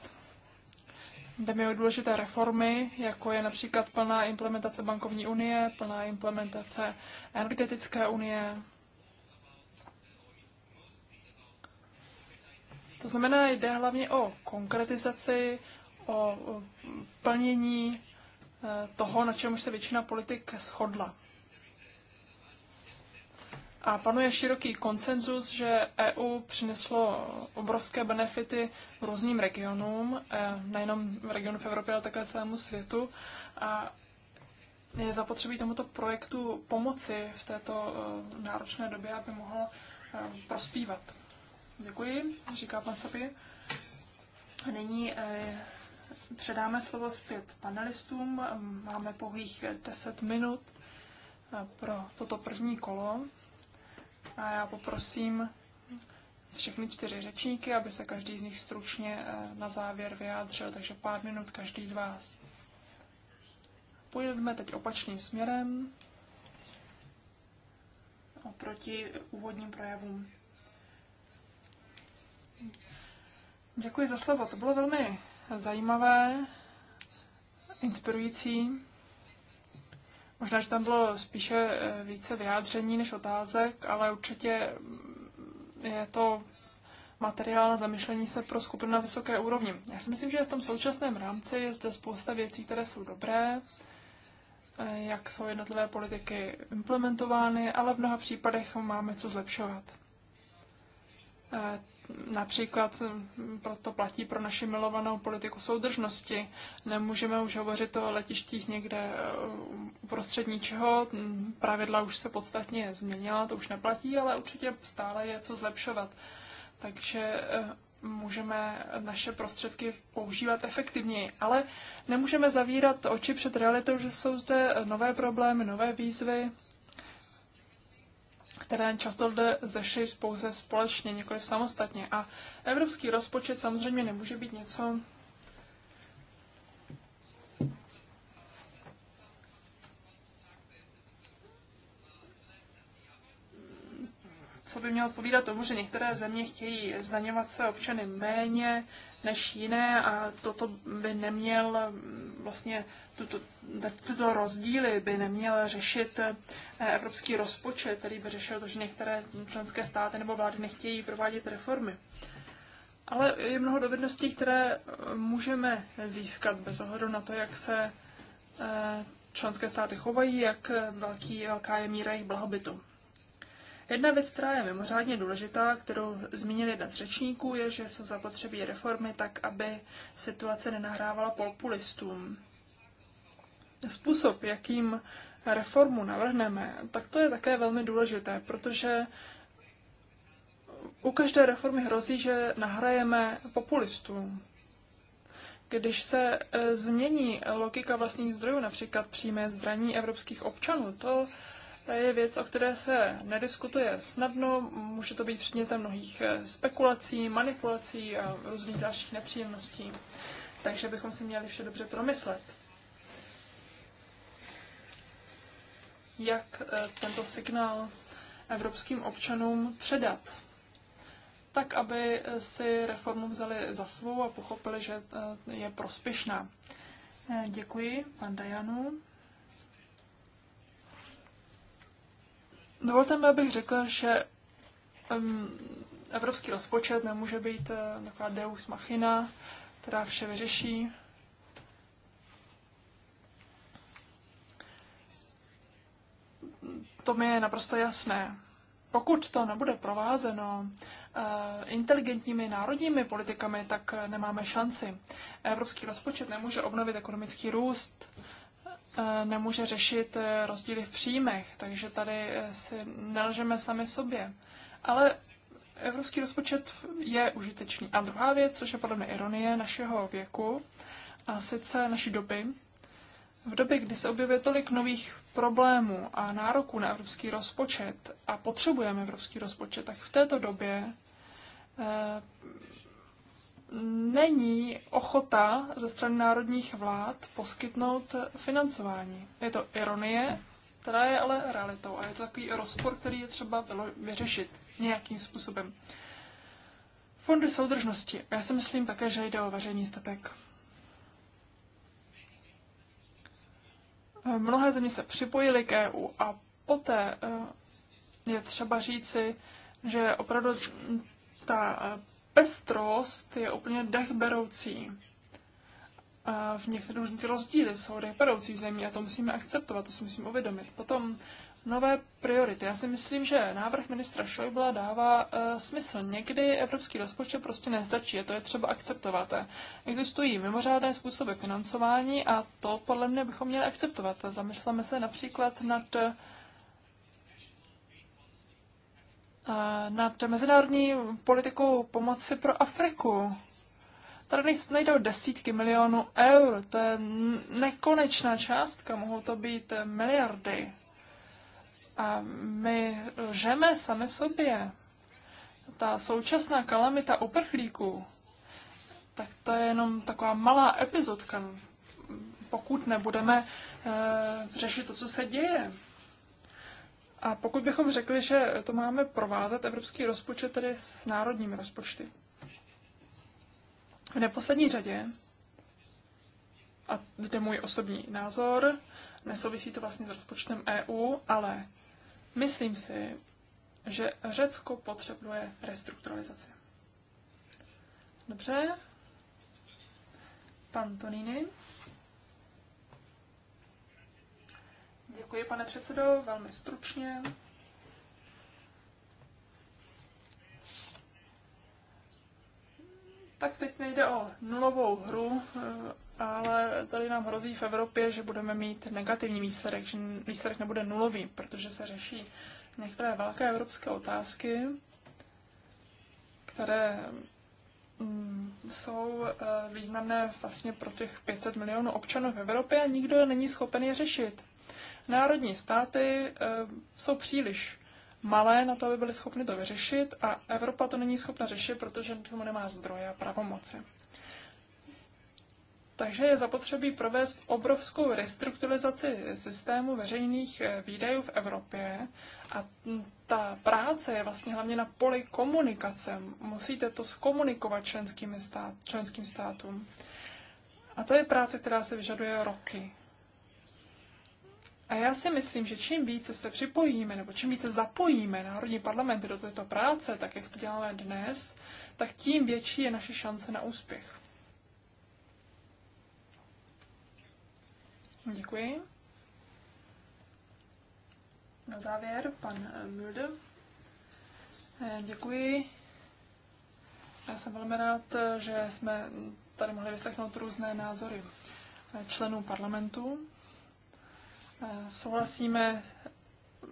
Jde mi o důležité reformy, jako je například plná implementace bankovní unie, plná implementace energetické unie. To znamená, jde hlavně o konkretizaci, o plnění e, toho, na čem už se většina politik shodla. A panuje široký konsenzus, že EU přineslo obrovské benefity různým regionům, e, nejenom regionu v Evropě, ale také celému světu. A je zapotřebí tomuto projektu pomoci v této e, náročné době, aby mohl prospívat. Děkuji, říká pan Sapi. Nyní předáme slovo zpět panelistům. Máme pouhých 10 minut eh, pro toto první kolo. A já poprosím všechny čtyři řečníky, aby se každý z nich stručně eh, na závěr vyjádřil, takže pár minut každý z vás. Půjdeme teď opačným směrem oproti úvodním projevům. Děkuji za slovo. To bylo velmi zajímavé, inspirující. Možná, že tam bylo spíše eh, více vyjádření než otázek, ale určitě mm, je to materiál na zamišlení se pro skupinu na vysoké úrovni. Já si myslím, že v tom současném rámci je zde spousta věcí, které jsou dobré, eh, jak jsou jednotlivé politiky implementovány, ale v mnoha případech máme co zlepšovat. Eh, Například eh, proto platí pro naši milovanou politiku soudržnosti. Nemůžeme už hovořit o letištích někde eh, uprostřed ničeho. Pravidla už se podstatně změnila, to už neplatí, ale určitě stále je co zlepšovat. Takže eh, můžeme naše prostředky používat efektivněji. Ale nemůžeme zavírat oči před realitou, že jsou zde nové problémy, nové výzvy které často lze zešit pouze společně, nikoli samostatně. A evropský rozpočet samozřejmě nemůže být něco, co by mělo povídat tomu, že některé země chtějí zdaňovat své občany méně, než jiné a toto by neměl mm, vlastně tuto, tyto rozdíly by neměl řešit eh, evropský rozpočet, který by řešil to, že některé členské státy nebo vlády nechtějí provádět reformy. Ale je mnoho dovedností, které eh, můžeme získat bez ohledu na to, jak se eh, členské státy chovají, jak velký, velká je míra jejich blahobytu. Jedna věc, která je mimořádně důležitá, kterou zmínil jeden z řečníků, je, že jsou zapotřebí reformy tak, aby situace nenahrávala populistům. Způsob, jakým reformu navrhneme, tak to je také velmi důležité, protože u každé reformy hrozí, že nahrajeme populistům. Když se e, změní logika vlastních zdrojů, například přímé zdraní evropských občanů, to je věc, o které se nediskutuje snadno. Může to být předmětem mnohých eh, spekulací, manipulací a různých dalších nepříjemností. Takže bychom si měli vše dobře promyslet. Jak eh, tento signál evropským občanům předat? tak, aby eh, si reformu vzali za svou a pochopili, že je prospěšná. Děkuji, pan Dajanu. Dovolte mi, abych řekl, že um, evropský rozpočet nemůže být uh, taková deus machina, která vše vyřeší. To mi je naprosto jasné. Pokud to nebude provázeno eh, inteligentními národními politikami, tak nemáme šanci. Evropský rozpočet nemůže obnovit ekonomický růst. Eh, nemůže řešit eh, rozdíly v příjmech, takže tady eh, si nelžeme sami sobě. Ale evropský rozpočet je užitečný. A druhá věc, což je podle mě ironie našeho věku, a sice naší doby, v době, kdy se objevuje tolik nových problémů a nároků na evropský rozpočet a potřebujeme evropský rozpočet, tak v této době není ochota ze strany národních vlád poskytnout financování. Je to ironie, která je ale realitou a je to takový rozpor, který je třeba bylo vyřešit nějakým způsobem. Fondy soudržnosti. Já si myslím také, že jde o veřejný statek. Eh, mnohé země se připojily k EU a poté eh, je třeba říci, že opravdu ta eh, pestrost je úplně dechberoucí. V některých ty rozdíly jsou dechberoucí zemí a to musíme akceptovat, to si musíme uvědomit. Potom nové priority. Já si myslím, že návrh ministra Šojbla dává e, smysl. Někdy evropský rozpočet prostě nestačí a to je třeba akceptovat. Existují mimořádné způsoby financování a to podle mě bychom měli akceptovat. Zamysleme se například nad nad mezinárodní politikou pomoci pro Afriku. Tady nejdou desítky milionů eur, to je nekonečná částka, mohou to být miliardy. A my lžeme sami sobě. Ta současná kalamita uprchlíků, tak to je jenom taková malá epizodka, pokud nebudeme e, řešit to, co se děje. A pokud bychom řekli, že to máme provázat evropský rozpočet tedy s národními rozpočty. V neposlední řadě, a to je můj osobní názor, nesouvisí to vlastně s rozpočtem EU, ale myslím si, že Řecko potřebuje restrukturalizaci. Dobře. Pan Tonini. Děkuji, pane předsedo, velmi stručně. Tak teď nejde o nulovou hru, eh, ale tady nám hrozí v Evropě, že budeme mít negativní výsledek, že výsledek nebude nulový, protože se řeší některé velké evropské otázky, které mm, jsou eh, významné vlastně pro těch 500 milionů občanů v Evropě a nikdo není schopen je řešit. Národní státy eh, jsou příliš malé na to, aby byly schopny to vyřešit a Evropa to není schopna řešit, protože tomu nemá zdroje a pravomoci. Takže je zapotřebí provést obrovskou restrukturalizaci systému veřejných eh, výdajů v Evropě a ta práce je vlastně hlavně na poli komunikace. Musíte to skomunikovat členským, stát, členským státům. A to je práce, která se vyžaduje roky. A já si myslím, že čím více se připojíme nebo čím více zapojíme národní parlamenty do této práce, tak jak to děláme dnes, tak tím větší je naše šance na úspěch. Děkuji. Na závěr pan eh, Mulder. Eh, děkuji. Já jsem velmi rád, eh, že jsme tady mohli vyslechnout různé názory členů parlamentu. Souhlasíme,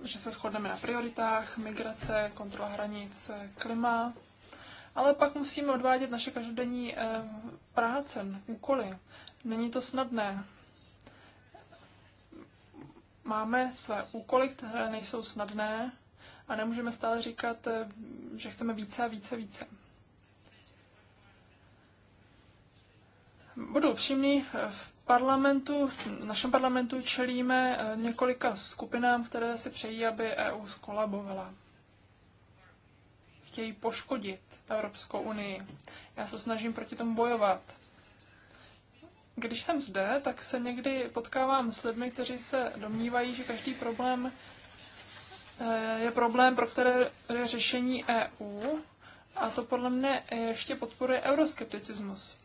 že se shodneme na prioritách, migrace, kontrola hranic, klima, ale pak musíme odvádět naše každodenní eh, práce, úkoly. Není to snadné. Máme své úkoly, které nejsou snadné a nemůžeme stále říkat, eh, že chceme více a více, a více. Budu upřímný, eh, v parlamentu, v našem parlamentu čelíme eh, několika skupinám, které si přejí, aby EU skolabovala. Chtějí poškodit Evropskou unii. Já se snažím proti tomu bojovat. Když jsem zde, tak se někdy potkávám s lidmi, kteří se domnívají, že každý problém eh, je problém, pro které je řešení EU, a to podle mne ještě podporuje euroskepticismus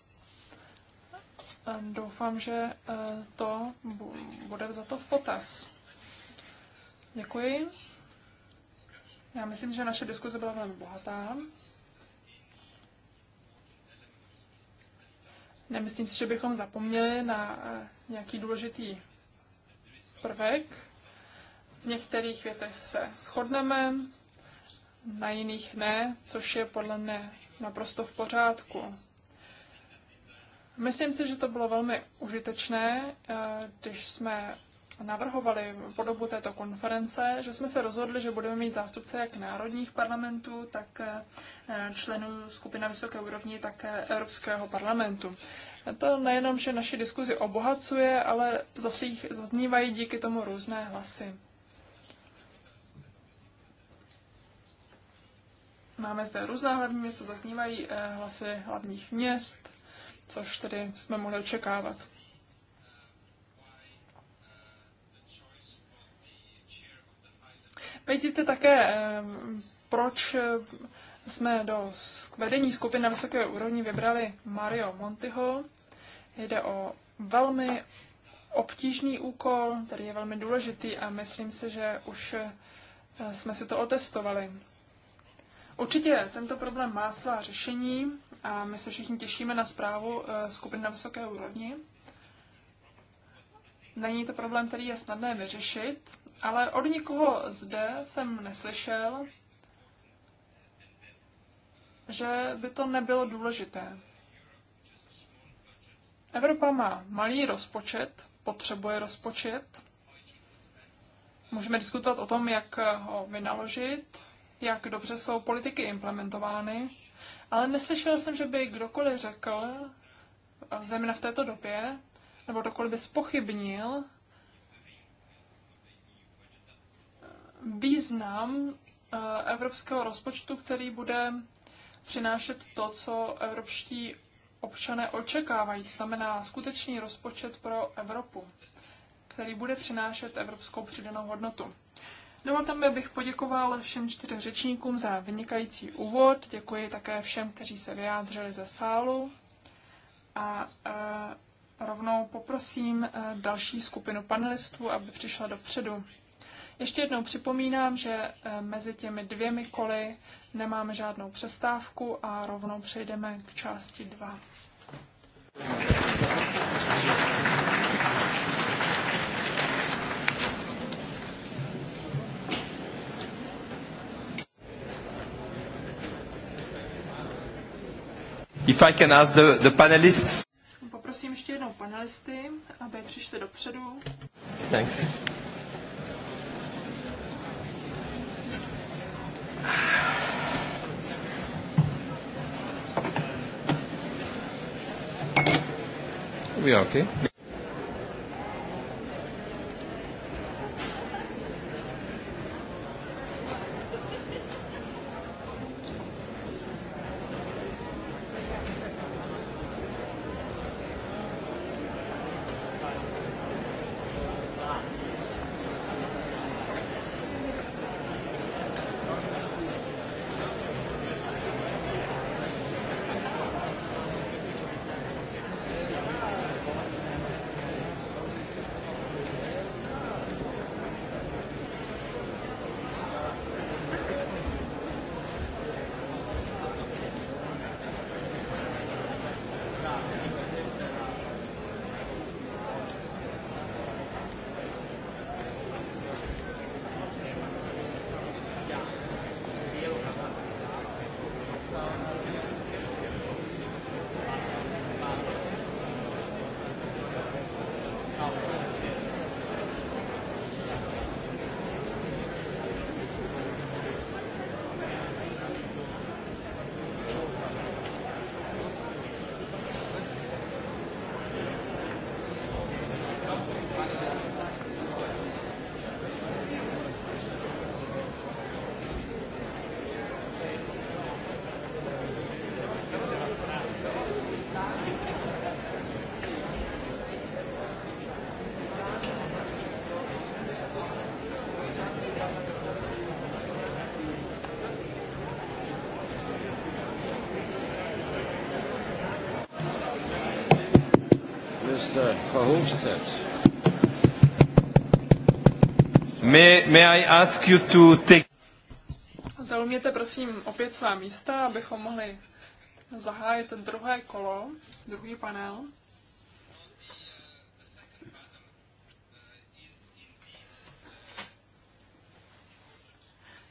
doufám, že eh, to bude za to v potaz. Děkuji. Já myslím, že naše diskuze byla velmi bohatá. Nemyslím si, že bychom zapomněli na eh, nějaký důležitý prvek. V některých věcech se shodneme, na jiných ne, což je podle mě naprosto v pořádku. Myslím si, že to bylo velmi užitečné, eh, když jsme navrhovali podobu této konference, že jsme se rozhodli, že budeme mít zástupce jak národních parlamentů, tak eh, členů skupiny na vysoké úrovni, tak eh, Evropského parlamentu. To nejenom, že naši diskuzi obohacuje, ale zaslích, zaznívají díky tomu různé hlasy. Máme zde různá hlavní města, zaznívají hlasy hlavních měst, což tedy jsme mohli očekávat. Vidíte také, proč eh, jsme do vedení skupiny na vysoké úrovni vybrali Mario Montiho. Jde o velmi obtížný úkol, který je velmi důležitý a myslím si, že už eh, jsme si to otestovali. Určitě tento problém má svá řešení a my se všichni těšíme na zprávu eh, skupiny na vysoké úrovni. Není to problém, který je snadné vyřešit, ale od nikoho zde jsem neslyšel, že by to nebylo důležité. Evropa má malý rozpočet, potřebuje rozpočet. Můžeme diskutovat o tom, jak ho vynaložit, jak dobře jsou politiky implementovány. Ale neslyšela jsem, že by kdokoliv řekl, zejména v této době, nebo kdokoliv by spochybnil význam eh, evropského rozpočtu, který bude přinášet to, co evropští občané očekávají, to znamená skutečný rozpočet pro Evropu, který bude přinášet evropskou přidanou hodnotu. Dovolte no mi, bych poděkoval všem čtyřem řečníkům za vynikající úvod. Děkuji také všem, kteří se vyjádřili ze sálu. A e, rovnou poprosím e, další skupinu panelistů, aby přišla dopředu. Ještě jednou připomínám, že e, mezi těmi dvěmi koly nemáme žádnou přestávku a rovnou přejdeme k části 2. If I can ask the, the panelists. Poprosím ještě jednou panelisty, aby přišli dopředu. Thanks. We are okay. verhoogd May, may I ask you to take... Zaujměte prosím opět svá místa, abychom mohli zahájit druhé kolo, druhý panel.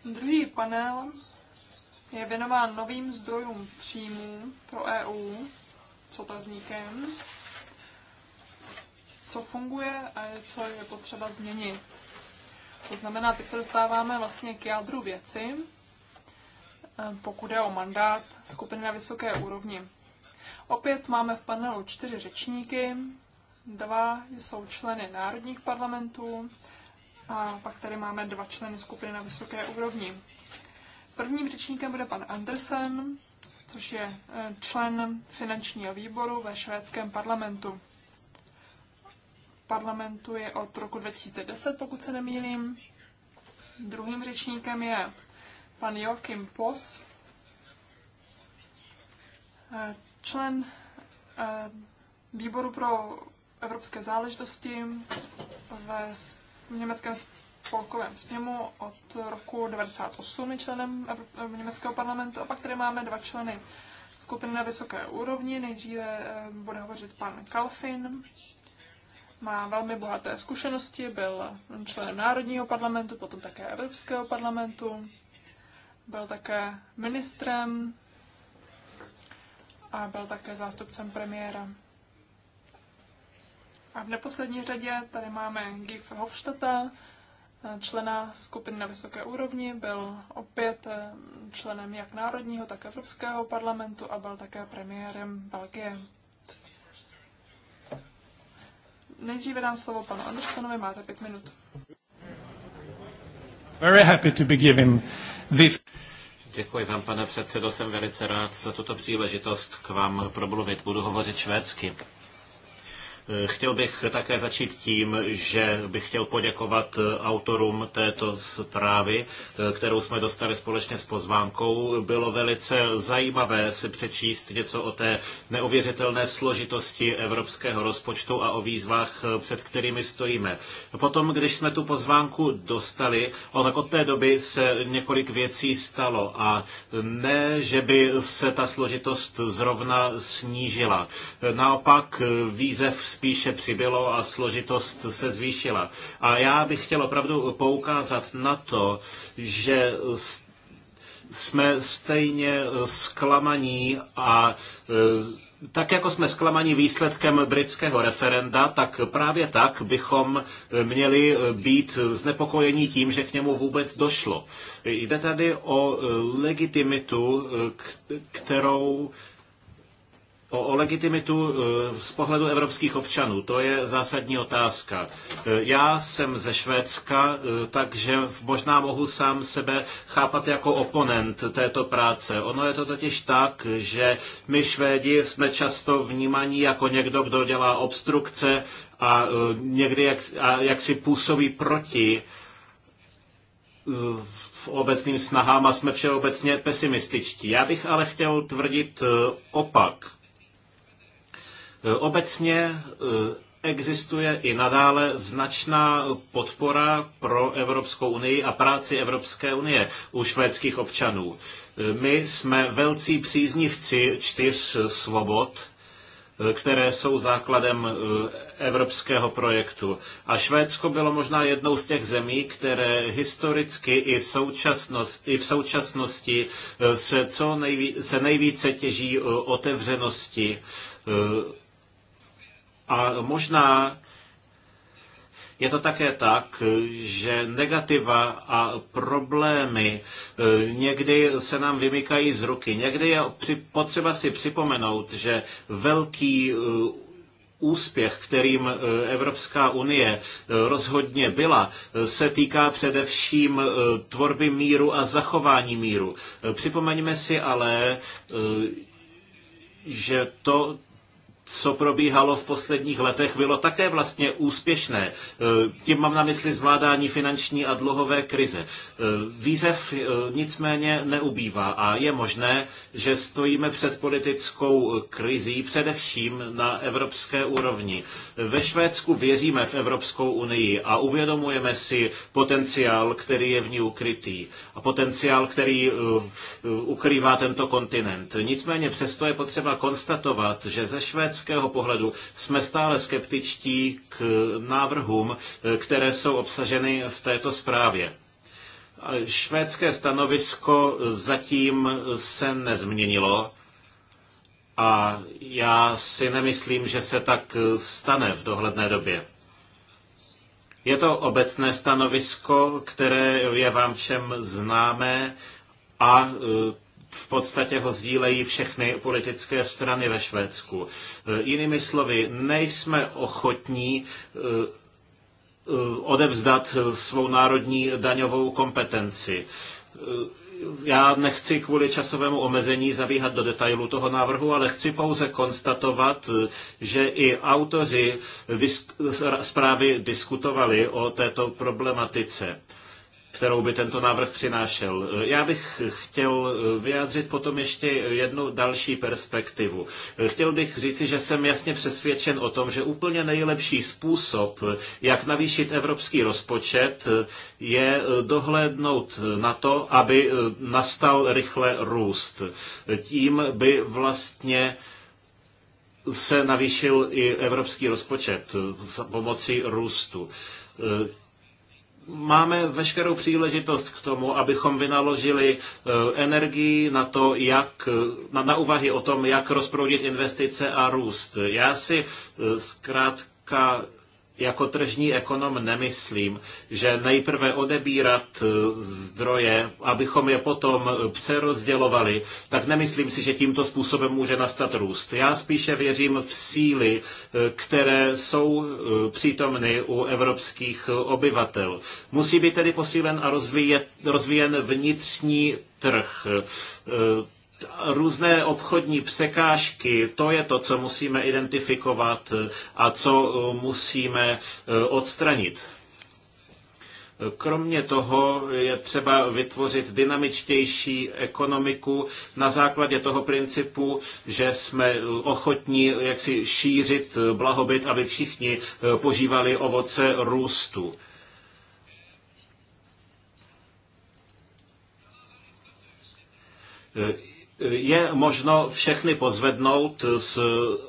Druhý panel je věnován novým zdrojům příjmů pro EU s otazníkem co funguje a co je potřeba změnit. To znamená, teď se dostáváme vlastně k jádru věci, eh, pokud je o mandát skupiny na vysoké úrovni. Opět máme v panelu čtyři řečníky, dva jsou členy národních parlamentů a pak tady máme dva členy skupiny na vysoké úrovni. Prvním řečníkem bude pan Andersen, což je eh, člen finančního výboru ve švédském parlamentu parlamentu je od roku 2010, pokud se nemýlím. Druhým řečníkem je pan Joachim Pos, eh, člen eh, výboru pro evropské záležitosti v německém spolkovém sněmu od roku 1998 je členem eh, německého parlamentu a pak tady máme dva členy skupiny na vysoké úrovni. Nejdříve bude hovořit pan Kalfin, má velmi bohaté zkušenosti, byl členem Národního parlamentu, potom také Evropského parlamentu, byl také ministrem a byl také zástupcem premiéra. A v neposlední řadě tady máme Guy Verhofstadta, člena skupiny na vysoké úrovni, byl opět eh, členem jak Národního, tak Evropského parlamentu a byl také premiérem Belgie. Nejdříve dám slovo panu Andersonovi, máte pět minut. Very happy to be given this. Děkuji vám, pane předsedo, jsem velice rád za tuto příležitost k vám promluvit. Budu hovořit švédsky. Chtěl bych také začít tím, že bych chtěl poděkovat eh, autorům této zprávy, eh, kterou jsme dostali společně s pozvánkou. Bylo velice zajímavé si přečíst něco o té neuvěřitelné složitosti evropského rozpočtu a o výzvách, eh, před kterými stojíme. Potom, když jsme tu pozvánku dostali, tak od té doby se několik věcí stalo a ne, že by se ta složitost zrovna snížila. Naopak výzev spíše přibylo a složitost se zvýšila. A já bych chtěl opravdu poukázat na to, že jsme stejně zklamaní a e, tak jako jsme zklamaní výsledkem britského referenda, tak právě tak bychom měli být znepokojení tím, že k němu vůbec došlo. Jde tady o e, legitimitu, e, kterou o, o legitimitu e, z pohledu evropských občanů. To je zásadní otázka. E, já jsem ze Švédska, e, takže možná mohu sám sebe chápat jako oponent této práce. Ono je to totiž tak, že my Švédi jsme často vnímaní jako někdo, kdo dělá obstrukce a někdy jak, a jak si působí proti obecným snahám a jsme všeobecně pesimističtí. Já bych ale chtěl tvrdit opak. Eh, obecně eh, existuje i nadále značná podpora pro Evropskou unii a práci Evropské unie u švédských občanů. Eh, my jsme velcí příznivci čtyř svobod, které jsou základem evropského projektu. A Švédsko bylo možná jednou z těch zemí, které historicky i, současnost, i v současnosti se, co nejví, se nejvíce těží otevřenosti a možná je to také tak, že negativa a problémy e, někdy se nám vymykají z ruky. Někdy je potřeba si připomenout, že velký e, úspěch, kterým e, Evropská unie rozhodně byla, se týká především tvorby míru a zachování míru. Připomeňme si ale, že to, co probíhalo v posledních letech, bylo také vlastně úspěšné. E, tím mám na mysli zvládání finanční a dluhové krize. E, výzev e, nicméně neubývá a je možné, že stojíme před politickou krizí především na evropské úrovni. Ve Švédsku věříme v Evropskou unii a uvědomujeme si potenciál, který je v ní ukrytý a potenciál, který ukrývá tento kontinent. Nicméně přesto je potřeba konstatovat, že ze Švédska německého pohledu jsme stále skeptičtí k návrhům, eh, které jsou obsaženy v této zprávě. Švédské stanovisko zatím se nezměnilo a já si nemyslím, že se tak stane v dohledné době. Je to obecné stanovisko, které je vám všem známé a eh, v podstatě ho sdílejí všechny politické strany ve Švédsku. E, jinými slovy, nejsme ochotní e, e, odevzdat svou národní daňovou kompetenci. Já nechci kvůli časovému omezení zabíhat do detailu toho návrhu, ale chci pouze konstatovat, že i autoři disk- zprávy diskutovali o této problematice kterou by tento návrh přinášel. Já bych chtěl eh, vyjádřit potom ještě jednu další perspektivu. Eh, chtěl bych říci, že jsem jasně přesvědčen o tom, že úplně nejlepší způsob, jak navýšit evropský rozpočet, eh, je dohlédnout na to, aby nastal rychle růst. Tím by vlastně se navýšil i evropský rozpočet pomocí růstu máme veškerou příležitost k tomu, abychom vynaložili eh, energii na to, jak, na, na uvahy o tom, jak rozproudit investice a růst. Já si eh, zkrátka jako tržní ekonom nemyslím, že nejprve odebírat eh, zdroje, abychom je potom eh, přerozdělovali, tak nemyslím si, že tímto způsobem může nastat růst. Já spíše věřím v síly, eh, které jsou přítomny u evropských obyvatel. Musí být tedy posílen a rozvíjen vnitřní trh různé obchodní překážky, to je to, co musíme identifikovat a co eh, musíme eh, odstranit. Kromě toho je třeba vytvořit dynamičtější ekonomiku na základě toho principu, že jsme eh, ochotní jaksi šířit blahobyt, aby všichni požívali ovoce růstu. Je možno všechny pozvednout z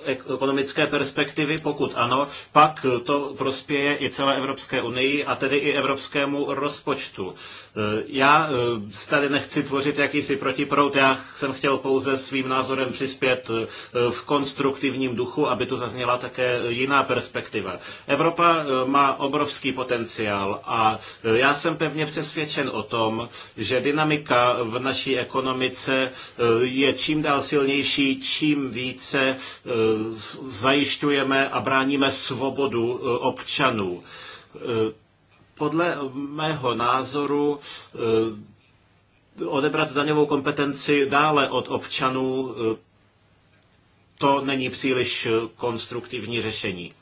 ekonomické perspektivy? Pokud ano, pak to prospěje i celé Evropské unii a tedy i evropskému rozpočtu. Eh, já eh, tady nechci tvořit jakýsi protiprout, já jsem chtěl pouze svým názorem přispět eh, v konstruktivním duchu, aby tu zazněla také jiná perspektiva. Evropa má obrovský potenciál a já jsem pevně přesvědčen o tom, že dynamika v naší ekonomice je čím dál silnější, čím více eh, zajišťujeme a bráníme svobodu eh, občanů. Eh, podle mého názoru odebrat daňovou kompetenci dále od občanů, to není příliš konstruktivní řešení.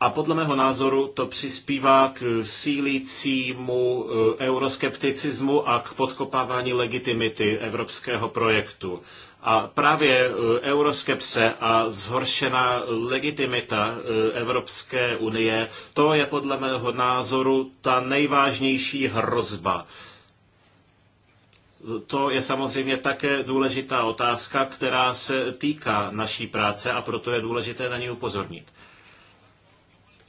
A podle mého názoru to přispívá k sílícímu eh, euroskepticismu a k podkopávání legitimity evropského projektu. A právě eh, euroskepse a zhoršená legitimita eh, Evropské unie, to je podle mého názoru ta nejvážnější hrozba. To je samozřejmě také důležitá otázka, která se týká naší práce a proto je důležité na ní upozornit.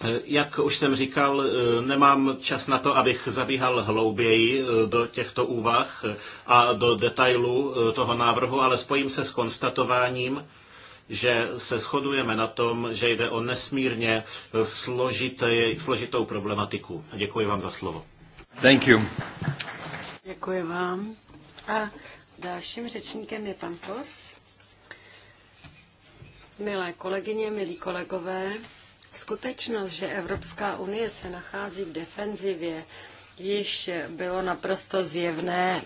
Eh, jak už jsem říkal, eh, nemám čas na to, abych zabíhal hlouběji eh, do těchto úvah a do detailů toho návrhu, ale spojím se s konstatováním, že se shodujeme na tom, že jde o nesmírně složité, složitou problematiku. Děkuji vám za slovo. Thank you. Děkuji vám. A dalším řečníkem je pan Pos. Milé kolegyně, milí kolegové, Skutečnost, že Evropská unie se nachází v defenzivě, již bylo naprosto zjevné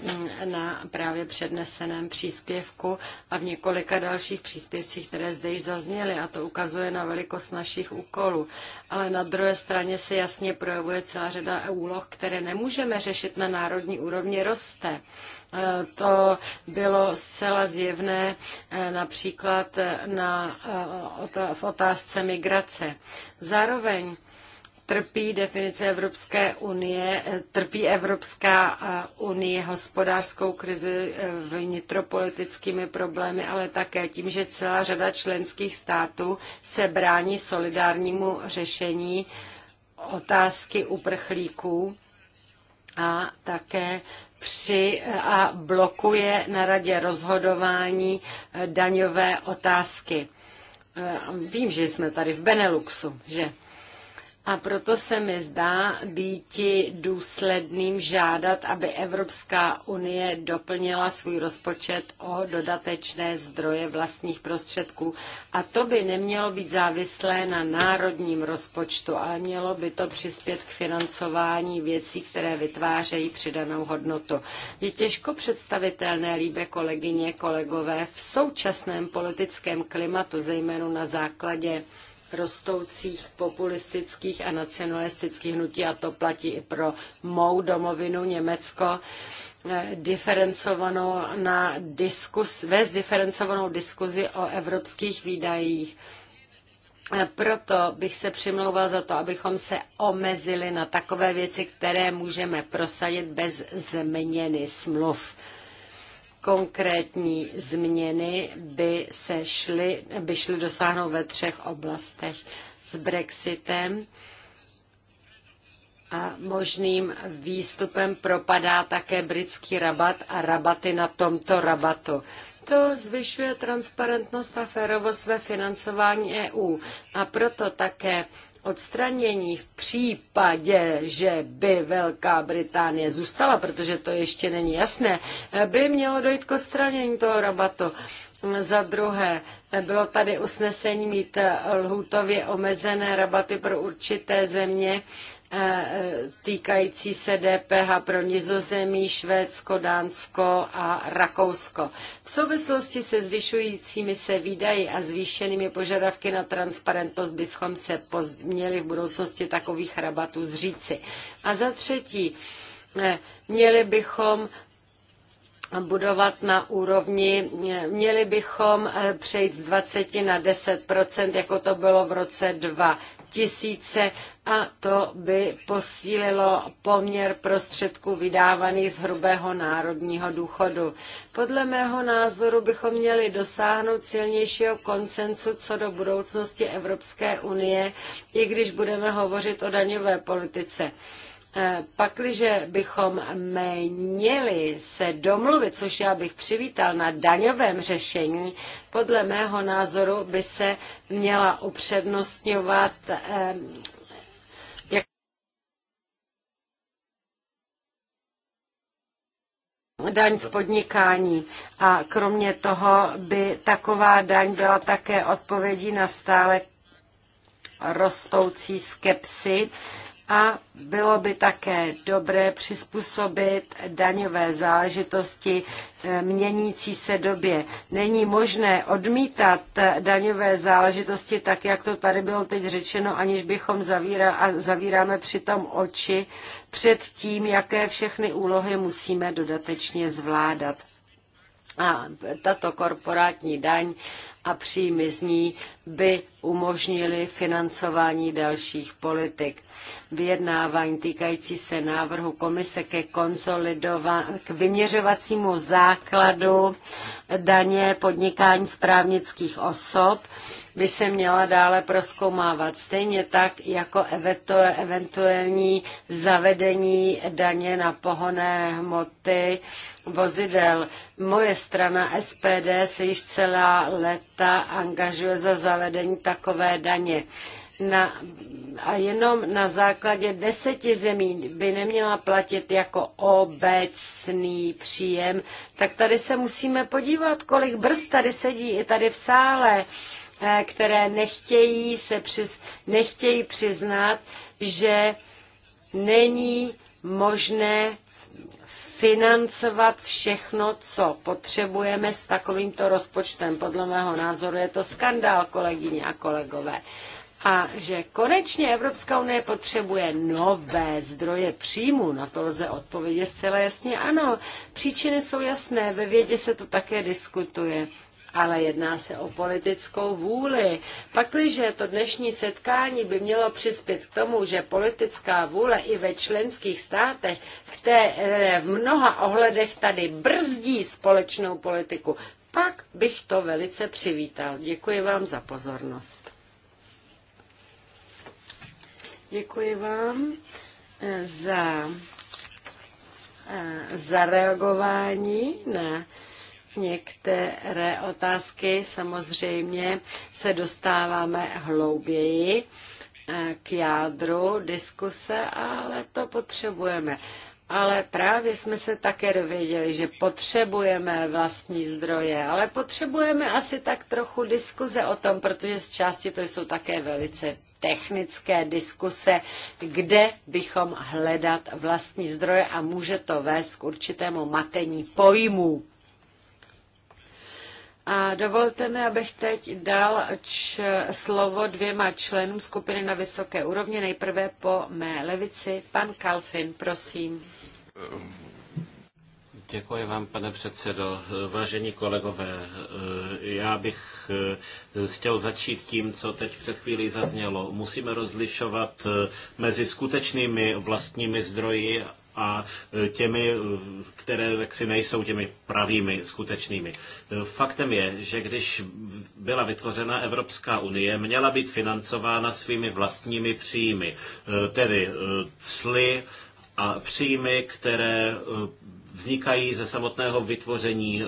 na právě předneseném příspěvku a v několika dalších příspěvcích, které zde již zazněly, a to ukazuje na velikost našich úkolů. Ale na druhé straně se jasně projevuje celá řada úloh, které nemůžeme řešit na národní úrovni, roste. E, to bylo zcela zjevné e, například na, e, v otázce migrace. Zároveň trpí definice Evropské unie, trpí Evropská eh, unie hospodářskou krizi eh, vnitropolitickými problémy, ale také tím, že celá řada členských států se brání solidárnímu řešení otázky uprchlíků a také při eh, a blokuje na radě rozhodování daňové otázky. Vím, že jsme tady v Beneluxu, že? A proto se mi zdá býti důsledným žádat, aby Evropská unie doplnila svůj rozpočet o dodatečné zdroje vlastních prostředků. A to by nemělo být závislé na národním rozpočtu, ale mělo by to přispět k financování věcí, které vytvářejí přidanou hodnotu. Je těžko představitelné, líbe kolegyně, kolegové, v současném politickém klimatu, zejména na základě rostoucích populistických a nacionalistických hnutí, a to platí i pro mou domovinu Německo, eh, diferencovanou na diskus, vést diferencovanou diskuzi o evropských výdajích. Eh, proto bych se přimlouval za to, abychom se omezili na takové věci, které můžeme prosadit bez změny smluv konkrétní změny by se šly, by šly dosáhnout ve třech oblastech s Brexitem a možným výstupem propadá také britský rabat a rabaty na tomto rabatu. To zvyšuje transparentnost a férovost ve financování EU a proto také odstranění v případě, že by Velká Británie zůstala, protože to ještě není jasné, by mělo dojít k odstranění toho rabatu. Za druhé, bylo tady usnesení mít lhůtově omezené rabaty pro určité země Eh, eh, týkající se DPH pro Nizozemí, Švédsko, Dánsko a Rakousko. V souvislosti se zvyšujícími se výdaji a zvýšenými požadavky na transparentnost bychom se měli v budoucnosti takových rabatů zříci. A za třetí, eh, měli bychom budovat na úrovni, měli bychom přejít z 20 na 10 jako to bylo v roce 2000 a to by posílilo poměr prostředků vydávaných z hrubého národního důchodu. Podle mého názoru bychom měli dosáhnout silnějšího koncensu co do budoucnosti Evropské unie, i když budeme hovořit o daňové politice. E, pakliže bychom měli se domluvit, což já bych přivítal na daňovém řešení, podle mého názoru by se měla upřednostňovat e, daň z podnikání. A kromě toho by taková daň byla také odpovědí na stále rostoucí skepsy a bylo by také dobré přizpůsobit daňové záležitosti eh, měnící se době. Není možné odmítat daňové záležitosti tak, jak to tady bylo teď řečeno, aniž bychom zavírali a zavíráme přitom oči před tím, jaké všechny úlohy musíme dodatečně zvládat. A tato korporátní daň a příjmy z ní by umožnili financování dalších politik vyjednávání týkající se návrhu komise ke k vyměřovacímu základu daně podnikání z právnických osob by se měla dále proskoumávat. Stejně tak jako eventuální zavedení daně na pohonné hmoty vozidel. Moje strana SPD se již celá léta angažuje za zavedení takové daně na, a jenom na základě deseti zemí by neměla platit jako obecný příjem, tak tady se musíme podívat, kolik brz tady sedí i tady v sále, eh, které nechtějí, se přiz, nechtějí přiznat, že není možné financovat všechno, co potřebujeme s takovýmto rozpočtem. Podle mého názoru je to skandál, kolegyně a kolegové a že konečně Evropská unie potřebuje nové zdroje příjmu. Na to lze odpovědět zcela jasně ano. Příčiny jsou jasné, ve vědě se to také diskutuje. Ale jedná se o politickou vůli. Pakliže to dnešní setkání by mělo přispět k tomu, že politická vůle i ve členských státech, které v mnoha ohledech tady brzdí společnou politiku, pak bych to velice přivítal. Děkuji vám za pozornost. Děkuji vám eh, za eh, zareagování na některé otázky. Samozřejmě se dostáváme hlouběji eh, k jádru diskuse, ale to potřebujeme. Ale právě jsme se také dověděli, že potřebujeme vlastní zdroje, ale potřebujeme asi tak trochu diskuze o tom, protože z části to jsou také velice technické diskuse, kde bychom hledat vlastní zdroje a může to vést k určitému matení pojmů. A dovolte mi, abych teď dal č- slovo dvěma členům skupiny na vysoké úrovni. Nejprve po mé levici. Pan Kalfin, prosím. Ehm, Děkuji vám, pane předsedo. Vážení kolegové, já bych eh, chtěl začít tím, co teď před chvílí zaznělo. Musíme rozlišovat eh, mezi skutečnými vlastními zdroji a eh, těmi, které jaksi nejsou těmi pravými, skutečnými. Faktem je, že když byla vytvořena Evropská unie, měla být financována svými vlastními příjmy, tedy cly a příjmy, které vznikají ze samotného vytvoření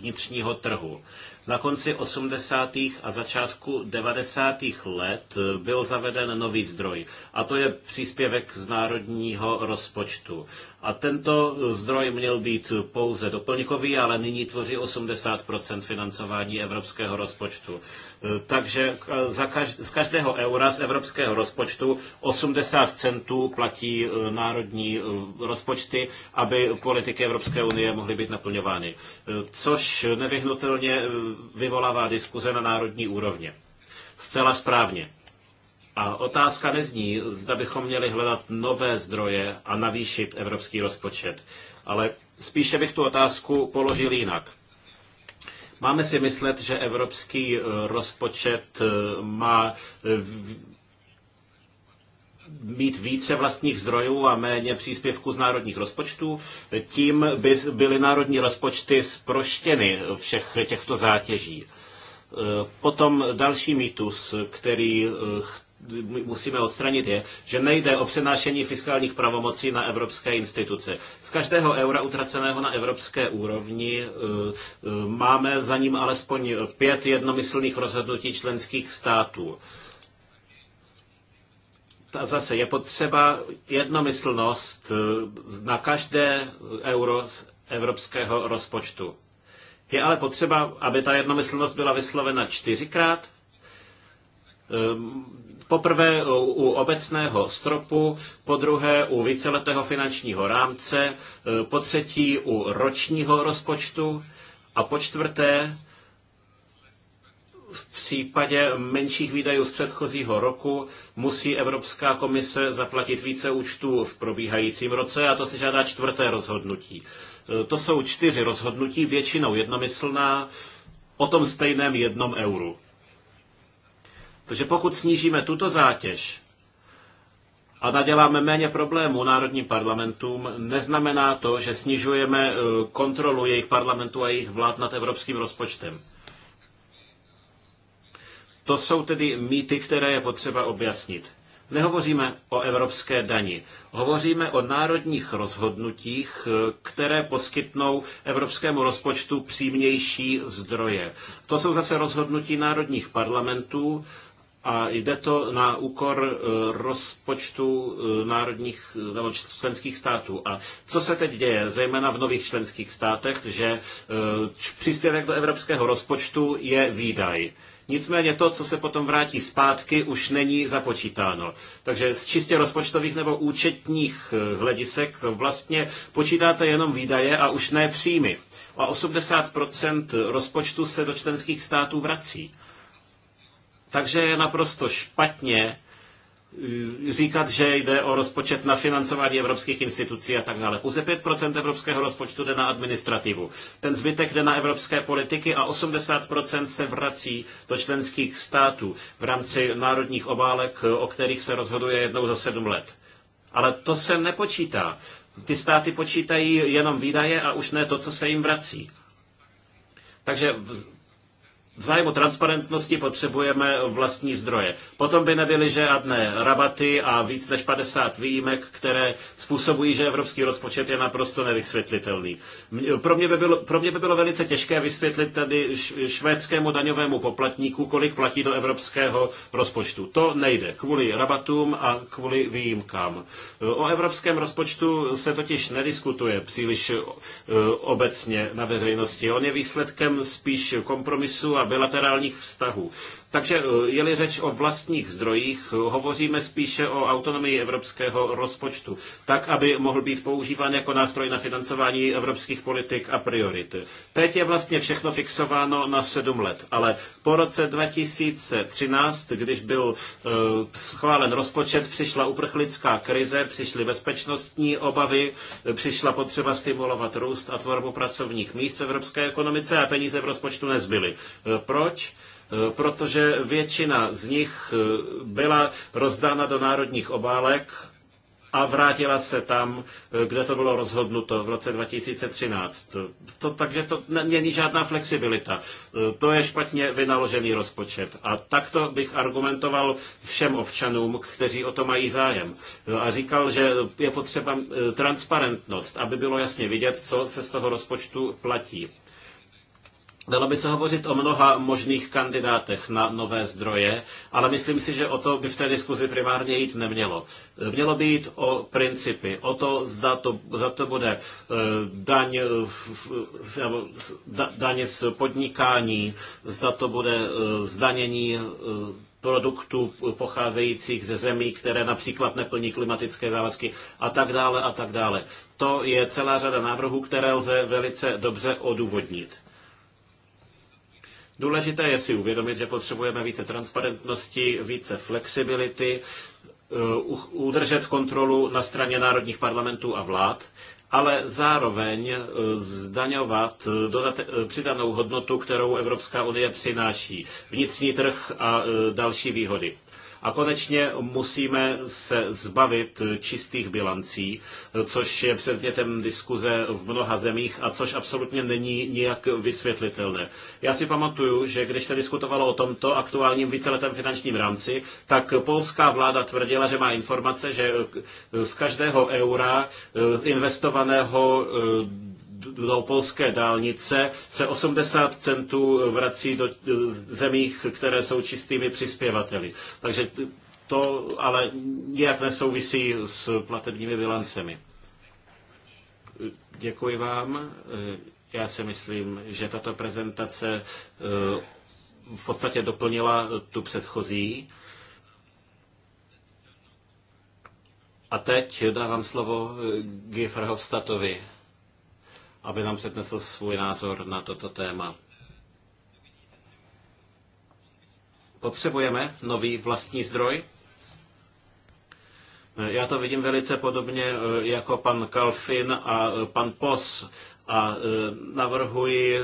vnitřního trhu. Na konci 80. a začátku 90. let byl zaveden nový zdroj a to je příspěvek z národního rozpočtu. A tento zdroj měl být pouze doplňkový, ale nyní tvoří 80 financování evropského rozpočtu. Takže za kaž- z každého eura z evropského rozpočtu 80 centů platí národní rozpočty, aby politiky Evropské unie mohly být naplňovány. Což nevyhnutelně vyvolává diskuze na národní úrovně. Zcela správně. A otázka nezní, zda bychom měli hledat nové zdroje a navýšit evropský rozpočet. Ale spíše bych tu otázku položil jinak. Máme si myslet, že evropský eh, rozpočet eh, má mít více vlastních zdrojů a méně příspěvků z národních rozpočtů, tím by byly národní rozpočty sproštěny všech těchto zátěží. E, potom další mýtus, který e, musíme odstranit je, že nejde o přenášení fiskálních pravomocí na evropské instituce. Z každého eura utraceného na evropské úrovni e, máme za ním alespoň pět jednomyslných rozhodnutí členských států a zase je potřeba jednomyslnost eh, na každé euro z evropského rozpočtu. Je ale potřeba, aby ta jednomyslnost byla vyslovena čtyřikrát. Ehm, poprvé u obecného stropu, po druhé u víceletého finančního rámce, eh, po třetí u ročního rozpočtu a po čtvrté v případě menších výdajů z předchozího roku musí Evropská komise zaplatit více účtů v probíhajícím roce a to se žádá čtvrté rozhodnutí. E, to jsou čtyři rozhodnutí, většinou jednomyslná, o tom stejném jednom euru. Takže pokud snížíme tuto zátěž a naděláme méně problémů národním parlamentům, neznamená to, že snižujeme e, kontrolu jejich parlamentů a jejich vlád nad evropským rozpočtem. To jsou tedy mýty, které je potřeba objasnit. Nehovoříme o evropské dani. Hovoříme o národních rozhodnutích, které poskytnou evropskému rozpočtu přímější zdroje. To jsou zase rozhodnutí národních parlamentů a jde to na úkor e, rozpočtu e, národních nebo členských států. A co se teď děje, zejména v nových členských státech, že e, příspěvek do evropského rozpočtu je výdaj Nicméně to, co se potom vrátí zpátky, už není započítáno. Takže z čistě rozpočtových nebo účetních eh, hledisek vlastně počítáte jenom výdaje a už ne příjmy. A 80% rozpočtu se do členských států vrací. Takže je naprosto špatně, Eh, říkat, že jde o rozpočet na financování evropských institucí a tak dále. Pouze 5% evropského rozpočtu jde na administrativu. Ten zbytek jde na evropské politiky a 80% se vrací do členských států v rámci národních obálek, o kterých se rozhoduje jednou za sedm let. Ale to se nepočítá. Ty státy počítají jenom výdaje a už ne to, co se jim vrací. Takže v zájmu transparentnosti potřebujeme vlastní zdroje. Potom by nebyly žádné rabaty a víc než 50 výjimek, které způsobují, že evropský rozpočet je naprosto nevysvětlitelný. Pro mě by bylo, pro mě by bylo velice těžké vysvětlit tady švédskému daňovému poplatníku, kolik platí do evropského rozpočtu. To nejde kvůli rabatům a kvůli výjimkám. O evropském rozpočtu se totiž nediskutuje příliš e, obecně na veřejnosti. On je výsledkem spíš kompromisu a bilaterálních vztahů. Takže eh, je-li řeč o vlastních zdrojích, hovoříme spíše o autonomii evropského rozpočtu, tak, aby mohl být používán jako nástroj na financování evropských politik a priorit. Teď je vlastně všechno fixováno na sedm let, ale po roce 2013, když byl eh, schválen rozpočet, přišla uprchlická krize, přišly bezpečnostní obavy, eh, přišla potřeba stimulovat růst a tvorbu pracovních míst v evropské ekonomice a peníze v rozpočtu nezbyly. Proč? Eh, protože většina z nich eh, byla rozdána do národních obálek a vrátila se tam, eh, kde to bylo rozhodnuto v roce 2013. To, takže to není žádná flexibilita. To je špatně vynaložený rozpočet. A takto bych argumentoval všem občanům, kteří o to mají zájem. A říkal, že je potřeba transparentnost, aby bylo jasně vidět, co se z toho rozpočtu platí. Dalo by se hovořit o mnoha možných kandidátech na nové zdroje, ale myslím si, že o to by v té diskuzi primárně jít nemělo. Mělo by jít o principy, o to, zda to, zda to bude e, daň, daň z podnikání, zda to bude e, zdanění e, produktů pocházejících ze zemí, které například neplní klimatické závazky a tak dále a tak dále. To je celá řada návrhů, které lze velice dobře odůvodnit. Důležité je si uvědomit, že potřebujeme více transparentnosti, více flexibility, eh, udržet kontrolu na straně národních parlamentů a vlád, ale zároveň eh, zdaňovat eh, přidanou hodnotu, kterou Evropská unie přináší, vnitřní trh a další výhody. A konečně musíme se zbavit čistých bilancí, což je předmětem diskuze v mnoha zemích a což absolutně není nijak vysvětlitelné. Já si pamatuju, že když se diskutovalo o tomto aktuálním víceletém finančním rámci, tak polská vláda tvrdila, že má informace, že z každého eura eh, investovaného eh, do polské dálnice se 80 centů vrací do zemích, které jsou čistými přispěvateli. Takže to ale nijak nesouvisí s platebními bilancemi. Děkuji vám. Já si myslím, že tato prezentace eh, v podstatě doplnila tu předchozí. A teď dávám slovo eh, Gifrhovstatovi aby nám přednesl svůj názor na toto téma. Potřebujeme nový vlastní zdroj? Já to vidím velice podobně e, jako pan Kalfin a e, pan Pos a e, navrhuji,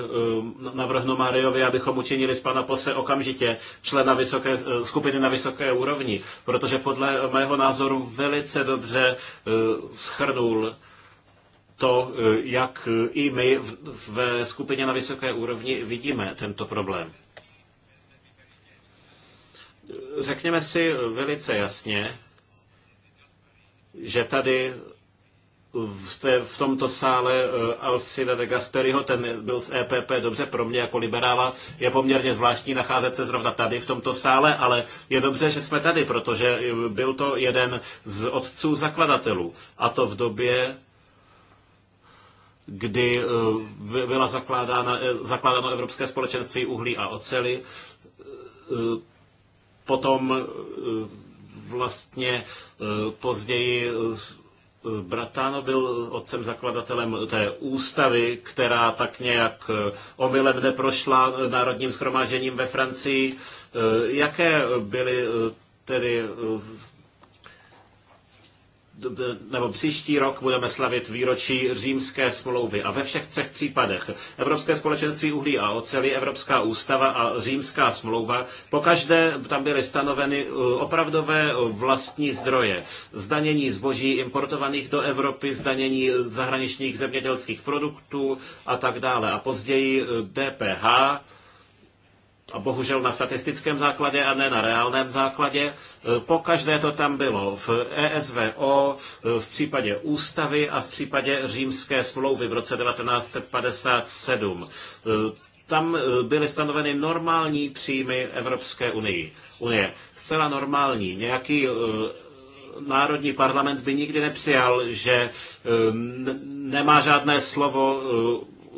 navrhnu Mariovi, abychom učinili z pana Pose okamžitě člena vysoké, skupiny na vysoké úrovni, protože podle mého názoru velice dobře schrnul to, eh, jak eh, i my ve skupině na vysoké úrovni vidíme tento problém. Řekněme si velice jasně, že tady v, té, v tomto sále eh, Alcida de Gasperiho, ten byl z EPP, dobře pro mě jako liberála, je poměrně zvláštní nacházet se zrovna tady v tomto sále, ale je dobře, že jsme tady, protože byl to jeden z otců zakladatelů. A to v době, kdy eh, byla zakládána, eh, zakládáno Evropské společenství uhlí a oceli. Eh, potom vlastně později Bratano byl otcem zakladatelem té ústavy, která tak nějak omylem neprošla národním schromážením ve Francii. Jaké byly tedy nebo příští rok budeme slavit výročí římské smlouvy. A ve všech třech případech Evropské společenství uhlí a oceli, Evropská ústava a římská smlouva, pokaždé tam byly stanoveny uh, opravdové uh, vlastní zdroje. Zdanění zboží importovaných do Evropy, zdanění zahraničních zemědělských produktů a tak dále. A později DPH, uh, a bohužel na statistickém základě a ne na reálném základě. E, po každé to tam bylo v ESVO, e, v případě ústavy a v případě římské smlouvy v roce 1957. E, tam byly stanoveny normální příjmy Evropské unii. unie. Zcela normální. Nějaký národní parlament by nikdy nepřijal, že nemá žádné slovo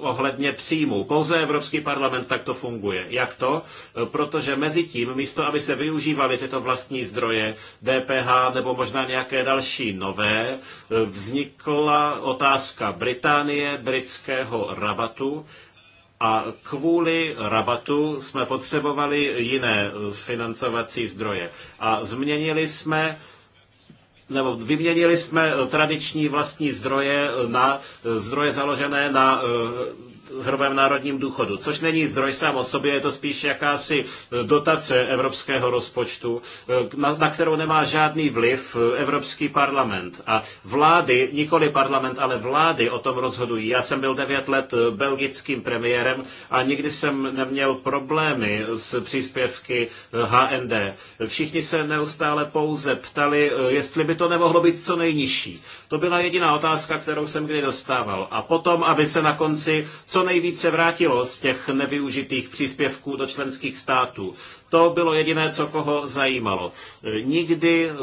ohledně příjmu. Pouze Evropský parlament takto funguje. Jak to? E, protože mezi tím, místo aby se využívaly tyto vlastní zdroje, DPH nebo možná nějaké další nové, e, vznikla otázka Británie, britského rabatu, a kvůli rabatu jsme potřebovali jiné e, financovací zdroje. A změnili jsme nebo vyměnili jsme eh, tradiční vlastní zdroje eh, na eh, zdroje založené na hrubém národním důchodu, což není zdroj sám o sobě, je to spíš jakási e, dotace evropského rozpočtu, e, na, na kterou nemá žádný vliv e, Evropský parlament. A vlády, nikoli parlament, ale vlády o tom rozhodují. Já jsem byl devět let belgickým premiérem a nikdy jsem neměl problémy s příspěvky HND. Všichni se neustále pouze ptali, jestli by to nemohlo být co nejnižší. To byla jediná otázka, kterou jsem kdy dostával. A potom, aby se na konci co co nejvíce vrátilo z těch nevyužitých příspěvků do členských států. To bylo jediné, co koho zajímalo. Nikdy eh,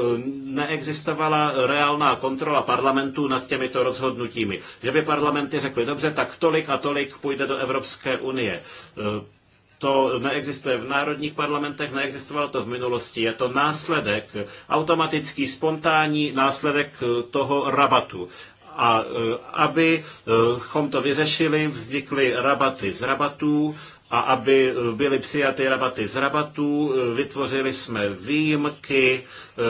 neexistovala reálná kontrola parlamentu nad těmito rozhodnutími. Že by parlamenty řekly, dobře, tak tolik a tolik půjde do Evropské unie. Eh, to neexistuje v národních parlamentech, neexistovalo to v minulosti. Je to následek, automatický, spontánní následek eh, toho rabatu. A e, abychom e, to vyřešili, vznikly rabaty z rabatů a aby e, byly přijaty rabaty z rabatů, vytvořili jsme výjimky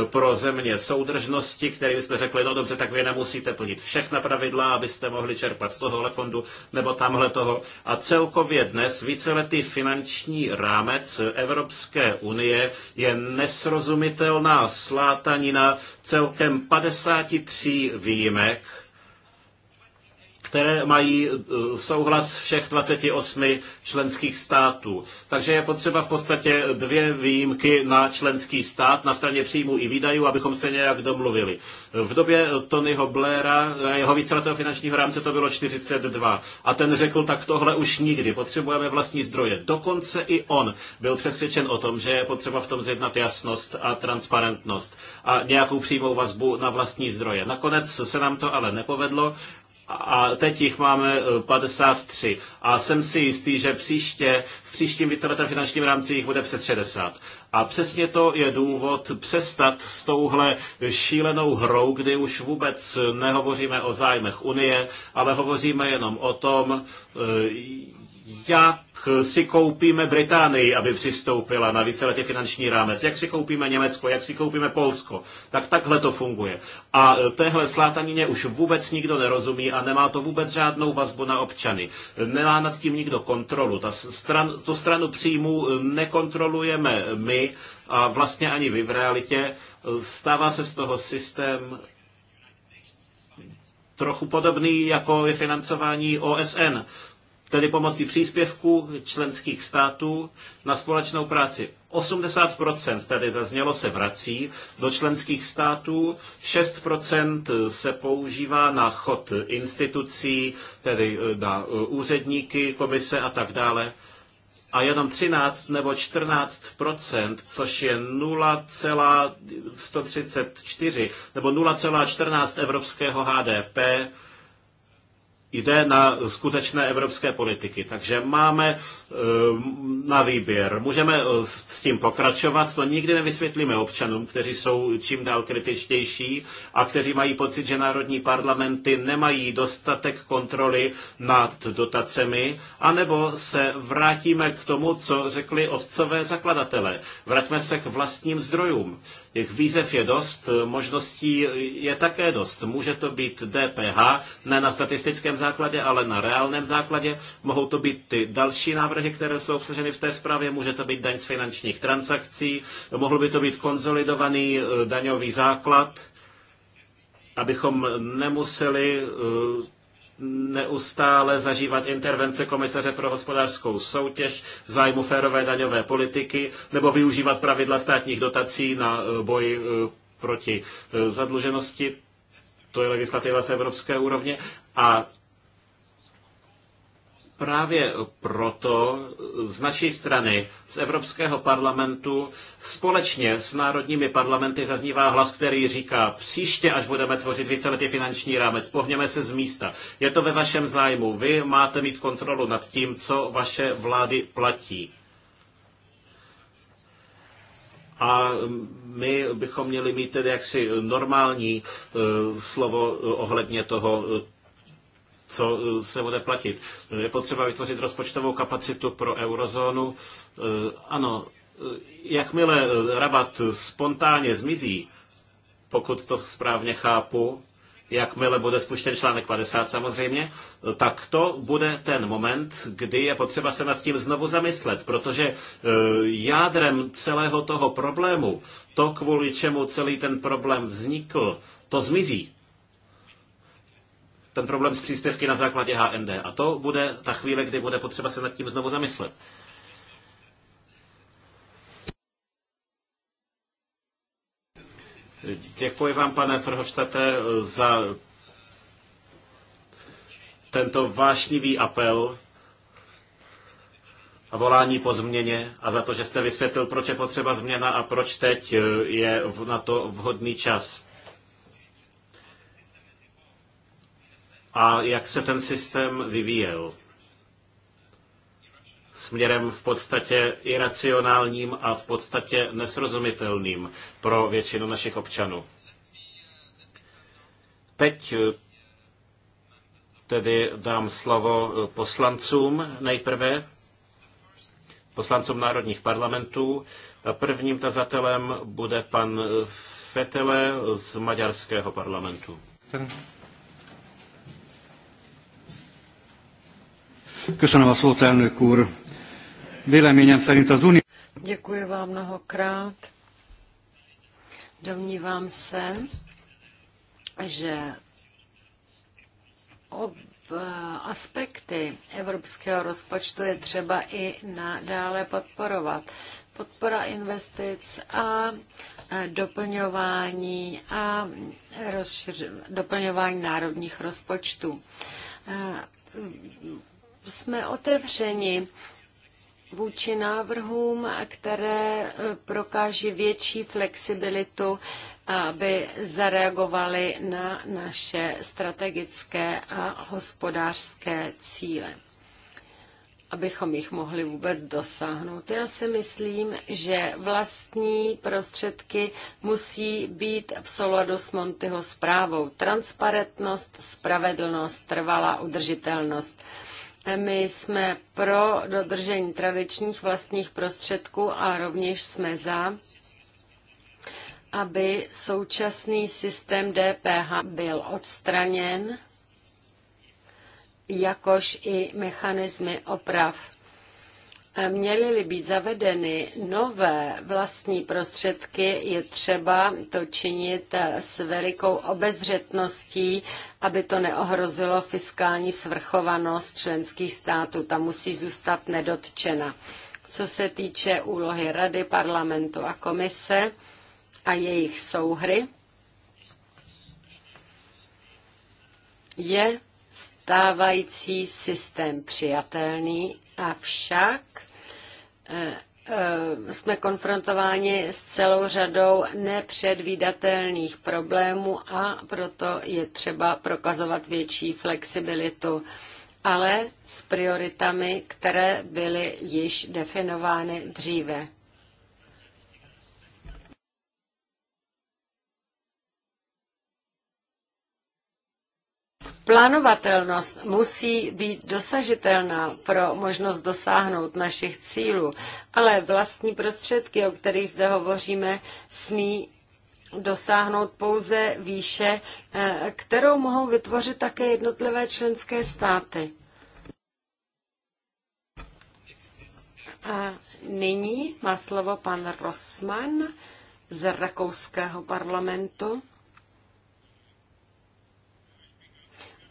pro země soudržnosti, kterým jsme řekli, no dobře, tak vy nemusíte plnit všechna pravidla, abyste mohli čerpat z tohohle fondu nebo tamhle toho. A celkově dnes víceletý finanční rámec Evropské unie je nesrozumitelná slátanina celkem 53 výjimek, které mají e, souhlas všech 28 členských států. Takže je potřeba v podstatě dvě výjimky na členský stát, na straně příjmu i výdajů, abychom se nějak domluvili. V době Tonyho Blaira, eh, jeho víceletého finančního rámce to bylo 42. A ten řekl, tak tohle už nikdy, potřebujeme vlastní zdroje. Dokonce i on byl přesvědčen o tom, že je potřeba v tom zjednat jasnost a transparentnost a nějakou přímou vazbu na vlastní zdroje. Nakonec se nám to ale nepovedlo a teď jich máme 53. Eh, a jsem si jistý, že příště, v příštím víceletém finančním rámci jich bude přes 60. A přesně to je důvod přestat s touhle šílenou hrou, kdy už vůbec nehovoříme o zájmech Unie, ale hovoříme jenom o tom, eh, jak jak si koupíme Británii, aby přistoupila na víceletě finanční rámec, jak si koupíme Německo, jak si koupíme Polsko. Tak takhle to funguje. A e, téhle slátanině už vůbec nikdo nerozumí a nemá to vůbec žádnou vazbu na občany. Nemá nad tím nikdo kontrolu. Ta stran, tu stranu příjmů e, nekontrolujeme my a vlastně ani vy v realitě. Stává se z toho systém trochu podobný, jako je financování OSN tedy pomocí příspěvků členských států na společnou práci. 80% tady zaznělo se vrací do členských států, 6% se používá na chod institucí, tedy eh, na eh, úředníky, komise a tak dále. A jenom 13 nebo 14%, což je 0,134 nebo 0,14 evropského HDP, jde na skutečné evropské politiky. Takže máme eh, na výběr. Můžeme eh, s tím pokračovat, to nikdy nevysvětlíme občanům, kteří jsou čím dál kritičtější a kteří mají pocit, že národní parlamenty nemají dostatek kontroly nad dotacemi, anebo se vrátíme k tomu, co řekli otcové zakladatele. Vraťme se k vlastním zdrojům. Výzev je dost, e, možností je také dost. Může to být DPH, ne na statistickém základě, ale na reálném základě. Mohou to být ty další návrhy, které jsou obsaženy v té zprávě, může to být daň z finančních transakcí, mohl by to být konzolidovaný e, daňový základ, abychom nemuseli e, neustále zažívat intervence komisaře pro hospodářskou soutěž v zájmu férové daňové politiky nebo využívat pravidla státních dotací na e, boj e, proti e, zadluženosti. To je legislativa z evropské úrovně. A Právě proto z naší strany, z Evropského parlamentu, společně s národními parlamenty zaznívá hlas, který říká, příště, až budeme tvořit víceletý finanční rámec, pohněme se z místa. Je to ve vašem zájmu. Vy máte mít kontrolu nad tím, co vaše vlády platí. A my bychom měli mít tedy jaksi normální eh, slovo eh, ohledně toho, eh, co eh, se bude platit. Je potřeba vytvořit rozpočtovou kapacitu pro eurozónu. Eh, ano, eh, jakmile rabat spontánně zmizí, pokud to správně chápu, jakmile bude spuštěn článek 50 samozřejmě, tak to bude ten moment, kdy je potřeba se nad tím znovu zamyslet, protože jádrem celého toho problému, to, kvůli čemu celý ten problém vznikl, to zmizí ten problém s příspěvky na základě HND. A to bude ta chvíle, kdy bude potřeba se nad tím znovu zamyslet. Děkuji vám, pane Frhoštate, za tento vášnivý apel a volání po změně a za to, že jste vysvětlil, proč je potřeba změna a proč teď je na to vhodný čas. a jak se ten systém vyvíjel směrem v podstatě iracionálním a v podstatě nesrozumitelným pro většinu našich občanů. Teď eh, tedy dám slovo eh, poslancům nejprve, poslancům národních parlamentů. Prvním tazatelem bude pan eh, Fetele z maďarského parlamentu. Ten. Köszönöm a szót, elnök úr. Véleményem szerint az Unió... Děkuji vám mnohokrát. Domnívám se, že ob aspekty evropského rozpočtu je třeba i nadále podporovat. Podpora investic a e, doplňování a rozšiř, doplňování národních rozpočtů e, jsme otevřeni vůči návrhům, které eh, prokáží větší flexibilitu, aby zareagovali na naše strategické a hospodářské cíle abychom jich mohli vůbec dosáhnout. Já si myslím, že vlastní prostředky musí být v souladu s Montyho zprávou. Transparentnost, spravedlnost, trvalá udržitelnost. My jsme pro dodržení tradičních vlastních prostředků a rovněž jsme za, aby současný systém DPH byl odstraněn, jakož i mechanismy oprav Měly-li být zavedeny nové vlastní prostředky, je třeba to činit s velikou obezřetností, aby to neohrozilo fiskální svrchovanost členských států. Ta musí zůstat nedotčena. Co se týče úlohy Rady, parlamentu a komise a jejich souhry, je stávající systém přijatelný, avšak eh, eh, jsme konfrontováni s celou řadou nepředvídatelných problémů a proto je třeba prokazovat větší flexibilitu, ale s prioritami, které byly již definovány dříve. Plánovatelnost musí být dosažitelná pro možnost dosáhnout našich cílů, ale vlastní prostředky, o kterých zde hovoříme, smí dosáhnout pouze výše, eh, kterou mohou vytvořit také jednotlivé členské státy. A nyní má slovo pan Rosman z rakouského parlamentu.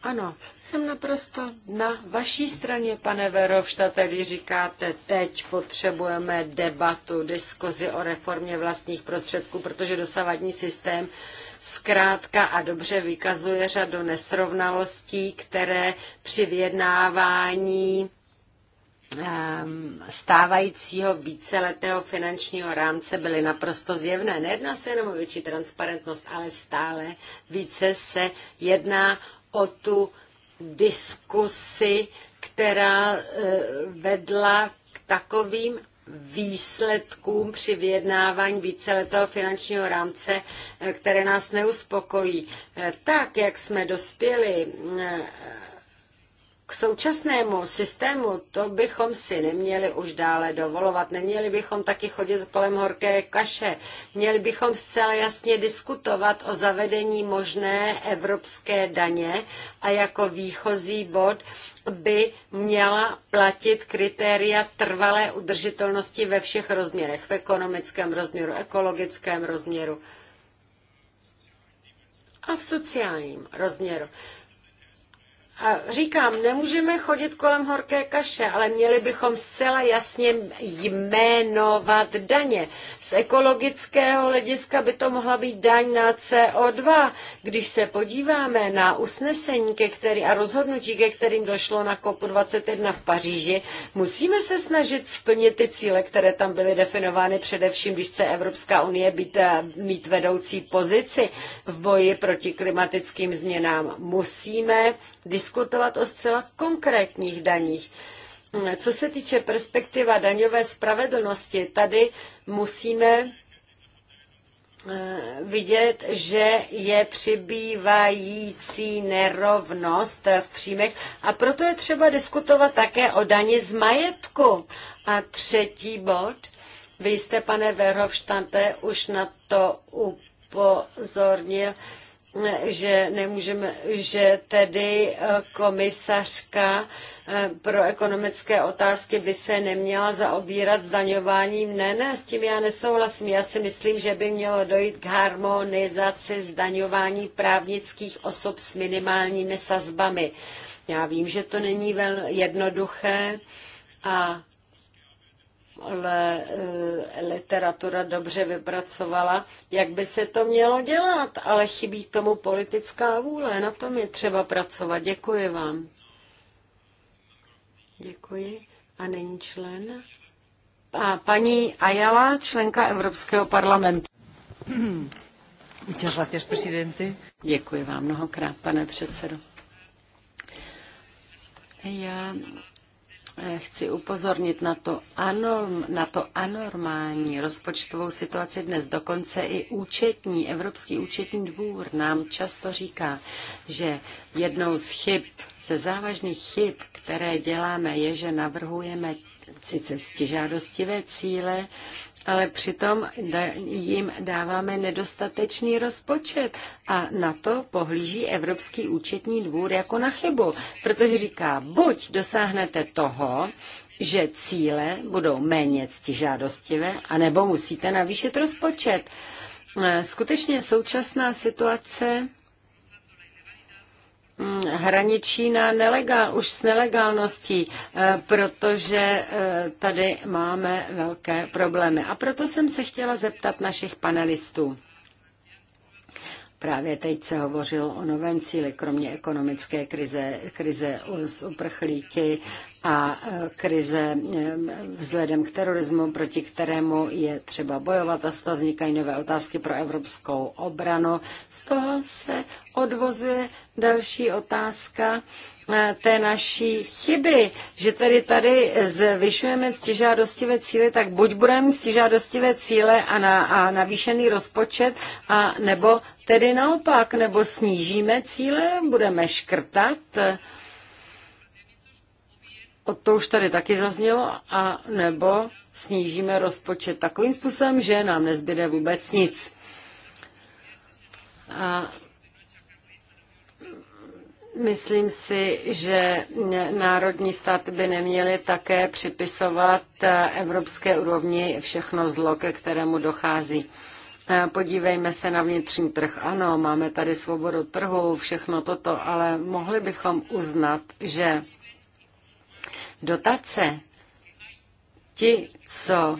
Ano, jsem naprosto na vaší straně, pane Verovštate, když říkáte, teď potřebujeme debatu, diskuzi o reformě vlastních prostředků, protože dosavadní systém zkrátka a dobře vykazuje řadu nesrovnalostí, které při vyjednávání ehm, stávajícího víceletého finančního rámce byly naprosto zjevné. Nejedná se jenom o větší transparentnost, ale stále více se jedná o tu diskusi, která e, vedla k takovým výsledkům při vyjednávání víceletého finančního rámce, e, které nás neuspokojí. E, tak, jak jsme dospěli k současnému systému, to bychom si neměli už dále dovolovat. Neměli bychom taky chodit kolem horké kaše. Měli bychom zcela jasně diskutovat o zavedení možné evropské daně a jako výchozí bod by měla platit kritéria trvalé udržitelnosti ve všech rozměrech, v ekonomickém rozměru, ekologickém rozměru a v sociálním rozměru. A říkám, nemůžeme chodit kolem horké kaše, ale měli bychom zcela jasně jmenovat daně. Z ekologického hlediska by to mohla být daň na CO2. Když se podíváme na usnesení ke který, a rozhodnutí, ke kterým došlo na COP21 v Paříži, musíme se snažit splnit ty cíle, které tam byly definovány především, když chce Evropská unie být, eh, mít vedoucí pozici v boji proti klimatickým změnám. Musíme diskutovat o zcela konkrétních daních. Co se týče perspektiva daňové spravedlnosti, tady musíme eh, vidět, že je přibývající nerovnost v příjmech a proto je třeba diskutovat také o dani z majetku. A třetí bod, vy jste, pane Verhofštante, už na to upozornil, že nemůžeme, že tedy eh, komisařka eh, pro ekonomické otázky by se neměla zaobírat zdaňováním. Ne, ne, s tím já nesouhlasím. Já si myslím, že by mělo dojít k harmonizaci zdaňování právnických osob s minimálními sazbami. Já vím, že to není vel jednoduché a le, eh, literatura dobře vypracovala, jak by se to mělo dělat, ale chybí tomu politická vůle, na tom je třeba pracovat. Děkuji vám. Děkuji. A není člen? A paní Ayala, členka Evropského parlamentu. <clears throat> Děkuji vám mnohokrát, pane předsedo. Já Eh, chci upozornit na, to anorm, na to anormální rozpočtovou situaci dnes. Dokonce i účetní, Evropský účetní dvůr nám často říká, že jednou z chyb, ze závažných chyb, které děláme, je, že navrhujeme sice ctižádostivé cíle, ale přitom jim dáváme nedostatečný rozpočet a na to pohlíží Evropský účetní dvůr jako na chybu, protože říká, buď dosáhnete toho, že cíle budou méně ctižádostivé, anebo musíte navýšit rozpočet. E, skutečně současná situace Mm, hraničí na nelegál, už s nelegálností, eh, protože eh, tady máme velké problémy. A proto jsem se chtěla zeptat našich panelistů. Právě teď se hovořilo o novém cíli, kromě ekonomické krize, krize z uprchlíky a e, krize e, vzhledem k terorismu, proti kterému je třeba bojovat a z toho vznikají nové otázky pro evropskou obranu. Z toho se odvozuje další otázka, té naší chyby, že tedy tady zvyšujeme stěžádostivé cíle, tak buď budeme stěžádostivé cíle a, na, a navýšený rozpočet, a nebo tedy naopak, nebo snížíme cíle, budeme škrtat. O to už tady taky zaznělo, a nebo snížíme rozpočet takovým způsobem, že nám nezbyde vůbec nic. A Myslím si, že národní státy by neměly také připisovat eh, evropské úrovni všechno zlo, ke kterému dochází. Eh, podívejme se na vnitřní trh. Ano, máme tady svobodu trhu, všechno toto, ale mohli bychom uznat, že dotace, ti, co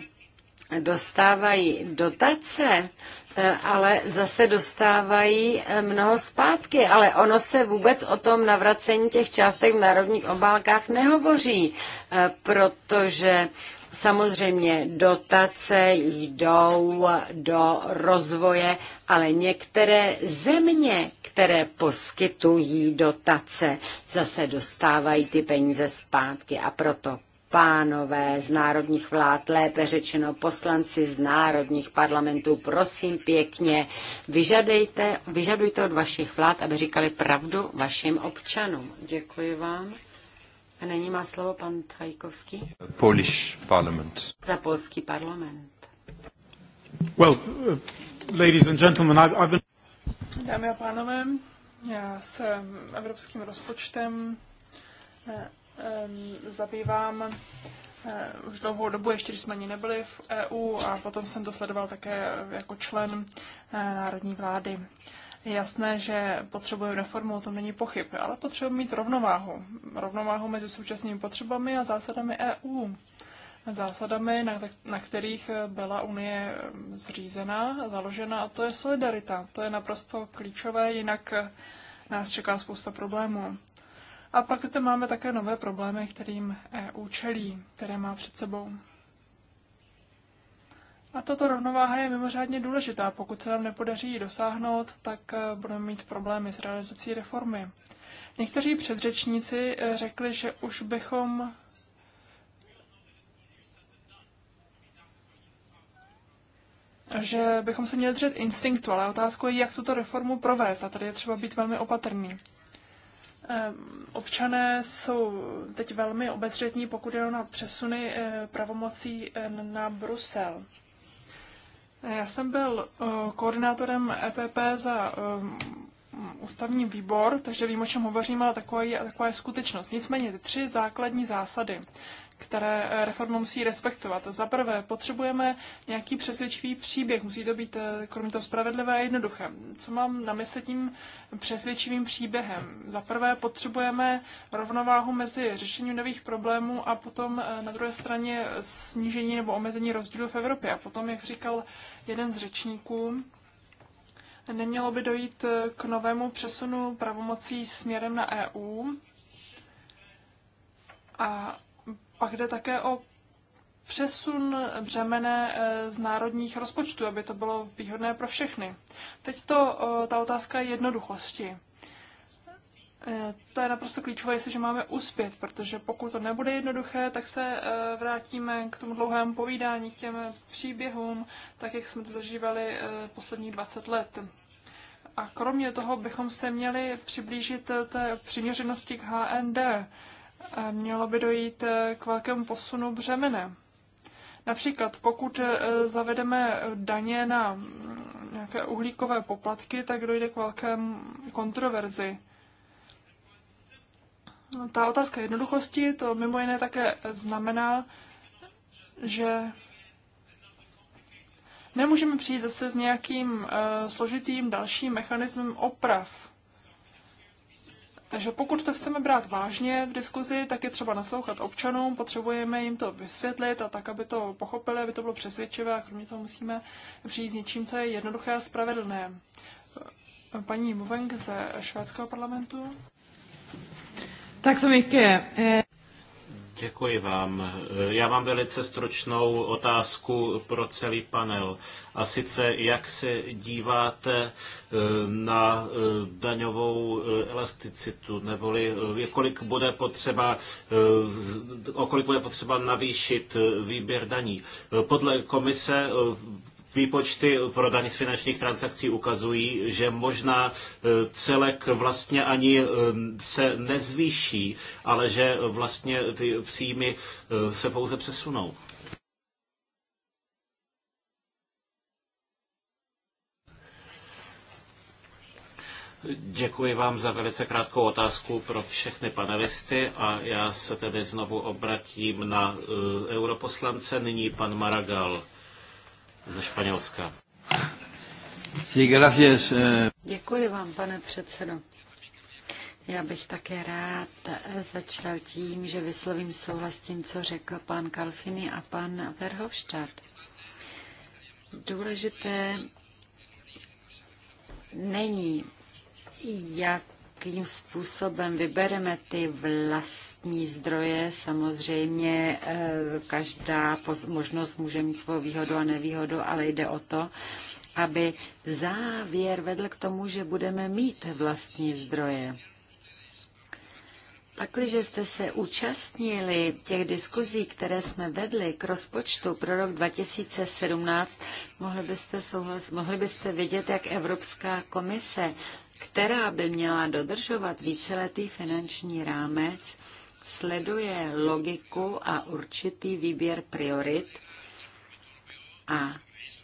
dostávají dotace, E, ale zase dostávají e, mnoho zpátky, ale ono se vůbec o tom navracení těch částek v národních obálkách nehovoří, e, protože Samozřejmě dotace jdou do rozvoje, ale některé země, které poskytují dotace, zase dostávají ty peníze zpátky. A proto pánové z národních vlád, lépe řečeno poslanci z národních parlamentů, prosím pěkně, vyžadejte, vyžadujte od vašich vlád, aby říkali pravdu vašim občanům. Děkuji vám. A není má slovo pan Tajkovský? Polish parliament. Za polský parlament. Well, uh, ladies and gentlemen, I've been... Dámy a pánové, já jsem evropským rozpočtem eh, zabývám eh, už dlouhou dobu, ještě když jsme ani nebyli v EU a potom jsem dosledoval také jako člen eh, národní vlády. Je jasné, že potřebujeme reformu, o tom není pochyb, ale potřebujeme mít rovnováhu. Rovnováhu mezi současnými potřebami a zásadami EU. Zásadami, na, na kterých byla Unie zřízena, založena, a to je solidarita. To je naprosto klíčové, jinak eh, nás čeká spousta problémů. A pak zde máme také nové problémy, kterým EU čelí, které má před sebou. A tato rovnováha je mimořádně důležitá. Pokud se nám nepodaří ji dosáhnout, tak eh, budeme mít problémy s realizací reformy. Někteří předřečníci eh, řekli, že už bychom že bychom se měli držet instinktu, ale otázkou je, jak tuto reformu provést. A tady je třeba být velmi opatrný. Občané jsou teď velmi obezřetní, pokud jde na přesuny eh, pravomocí eh, na Brusel. Já jsem byl eh, koordinátorem EPP za Hm, ústavní výbor, takže vím, o čem hovořím, ale taková je, taková je skutečnost. Nicméně ty tři základní zásady, které eh, reforma musí respektovat. Za prvé, potřebujeme nějaký přesvědčivý příběh. Musí to být eh, kromě toho spravedlivé a jednoduché. Co mám na mysli tím přesvědčivým příběhem? Za prvé, potřebujeme rovnováhu mezi řešením nových problémů a potom eh, na druhé straně snížení nebo omezení rozdílů v Evropě. A potom, jak říkal jeden z řečníků, Nemělo by dojít eh, k novému přesunu pravomocí směrem na EU. A pak jde také o přesun břemene eh, z národních rozpočtů, aby to bylo výhodné pro všechny. Teď to, eh, ta otázka jednoduchosti. Eh, to je naprosto klíčové, jestliže máme uspět, protože pokud to nebude jednoduché, tak se eh, vrátíme k tomu dlouhému povídání, k těm příběhům, tak jak jsme to zažívali eh, posledních 20 let. A kromě toho bychom se měli přiblížit té přiměřenosti k HND. Mělo by dojít k velkému posunu břemene. Například pokud zavedeme daně na mm, nějaké uhlíkové poplatky, tak dojde k velké kontroverzi. Ta otázka jednoduchosti, to mimo jiné také znamená, že nemůžeme přijít zase s nějakým uh, složitým dalším mechanismem oprav. Takže pokud to chceme brát vážně v diskuzi, tak je třeba naslouchat občanům, potřebujeme jim to vysvětlit a tak, aby to pochopili, aby to bylo přesvědčivé a kromě toho musíme přijít s něčím, co je jednoduché a spravedlné. Paní Muvenk ze švédského parlamentu. Tak så mycket. Eh, Děkuji vám. Eh, já mám velice stručnou otázku pro celý panel. A sice, jak se díváte eh, na daňovou elasticitu, neboli kolik bude potřeba, o kolik bude potřeba navýšit výběr daní. Podle komise Výpočty pro daň z finančních transakcí ukazují, že možná e, celek vlastně ani e, se nezvýší, ale že vlastně ty příjmy e, se pouze přesunou. Děkuji vám za velice krátkou otázku pro všechny panelisty a já se tedy znovu obratím na europoslance, nyní pan Maragal ze Španělska. Eh. Děkuji vám, pane předsedo. Já bych také rád začal tím, že vyslovím souhlas tím, co řekl pan Kalfini a pan Verhofstadt. Důležité není, jakým způsobem vybereme ty vlast kvalitní zdroje samozřejmě eh, každá možnost může mít svou výhodu a nevýhodu, ale jde o to, aby závěr vedl k tomu, že budeme mít vlastní zdroje. Pakliže jste se účastnili těch diskuzí, které jsme vedli k rozpočtu pro rok 2017, mohli byste, souhlas, mohli byste vidět, jak Evropská komise, která by měla dodržovat víceletý finanční rámec, sleduje logiku a určitý výběr priorit a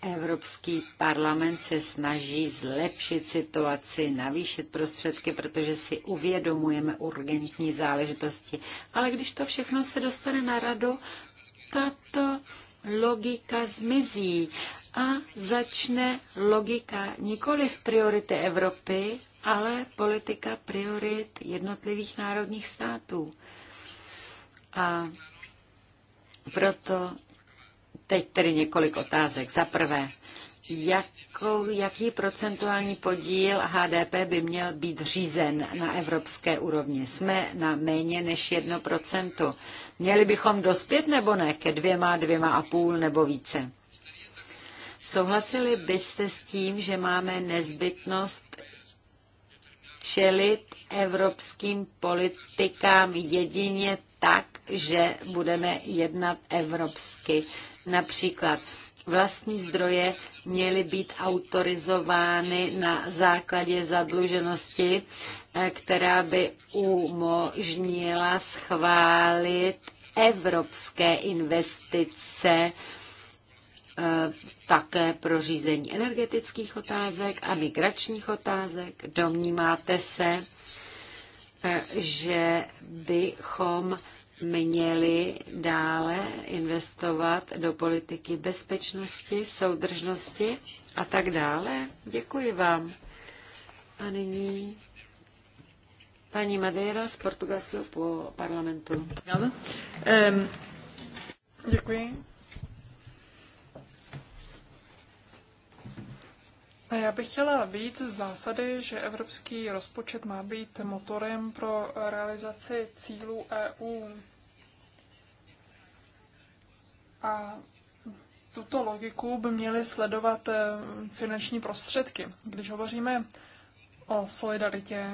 Evropský parlament se snaží zlepšit situaci, navýšit prostředky, protože si uvědomujeme urgentní záležitosti. Ale když to všechno se dostane na radu, tato logika zmizí a začne logika nikoli v priority Evropy, ale politika priorit jednotlivých národních států. A proto teď tedy několik otázek. Za prvé, jakou, jaký procentuální podíl HDP by měl být řízen na evropské úrovni? Jsme na méně než 1%. Měli bychom dospět nebo ne ke dvěma, dvěma a půl nebo více? Souhlasili byste s tím, že máme nezbytnost čelit evropským politikám jedině tak, že budeme jednat evropsky. Například vlastní zdroje měly být autorizovány na základě zadluženosti, eh, která by umožnila schválit evropské investice eh, také pro řízení energetických otázek a migračních otázek. Domníváte se, že bychom měli dále investovat do politiky bezpečnosti, soudržnosti a tak dále. Děkuji vám. A nyní paní Madeira z portugalského parlamentu. Ehm, Děkuji. Já bych chtěla víc zásady, že evropský rozpočet má být motorem pro realizaci cílů EU. A tuto logiku by měly sledovat eh, finanční prostředky. Když hovoříme o solidaritě,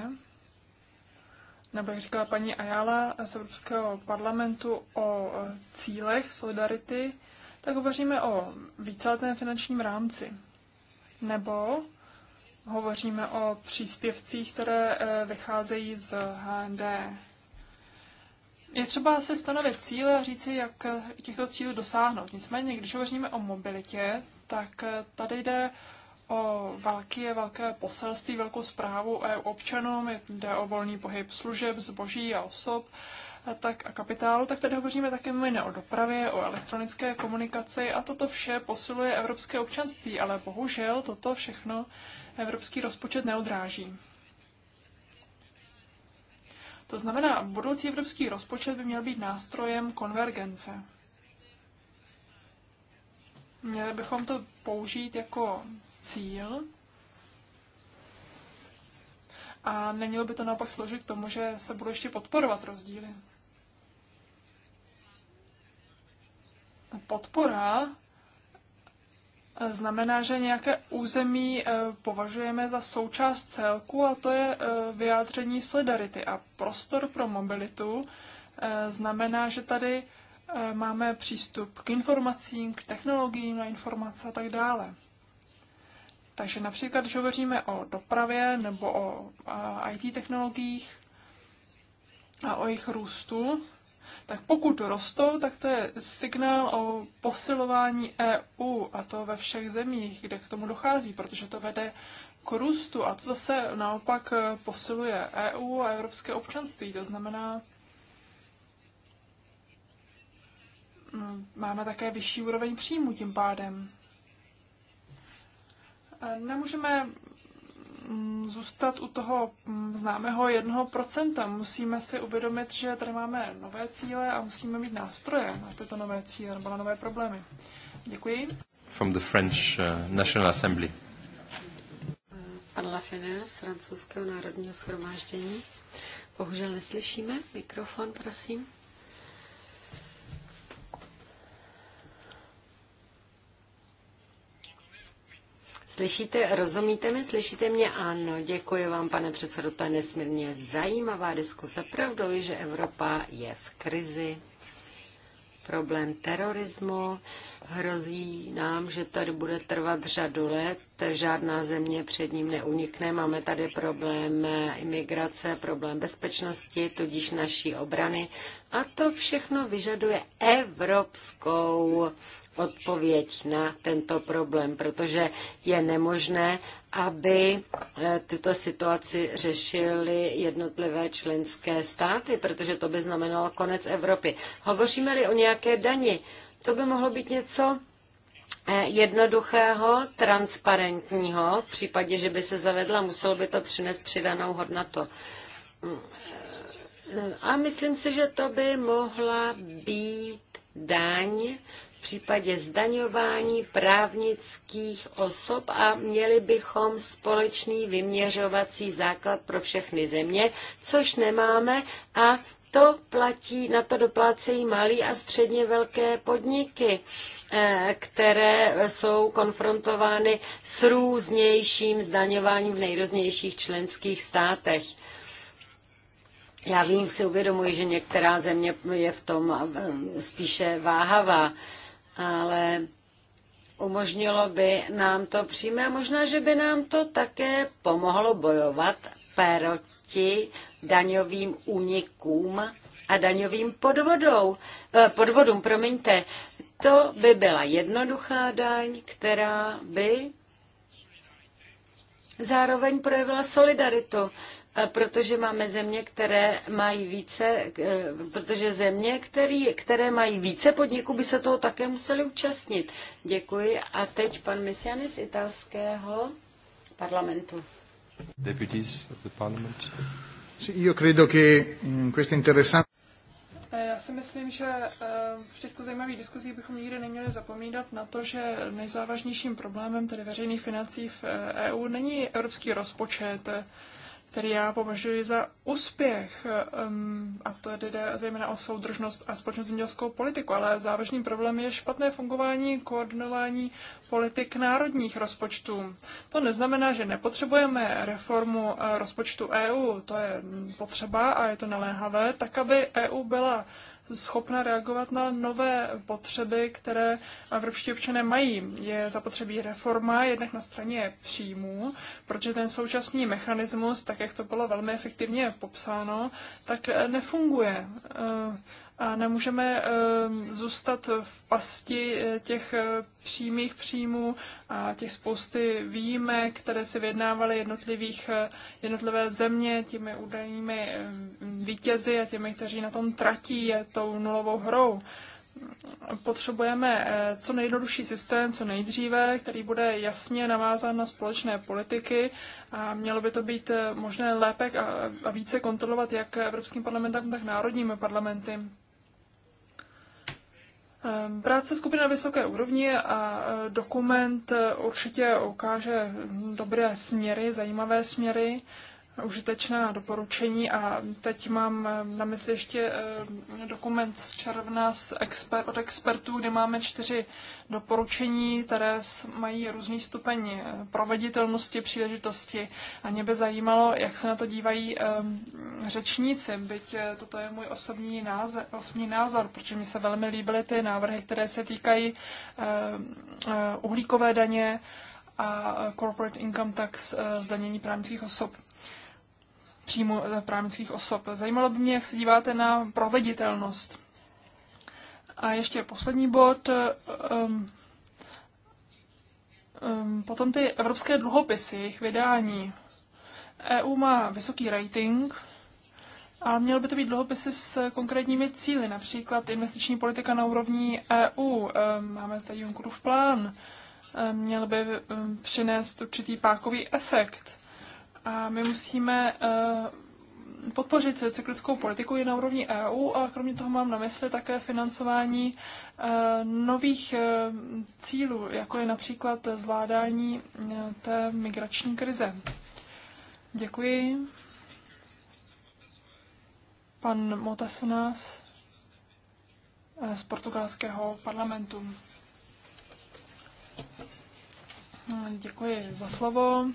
nebo jak říkala paní Ayala z Evropského parlamentu o eh, cílech solidarity, tak hovoříme o víceletém finančním rámci nebo hovoříme o příspěvcích, které eh, vycházejí z HND. Je třeba se stanovit cíle a říci, jak těchto cílů dosáhnout. Nicméně, když hovoříme o mobilitě, tak eh, tady jde o velké, velké poselství, velkou zprávu EU občanům, jde o volný pohyb služeb, zboží a osob tak a kapitálu, tak tady hovoříme také mimo o dopravě, o elektronické komunikaci a toto vše posiluje evropské občanství, ale bohužel toto všechno evropský rozpočet neodráží. To znamená, budoucí evropský rozpočet by měl být nástrojem konvergence. Měli bychom to použít jako cíl a nemělo by to naopak sloužit k tomu, že se budou ještě podporovat rozdíly. podpora eh, znamená, že nějaké území eh, považujeme za součást celku a to je eh, vyjádření solidarity. A prostor pro mobilitu znamená, že tady máme přístup k informacím, k technologiím na informace a tak dále. Takže například, když hovoříme o dopravě nebo o IT technologiích a o jejich růstu, tak pokud rostou, tak to je signál o posilování EU a to ve všech zemích, kde k tomu dochází, protože to vede k růstu a to zase naopak eh, posiluje EU a evropské občanství. To znamená, mm, máme také vyšší úroveň příjmu tím pádem. Eh, nemůžeme Mm, zůstat u toho mm, známého jednoho procenta. Musíme si uvědomit, že tady máme nové cíle a musíme mít nástroje na tyto nové cíle nebo na nové problémy. Děkuji. From the French uh, National Assembly. Pan Lafayette z francouzského národního schromáždění. Bohužel neslyšíme. Mikrofon, prosím. Slyšíte, rozumíte mi, slyšíte mě? Ano, děkuji vám, pane předsedo, to je nesmírně zajímavá diskuse. Pravdou je, že Evropa je v krizi. Problém terorismu hrozí nám, že tady bude trvat řadu let, žádná země před ním neunikne. Máme tady problém imigrace, problém bezpečnosti, tudíž naší obrany. A to všechno vyžaduje evropskou odpověď na tento problém, protože je nemožné, aby eh, tuto situaci řešili jednotlivé členské státy, protože to by znamenalo konec Evropy. Hovoříme-li o nějaké dani, to by mohlo být něco eh, jednoduchého, transparentního. V případě, že by se zavedla, muselo by to přinést přidanou hodnotu. Eh, a myslím si, že to by mohla být daň případě zdaňování právnických osob a měli bychom společný vyměřovací základ pro všechny země, což nemáme a to platí, na to doplácejí malí a středně velké podniky, eh, které jsou konfrontovány s různějším zdaňováním v nejrůznějších členských státech. Já vím, si uvědomuji, že některá země je v tom eh, spíše váhavá ale umožnilo by nám to přímo a možná, že by nám to také pomohlo bojovat proti daňovým únikům a daňovým podvodou, eh, podvodům. Promiňte, to by byla jednoduchá daň, která by zároveň projevila solidaritu, protože máme země, které mají více, eh, protože země, který, které mají více podniků, by se toho také museli účastnit. Děkuji. A teď pan Misiany z italského parlamentu. Deputies of the parliament. Io credo che mm, questa interessante eh, já si myslím, že eh, v těchto zajímavých diskuzích bychom nikdy neměli zapomínat na to, že nejzávažnějším problémem tedy veřejných financí v EU e není evropský rozpočet, který já považuji za úspěch, a to jde zejména o soudržnost a společnou zemědělskou politiku, ale závažným problémem je špatné fungování koordinování politik národních rozpočtů. To neznamená, že nepotřebujeme reformu eh, rozpočtu EU, to je potřeba a je to naléhavé, tak aby EU byla schopna reagovat na nové potřeby, které evropští občané mají. Je zapotřebí reforma jednak na straně příjmů, protože ten současný mechanismus, tak jak to bylo velmi efektivně popsáno, tak nefunguje. Eh, a nemůžeme ehm, zůstat v pasti eh, těch eh, přímých příjmů a těch spousty výjimek, které si vyjednávaly jednotlivých, eh, jednotlivé země těmi údajnými ehm, vítězy a těmi, kteří na tom tratí tou nulovou hrou potřebujeme co nejjednodušší systém, co nejdříve, který bude jasně navázán na společné politiky a mělo by to být možné lépe a více kontrolovat jak Evropským parlamentem, tak národními parlamenty. Ehm, práce skupiny na vysoké úrovni a e, dokument e, určitě ukáže dobré směry, zajímavé směry užitečná doporučení a teď mám na mysli ještě eh, dokument z června z expert, od expertů, kde máme čtyři doporučení, které mají různý stupeň eh, proveditelnosti, příležitosti a mě by zajímalo, jak se na to dívají eh, řečníci, byť toto je můj osobní názor, osobní názor protože mi se velmi líbily ty návrhy, které se týkají uhlíkové daně a corporate income tax zdanění právnických osob příjmu eh, právnických osob. Zajímalo by mě, jak se díváte na proveditelnost. A ještě poslední bod. Um, um, potom ty evropské dluhopisy, jejich vydání. EU má vysoký rating, ale měly by to být dluhopisy s konkrétními cíly, například investiční politika na úrovni EU. Ehm, máme zde Junckerův plán, měl by přinést určitý pákový efekt. A my musíme eh, podpořit cyklickou politiku i na úrovni EU a kromě toho mám na mysli také financování eh, nových eh, cílů, jako je například zvládání té migrační krize. Děkuji. Pan Motasonas z portugalského parlamentu. Děkuji za slovo.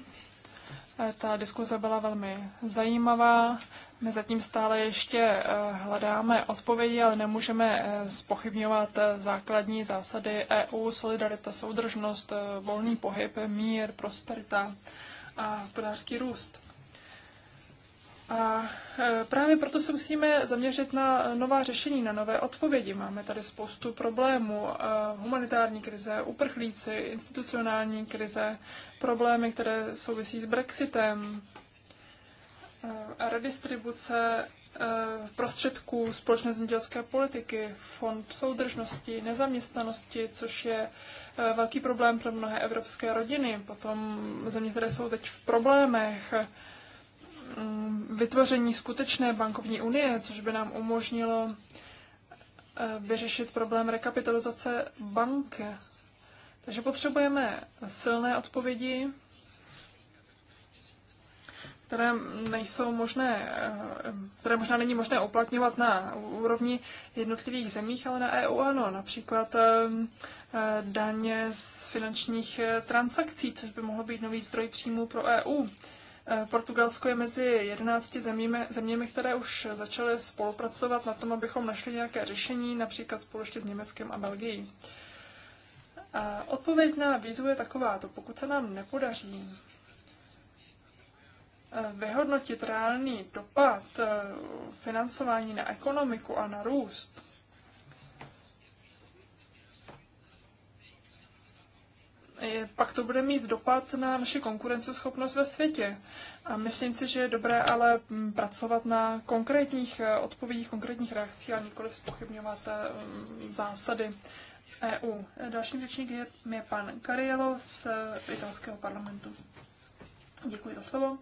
Eh, ta diskuze byla velmi zajímavá. My zatím stále ještě eh, hledáme odpovědi, ale nemůžeme eh, spochybňovat základní zásady EU, solidarita, soudržnost, volný pohyb, mír, prosperita a hospodářský růst. A e, právě proto se musíme zaměřit na nová řešení, na nové odpovědi. Máme tady spoustu problémů. E, humanitární krize, uprchlíci, institucionální krize, problémy, které souvisí s Brexitem, e, redistribuce prostředků společné zemědělské politiky, fond soudržnosti, nezaměstnanosti, což je velký problém pro mnohé evropské rodiny, potom země, které jsou teď v problémech, Um, vytvoření skutečné bankovní unie, což by nám umožnilo uh, vyřešit problém rekapitalizace bank. Takže potřebujeme silné odpovědi, které nejsou možné, uh, které možná není možné uplatňovat na úrovni jednotlivých zemích, ale na EU ano, například um, uh, daně z finančních transakcí, což by mohlo být nový zdroj příjmů pro EU. Eh, Portugalsko je mezi 11 zeměmi, zeměmi, které už začaly spolupracovat na tom, abychom našli nějaké řešení, například společně s Německem a Belgií. A odpověď na výzvu je to Pokud se nám nepodaří eh, vyhodnotit reálný dopad eh, financování na ekonomiku a na růst, pak to bude mít dopad na naši konkurenceschopnost ve světě. A myslím si, že je dobré ale mm, pracovat na konkrétních eh, odpovědích, konkrétních reakcích a nikoli spochybňovat eh, mm, zásady EU. Dalším řečníkem je, je pan Cariello z eh, italského parlamentu. Děkuji za slovo.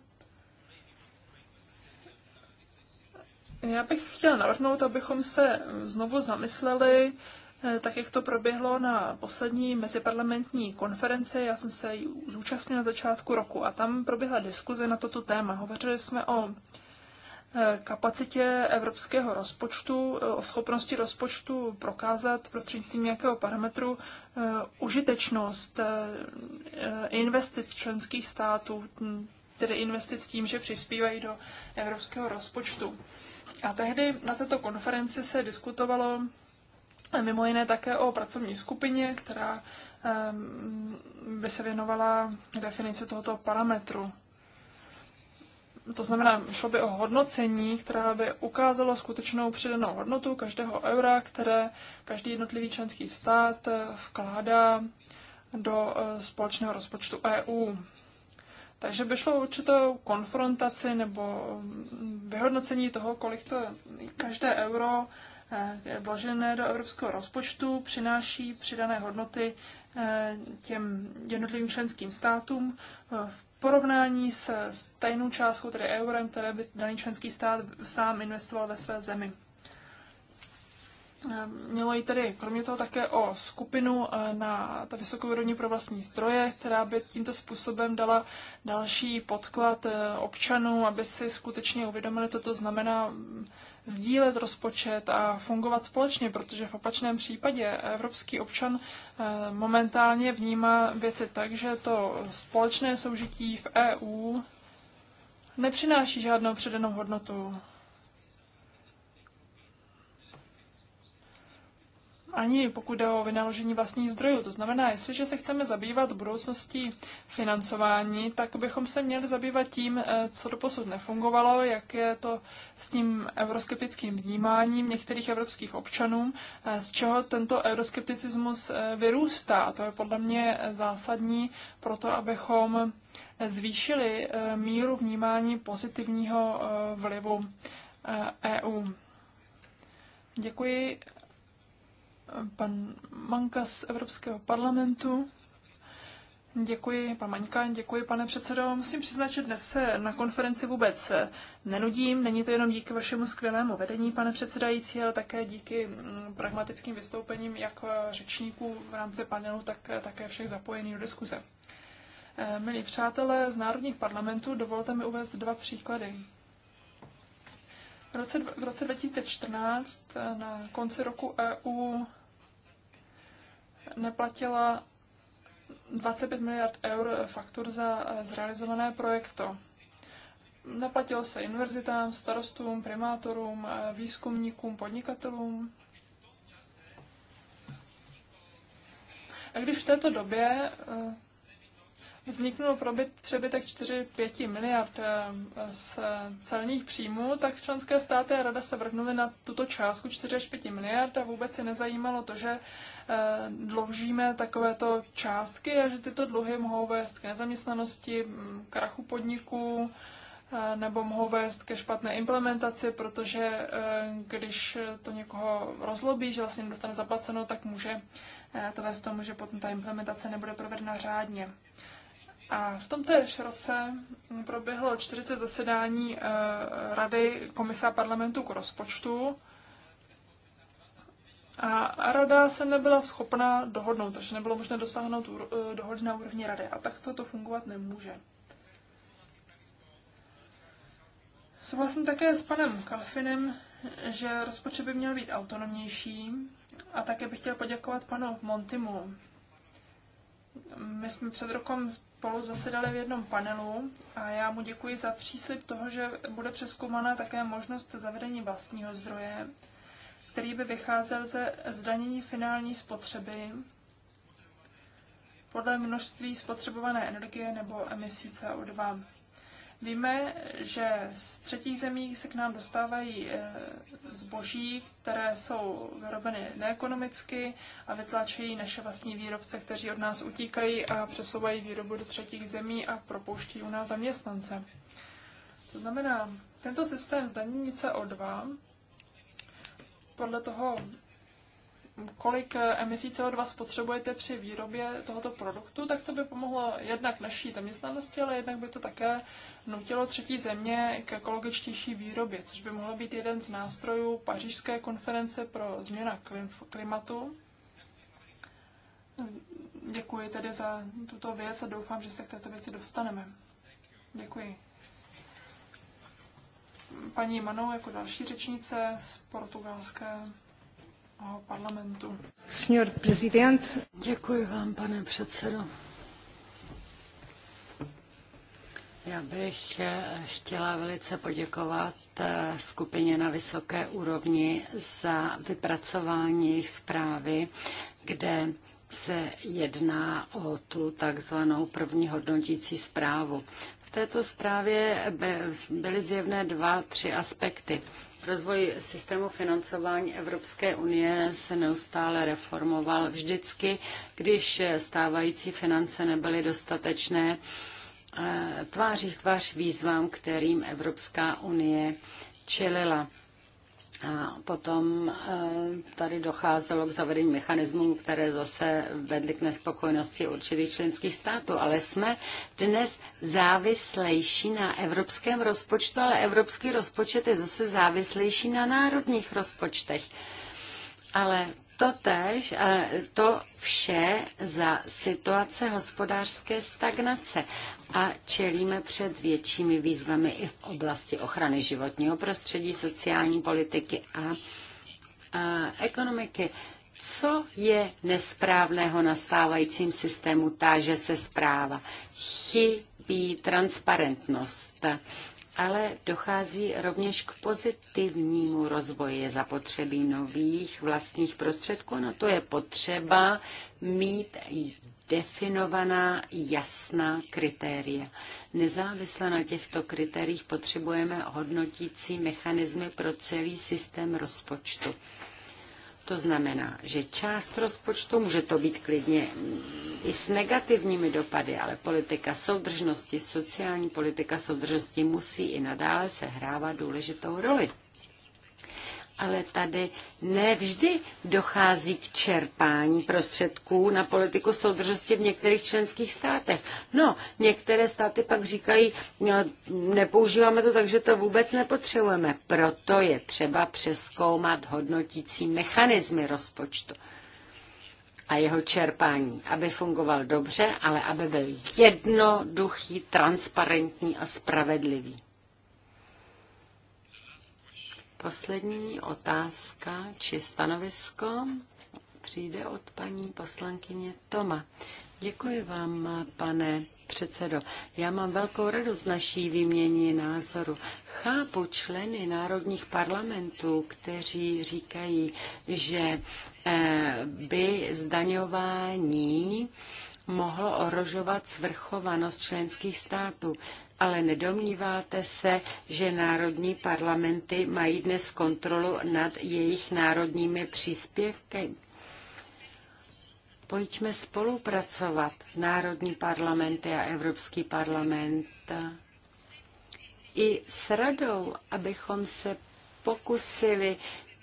Já bych chtěla navrhnout, abychom se znovu zamysleli Eh, tak jak to proběhlo na poslední meziparlamentní konferenci, já jsem se jí zúčastnila na začátku roku a tam proběhla diskuze na toto téma. Hovořili jsme o eh, kapacitě evropského rozpočtu, eh, o schopnosti rozpočtu prokázat prostřednictvím nějakého parametru užitečnost investic členských států, hm, tedy investic tím, že přispívají do evropského rozpočtu. A tehdy na této konferenci se diskutovalo mimo jiné také o pracovní skupině, která by se věnovala definici tohoto parametru. To znamená, šlo by o hodnocení, která by ukázalo skutečnou přidanou hodnotu každého eura, které každý jednotlivý členský stát eh, vkládá do eh, společného rozpočtu EU. Takže by šlo určitou konfrontaci nebo mm, vyhodnocení toho, kolik to každé euro Eh, vložené do evropského rozpočtu přináší přidané hodnoty eh, těm jednotlivým členským státům eh, v porovnání s stejnou částkou, tedy eurem, které by daný členský stát sám investoval ve své zemi. Ehm, mělo jít tedy kromě toho také o skupinu eh, na ta vysokou úrovni pro vlastní zdroje, která by tímto způsobem dala další podklad eh, občanů, aby si skutečně uvědomili, co to znamená mm, sdílet rozpočet a fungovat společně, protože v opačném případě evropský občan eh, momentálně vnímá věci tak, že to společné soužití v EU nepřináší žádnou předanou hodnotu ani pokud jde o vynaložení vlastních zdrojů. To znamená, jestliže se chceme zabývat budoucností financování, tak bychom se měli zabývat tím, eh, co doposud nefungovalo, jak je to s tím euroskeptickým vnímáním některých evropských občanů, eh, z čeho tento euroskepticismus eh, vyrůstá. To je podle mě zásadní pro to, abychom zvýšili míru vnímání pozitivního vlivu EU. E Děkuji pan Manka z Evropského parlamentu. Děkuji, pan Maňka, děkuji, pane předsedo. Musím přiznat, že dnes se na konferenci vůbec nenudím. Není to jenom díky vašemu skvělému vedení, pane předsedající, ale také díky mm, pragmatickým vystoupením jak řečníků v rámci panelu, tak také všech zapojených do diskuze. Eh, milí přátelé z národních parlamentů, dovolte mi uvést dva příklady. V roce, v roce 2014 eh, na konci roku EU neplatila 25 miliard eur faktur za eh, zrealizované projekto. Neplatilo se univerzitám, starostům, primátorům, eh, výzkumníkům, podnikatelům. A když v této době eh, vzniknul přebytek 4-5 miliard eh, z celních příjmů, tak členské státy a rada se vrhnuly na tuto částku 4 5 miliard a vůbec si nezajímalo to, že eh, dloužíme takovéto částky a že tyto dluhy mohou vést k nezaměstnanosti, mm, krachu podniků, eh, nebo mohou vést ke špatné implementaci, protože když to někoho rozlobí, že vlastně dostane zaplaceno, tak může to vést tomu, že potom ta implementace nebude provedena řádně. A v tom roce proběhlo 40 zasedání eh, Rady komisa parlamentu k rozpočtu a rada se nebyla schopna dohodnout, takže nebylo možné dosáhnout eh, dohody na úrovni rady a tak to fungovat nemůže. Souhlasím také s panem Kalfinem, že rozpočet by měl být autonomnější a také bych chtěl poděkovat panu Montimu my jsme před rokem spolu zasedali v jednom panelu a já mu děkuji za příslip toho, že bude přeskoumána také možnost zavedení vlastního zdroje, který by vycházel ze zdanění finální spotřeby podle množství spotřebované energie nebo emisí CO2. Víme, že z třetích zemí se k nám dostávají eh, zboží, které jsou vyrobeny neekonomicky a vytlačují naše vlastní výrobce, kteří od nás utíkají a přesouvají výrobu do třetích zemí a propouští u nás zaměstnance. To znamená, tento systém zdaní CO2 podle toho kolik eh, emisí CO2 spotřebujete při výrobě tohoto produktu, tak to by pomohlo jednak naší zaměstnanosti, ale jednak by to také nutilo třetí země k ekologičtější výrobě, což by mohlo být jeden z nástrojů pařížské konference pro změna klimatu. Děkuji tedy za tuto věc a doufám, že se k této věci dostaneme. Děkuji. Paní Manou jako další řečnice z portugalské parlamentu. Senior prezident. Děkuji vám, pane předsedo. Já bych eh, chtěla velice poděkovat eh, skupině na vysoké úrovni za vypracování jejich zprávy, kde se jedná o tu takzvanou první hodnotící zprávu. V této zprávě byly zjevné dva, tři aspekty. Rozvoj systému financování Evropské unie se neustále reformoval vždycky, když stávající finance nebyly dostatečné e, tváří tvář výzvám, kterým Evropská unie čelila. A potom eh, tady docházelo k zavedení mechanismů, které zase vedly k nespokojenosti určitých členských států. Ale jsme dnes závislejší na evropském rozpočtu, ale evropský rozpočet je zase závislejší na národních rozpočtech. Ale to tež, to vše za situace hospodářské stagnace a čelíme před většími výzvami i v oblasti ochrany životního prostředí, sociální politiky a, a ekonomiky. Co je nesprávného na stávajícím systému, táže se zpráva. Chybí transparentnost ale dochází rovněž k pozitivnímu rozvoji. Je zapotřebí nových vlastních prostředků, no to je potřeba mít definovaná jasná kritéria. Nezávisle na těchto kritériích potřebujeme hodnotící mechanismy pro celý systém rozpočtu. To znamená, že část rozpočtu, může to být klidně i s negativními dopady, ale politika soudržnosti, sociální politika soudržnosti musí i nadále sehrávat důležitou roli ale tady nevždy dochází k čerpání prostředků na politiku soudržnosti v některých členských státech. No, některé státy pak říkají, no, nepoužíváme to, takže to vůbec nepotřebujeme. Proto je třeba přeskoumat hodnotící mechanismy rozpočtu a jeho čerpání, aby fungoval dobře, ale aby byl jednoduchý, transparentní a spravedlivý. Poslední otázka či stanovisko přijde od paní poslankyně Toma. Děkuji vám, pane předsedo. Já mám velkou radost naší výměny názoru. Chápu členy národních parlamentů, kteří říkají, že eh, by zdaňování mohlo orožovat svrchovanost členských států. Ale nedomníváte se, že národní parlamenty mají dnes kontrolu nad jejich národními příspěvky? Pojďme spolupracovat, národní parlamenty a Evropský parlament, i s radou, abychom se pokusili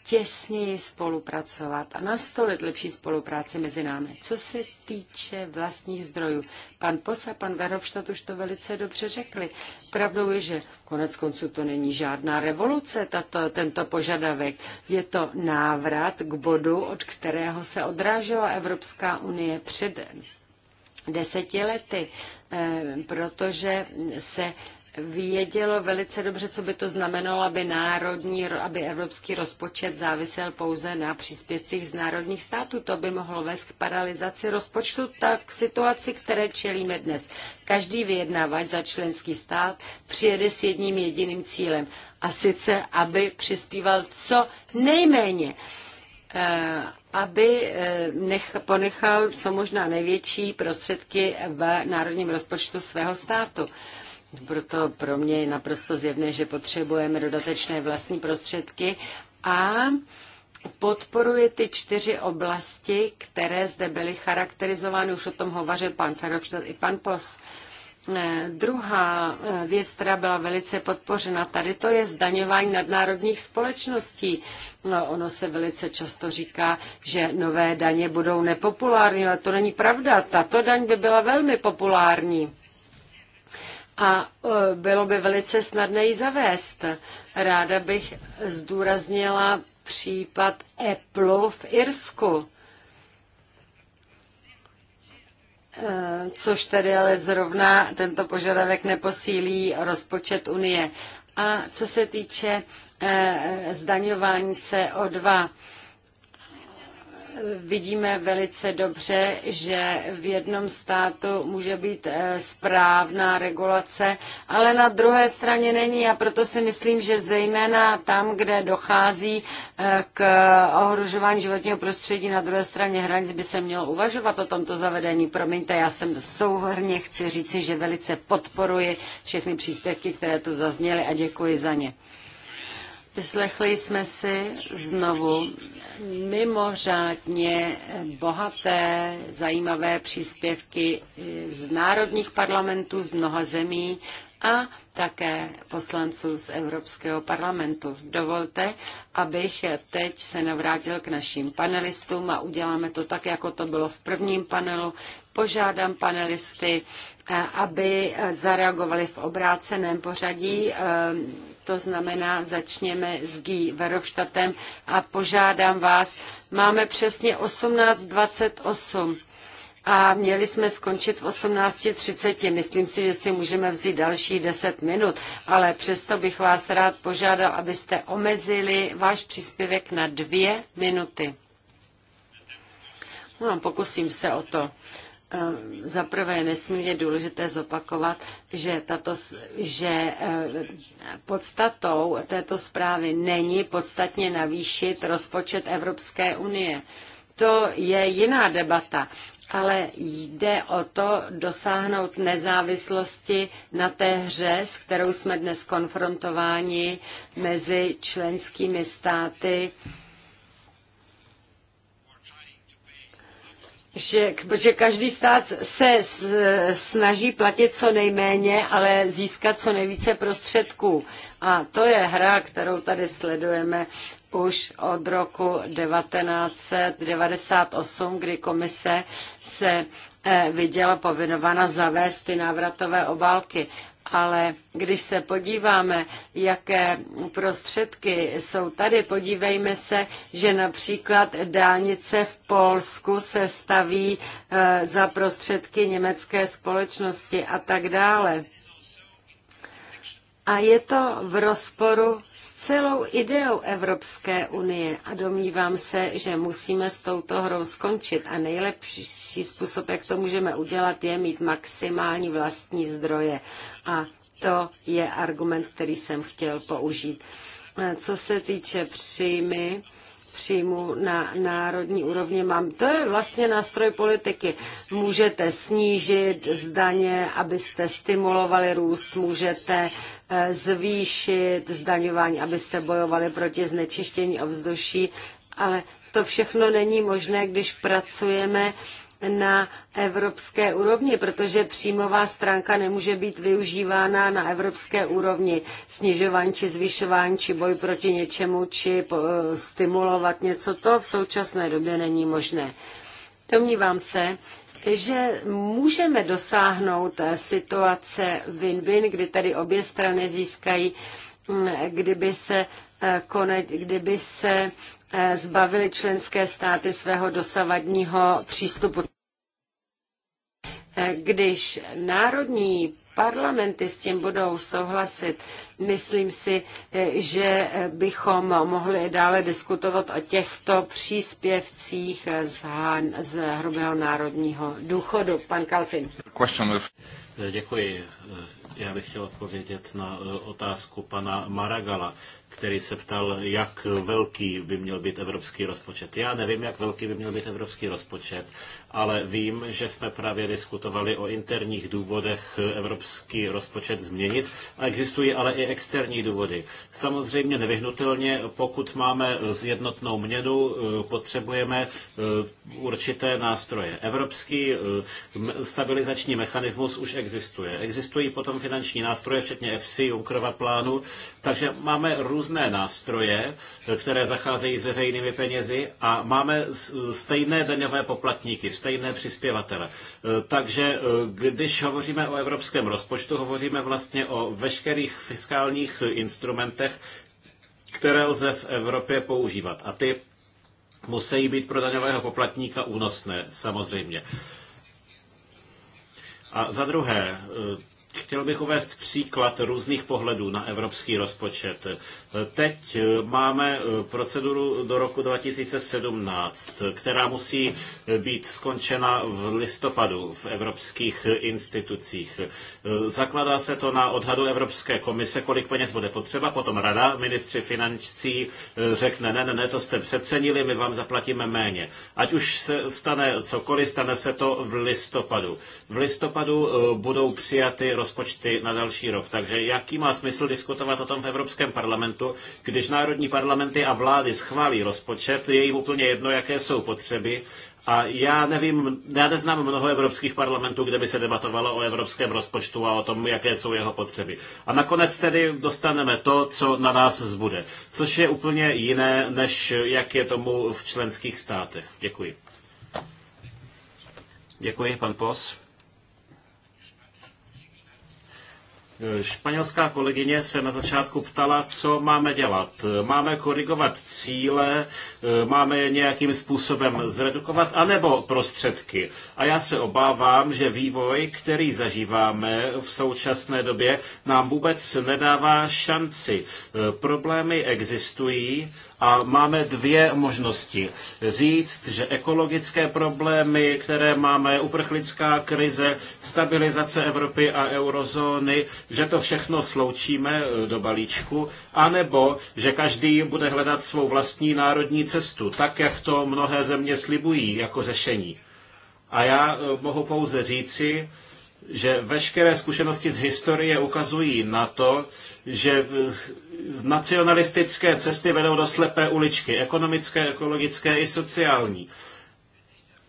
těsněji spolupracovat a nastolit lepší spolupráci mezi námi. Co se týče vlastních zdrojů, pan Posa, pan Verhofstadt už to velice dobře řekli. Pravdou je, že konec konců to není žádná revoluce, tato, tento požadavek. Je to návrat k bodu, od kterého se odrážela Evropská unie před deseti lety, eh, protože se vědělo velice dobře, co by to znamenalo, aby národní, aby evropský rozpočet závisel pouze na příspěvcích z národních států. To by mohlo vést k paralizaci rozpočtu, tak k situaci, které čelíme dnes. Každý vyjednávač za členský stát přijede s jedním jediným cílem, a sice, aby přispíval co nejméně eh, aby eh, nech, ponechal co možná největší prostředky v národním rozpočtu svého státu. Proto pro mě je naprosto zjevné, že potřebujeme dodatečné vlastní prostředky a podporuje ty čtyři oblasti, které zde byly charakterizovány, už o tom hovořil pan Ferobštad i pan Pos. Eh, druhá eh, věc, která byla velice podpořena tady, to je zdaňování nadnárodních společností. No, ono se velice často říká, že nové daně budou nepopulární, ale to není pravda. Tato daň by byla velmi populární a e, bylo by velice snadné ji zavést. Ráda bych zdůraznila případ Apple v Irsku, e, což tedy ale zrovna tento požadavek neposílí rozpočet Unie. A co se týče e, zdaňování CO2, vidíme velice dobře, že v jednom státu může být eh, správná regulace, ale na druhé straně není a proto si myslím, že zejména tam, kde dochází eh, k ohrožování životního prostředí na druhé straně hranic, by se mělo uvažovat o tomto zavedení. Promiňte, já jsem souhrně chci říci, že velice podporuji všechny příspěvky, které tu zazněly a děkuji za ně. Vyslechli jsme si znovu mimořádně bohaté, zajímavé příspěvky z národních parlamentů, z mnoha zemí a také poslanců z Evropského parlamentu. Dovolte, abych teď se navrátil k našim panelistům a uděláme to tak, jako to bylo v prvním panelu. Požádám panelisty, eh, aby zareagovali v obráceném pořadí eh, to znamená, začněme s Guy Verovštatem a požádám vás, máme přesně 18.28 a měli jsme skončit v 18.30. Myslím si, že si můžeme vzít další 10 minut, ale přesto bych vás rád požádal, abyste omezili váš příspěvek na dvě minuty. No, pokusím se o to. Ehm, za prvé je nesmírně důležité zopakovat, že, tato, že ehm, podstatou této zprávy není podstatně navýšit rozpočet Evropské unie. To je jiná debata, ale jde o to dosáhnout nezávislosti na té hře, s kterou jsme dnes konfrontováni mezi členskými státy že, protože každý stát se snaží platit co nejméně, ale získat co nejvíce prostředků. A to je hra, kterou tady sledujeme už od roku 1998, kdy komise se eh, viděla povinována zavést ty návratové obálky ale když se podíváme, jaké prostředky jsou tady, podívejme se, že například dálnice v Polsku se staví eh, za prostředky německé společnosti a tak dále. A je to v rozporu s celou ideou Evropské unie a domnívám se, že musíme s touto hrou skončit a nejlepší způsob, jak to můžeme udělat, je mít maximální vlastní zdroje. A to je argument, který jsem chtěl použít. Eh, co se týče příjmy, příjmů na národní úrovni mám. To je vlastně nástroj politiky. Můžete snížit zdaně, abyste stimulovali růst, můžete eh, zvýšit zdaňování, abyste bojovali proti znečištění ovzduší, ale to všechno není možné, když pracujeme na evropské úrovni, protože příjmová stránka nemůže být využívána na evropské úrovni. Snižování či zvyšování či boj proti něčemu či eh, stimulovat něco, to v současné době není možné. Domnívám se, že můžeme dosáhnout eh, situace win-win, kdy tady obě strany získají, mm, kdyby se, eh, kdyby se Eh, zbavili členské státy svého dosavadního přístupu. Eh, když národní parlamenty s tím budou souhlasit, myslím si, eh, že bychom mohli dále diskutovat o těchto příspěvcích z, Hán, z hrubého národního důchodu. Pan Kalfin. Děkuji. Já bych chtěl odpovědět na otázku pana Maragala který se ptal, jak velký by měl být evropský rozpočet. Já nevím, jak velký by měl být evropský rozpočet, ale vím, že jsme právě diskutovali o interních důvodech evropský rozpočet změnit. A existují ale i externí důvody. Samozřejmě nevyhnutelně, pokud máme zjednotnou měnu, eh, potřebujeme eh, určité nástroje. Evropský eh, stabilizační mechanismus už existuje. Existují potom finanční nástroje, včetně FC, Junckerova plánu, takže máme různé nástroje, které zacházejí s veřejnými penězi a máme stejné daňové poplatníky stejné přispěvatele. E, takže e, když hovoříme o evropském rozpočtu, hovoříme vlastně o veškerých fiskálních instrumentech, které lze v Evropě používat. A ty musí být pro daňového poplatníka únosné, samozřejmě. A za druhé, e, Chtěl bych uvést příklad různých pohledů na evropský rozpočet. Teď eh, máme eh, proceduru do roku 2017, která musí eh, být skončena v listopadu v evropských institucích. Zakládá se to na odhadu Evropské komise, kolik peněz bude potřeba, potom rada, ministři financí řekne, ne, ne, ne, to jste přecenili, my vám zaplatíme méně. Ať už se stane cokoliv, stane se to v listopadu. V listopadu budou přijaty rozpočty na další rok, takže jaký má smysl diskutovat o tom v Evropském parlamentu, rozpočtu. Když národní parlamenty a vlády schválí rozpočet, je jim úplně jedno, jaké jsou potřeby. A já nevím, já neznám mnoho evropských parlamentů, kde by se debatovalo o evropském rozpočtu a o tom, jaké jsou jeho potřeby. A nakonec tedy dostaneme to, co na nás zbude, což je úplně jiné, než jak je tomu v členských státech. Děkuji. Děkuji, pan Pos. Španělská kolegyně se na začátku ptala, co máme dělat. Máme korigovat cíle, máme je nějakým způsobem zredukovat, anebo prostředky. A já se obávám, že vývoj, který zažíváme v současné době, nám vůbec nedává šanci. Problémy existují a máme dvě možnosti. Říct, že ekologické problémy, které máme, uprchlická krize, stabilizace Evropy a eurozóny, že to všechno sloučíme eh, do balíčku, anebo že každý bude hledat svou vlastní národní cestu, tak jak to mnohé země slibují jako řešení. A já eh, mohu pouze říci, že veškeré zkušenosti z historie ukazují na to, že nacionalistické cesty vedou do slepé uličky, ekonomické, ekologické i sociální.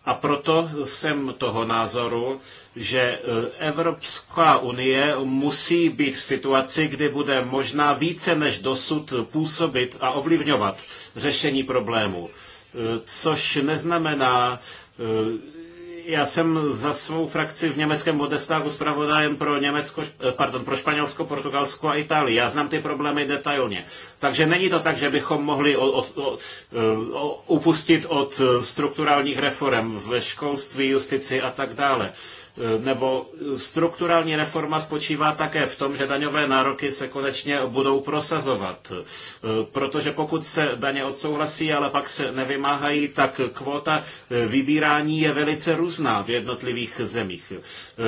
A proto jsem toho názoru, že e, Evropská unie musí být v situaci, kdy bude možná více než dosud působit a ovlivňovat řešení problému. E, což neznamená, e, já jsem za svou frakci v německém Bundestagu zpravodajem pro, Německo, pardon, pro Španělsko, Portugalsko a Itálii. Já znám ty problémy detailně. Takže není to tak, že bychom mohli od, od, od, upustit od strukturálních reform ve školství, justici a tak dále. Eh, nebo strukturální reforma spočívá také v tom, že daňové nároky se konečně budou prosazovat. Eh, protože pokud se daně odsouhlasí, ale pak se nevymáhají, tak kvota eh, vybírání je velice různá v jednotlivých zemích.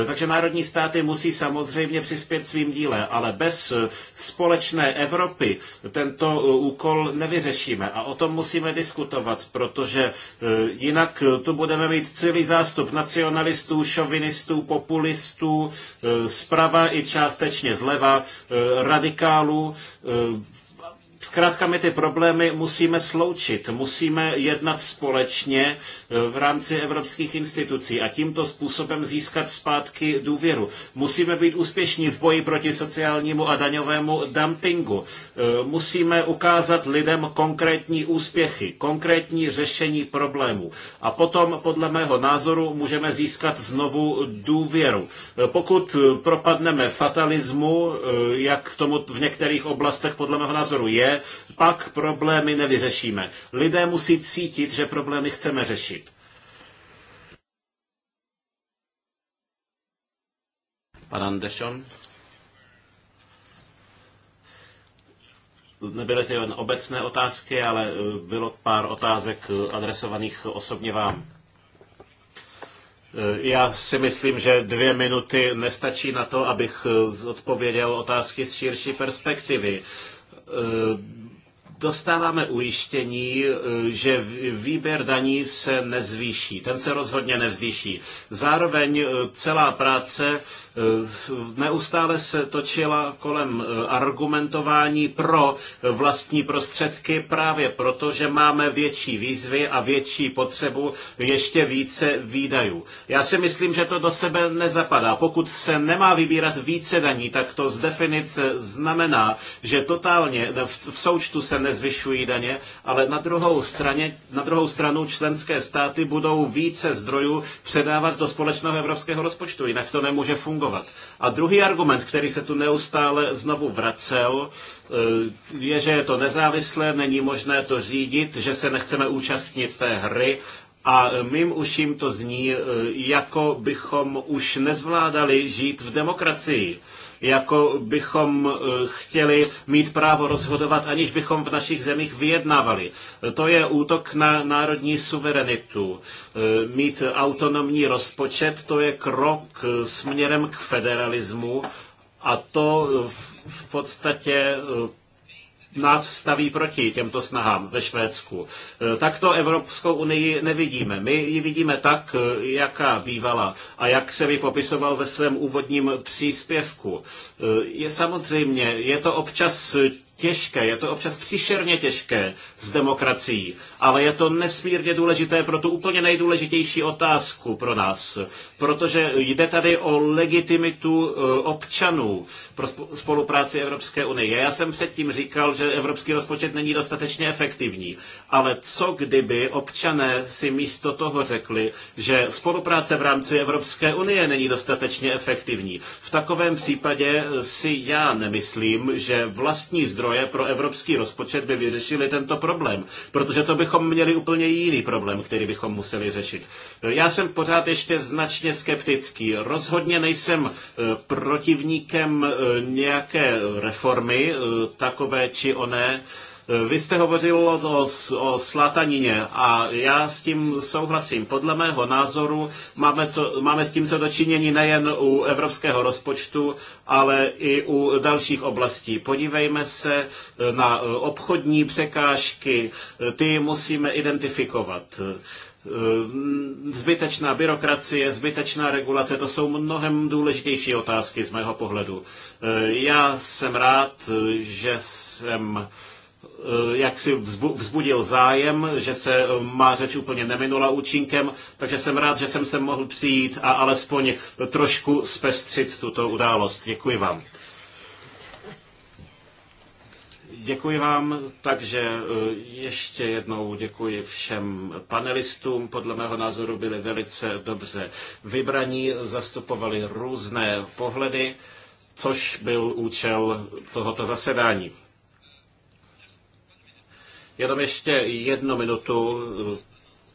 Takže národní státy musí samozřejmě přispět svým díle, ale bez společné Evropy tento úkol nevyřešíme. A o tom musíme diskutovat, protože jinak tu budeme mít celý zástup nacionalistů, šovinistů, extremistů, populistů, e, zprava i částečně zleva, e, radikálů, e, Zkrátka my ty problémy musíme sloučit, musíme jednat společně eh, v rámci evropských institucí a tímto způsobem získat zpátky důvěru. Musíme být úspěšní v boji proti sociálnímu a daňovému dumpingu. Eh, musíme ukázat lidem konkrétní úspěchy, konkrétní řešení problémů. A potom, podle mého názoru, můžeme získat znovu důvěru. Eh, pokud propadneme fatalismu, jak tomu v některých oblastech podle mého názoru je, pak problémy nevyřešíme. Lidé musí cítit, že problémy chceme řešit. Pan Anderson? Nebyly to jen obecné otázky, ale e, bylo pár otázek e, adresovaných osobně vám. E, já si myslím, že dvě minuty nestačí na to, abych odpověděl otázky z širší perspektivy. Eh, dostáváme ujištění, eh, že výběr daní se nezvýší. Ten se rozhodně nezvýší. Zároveň eh, celá práce Eh, neustále se točila kolem eh, argumentování pro eh, vlastní prostředky právě proto, že máme větší výzvy a větší potřebu ještě více výdajů. Já si myslím, že to do sebe nezapadá. Pokud se nemá vybírat více daní, tak to z definice znamená, že totálně v součtu se nezvyšují daně, ale na druhou, straně, na druhou stranu členské státy budou více zdrojů předávat do společného evropského rozpočtu. Jinak to nemůže fungovat fungovat. A druhý argument, který se tu neustále znovu vracel, eh, je, že je to nezávislé, není možné to řídit, že se nechceme účastnit té hry a mým uším to zní, eh, jako bychom už nezvládali žít v demokracii jako bychom eh, chtěli mít právo rozhodovat, aniž bychom v našich zemích vyjednávali. To je útok na národní suverenitu. Eh, mít autonomní rozpočet, to je krok eh, směrem k federalismu a to v podstatě nás staví proti těmto snahám ve Švédsku. E, tak to Evropskou unii nevidíme. My ji vidíme tak, e, jaká bývala a jak se mi popisoval ve svém úvodním příspěvku. E, je samozřejmě, je to občas těžké, je to občas příšerně těžké s demokracií, ale je to nesmírně důležité pro tu úplně nejdůležitější otázku pro nás, protože jde tady o legitimitu eh, občanů pro spolupráci Evropské unie. Já jsem předtím říkal, že evropský rozpočet není dostatečně efektivní, ale co kdyby občané si místo toho řekli, že spolupráce v rámci Evropské unie není dostatečně efektivní. V takovém případě eh, si já nemyslím, že vlastní zdroje zdroje pro evropský rozpočet by vyřešily tento problém, protože to bychom měli úplně jiný problém, který bychom museli řešit. Já jsem pořád ještě značně skeptický. Rozhodně nejsem e, protivníkem e, nějaké reformy, e, takové či oné, Eh, vy jste hovořil o, o slatanině a já s tím souhlasím. Podle mého názoru máme, co, máme s tím co dočinění nejen u evropského rozpočtu, ale i u dalších oblastí. Podívejme se eh, na eh, obchodní překážky, ty musíme identifikovat zbytečná byrokracie, zbytečná regulace, to jsou mnohem důležitější otázky z mého pohledu. Já jsem rád, že jsem Eh, jak si vzbudil zájem, že se eh, má řeč úplně neminula účinkem, takže jsem rád, že jsem se mohl přijít a alespoň trošku zpestřit tuto událost. Děkuji vám. Děkuji vám, takže eh, ještě jednou děkuji všem panelistům. Podle mého názoru byli velice dobře vybraní, zastupovali různé pohledy, což byl účel tohoto zasedání. Jenom ještě jednu minutu.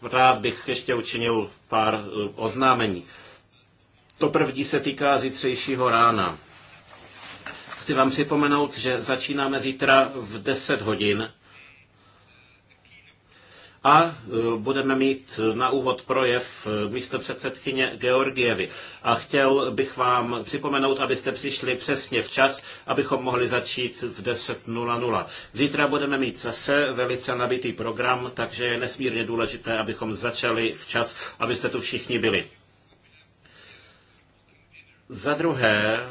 Rád bych ještě učinil pár eh, oznámení. To první se týká zítřejšího rána. Chci vám připomenout, že začínáme zítra v 10 hodin a e, budeme mít na úvod projev e, místo předsedkyně Georgievy. A chtěl bych vám připomenout, abyste přišli přesně včas, abychom mohli začít v 10.00. Zítra budeme mít zase velice nabitý program, takže je nesmírně důležité, abychom začali včas, abyste tu všichni byli. Za druhé,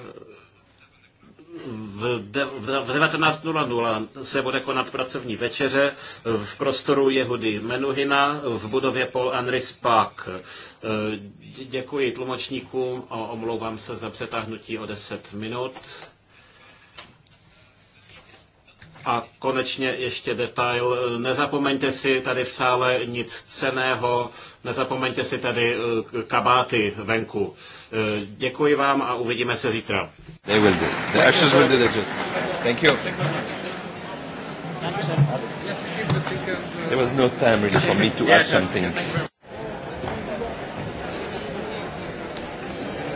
v, de, v 19.00 se bude konat pracovní večeře v prostoru Jehudy Menuhina v budově Paul Henry Spak. E, děkuji tlumočníkům a omlouvám se za přetáhnutí o 10 minut. A konečně ještě detail. Nezapomeňte si tady v sále nic ceného, nezapomeňte si tady e, kabáty venku. Eh, děkuji vám a uvidíme se zítra. They will do. The actions will do the job. Thank you. There was no time really for me to add something.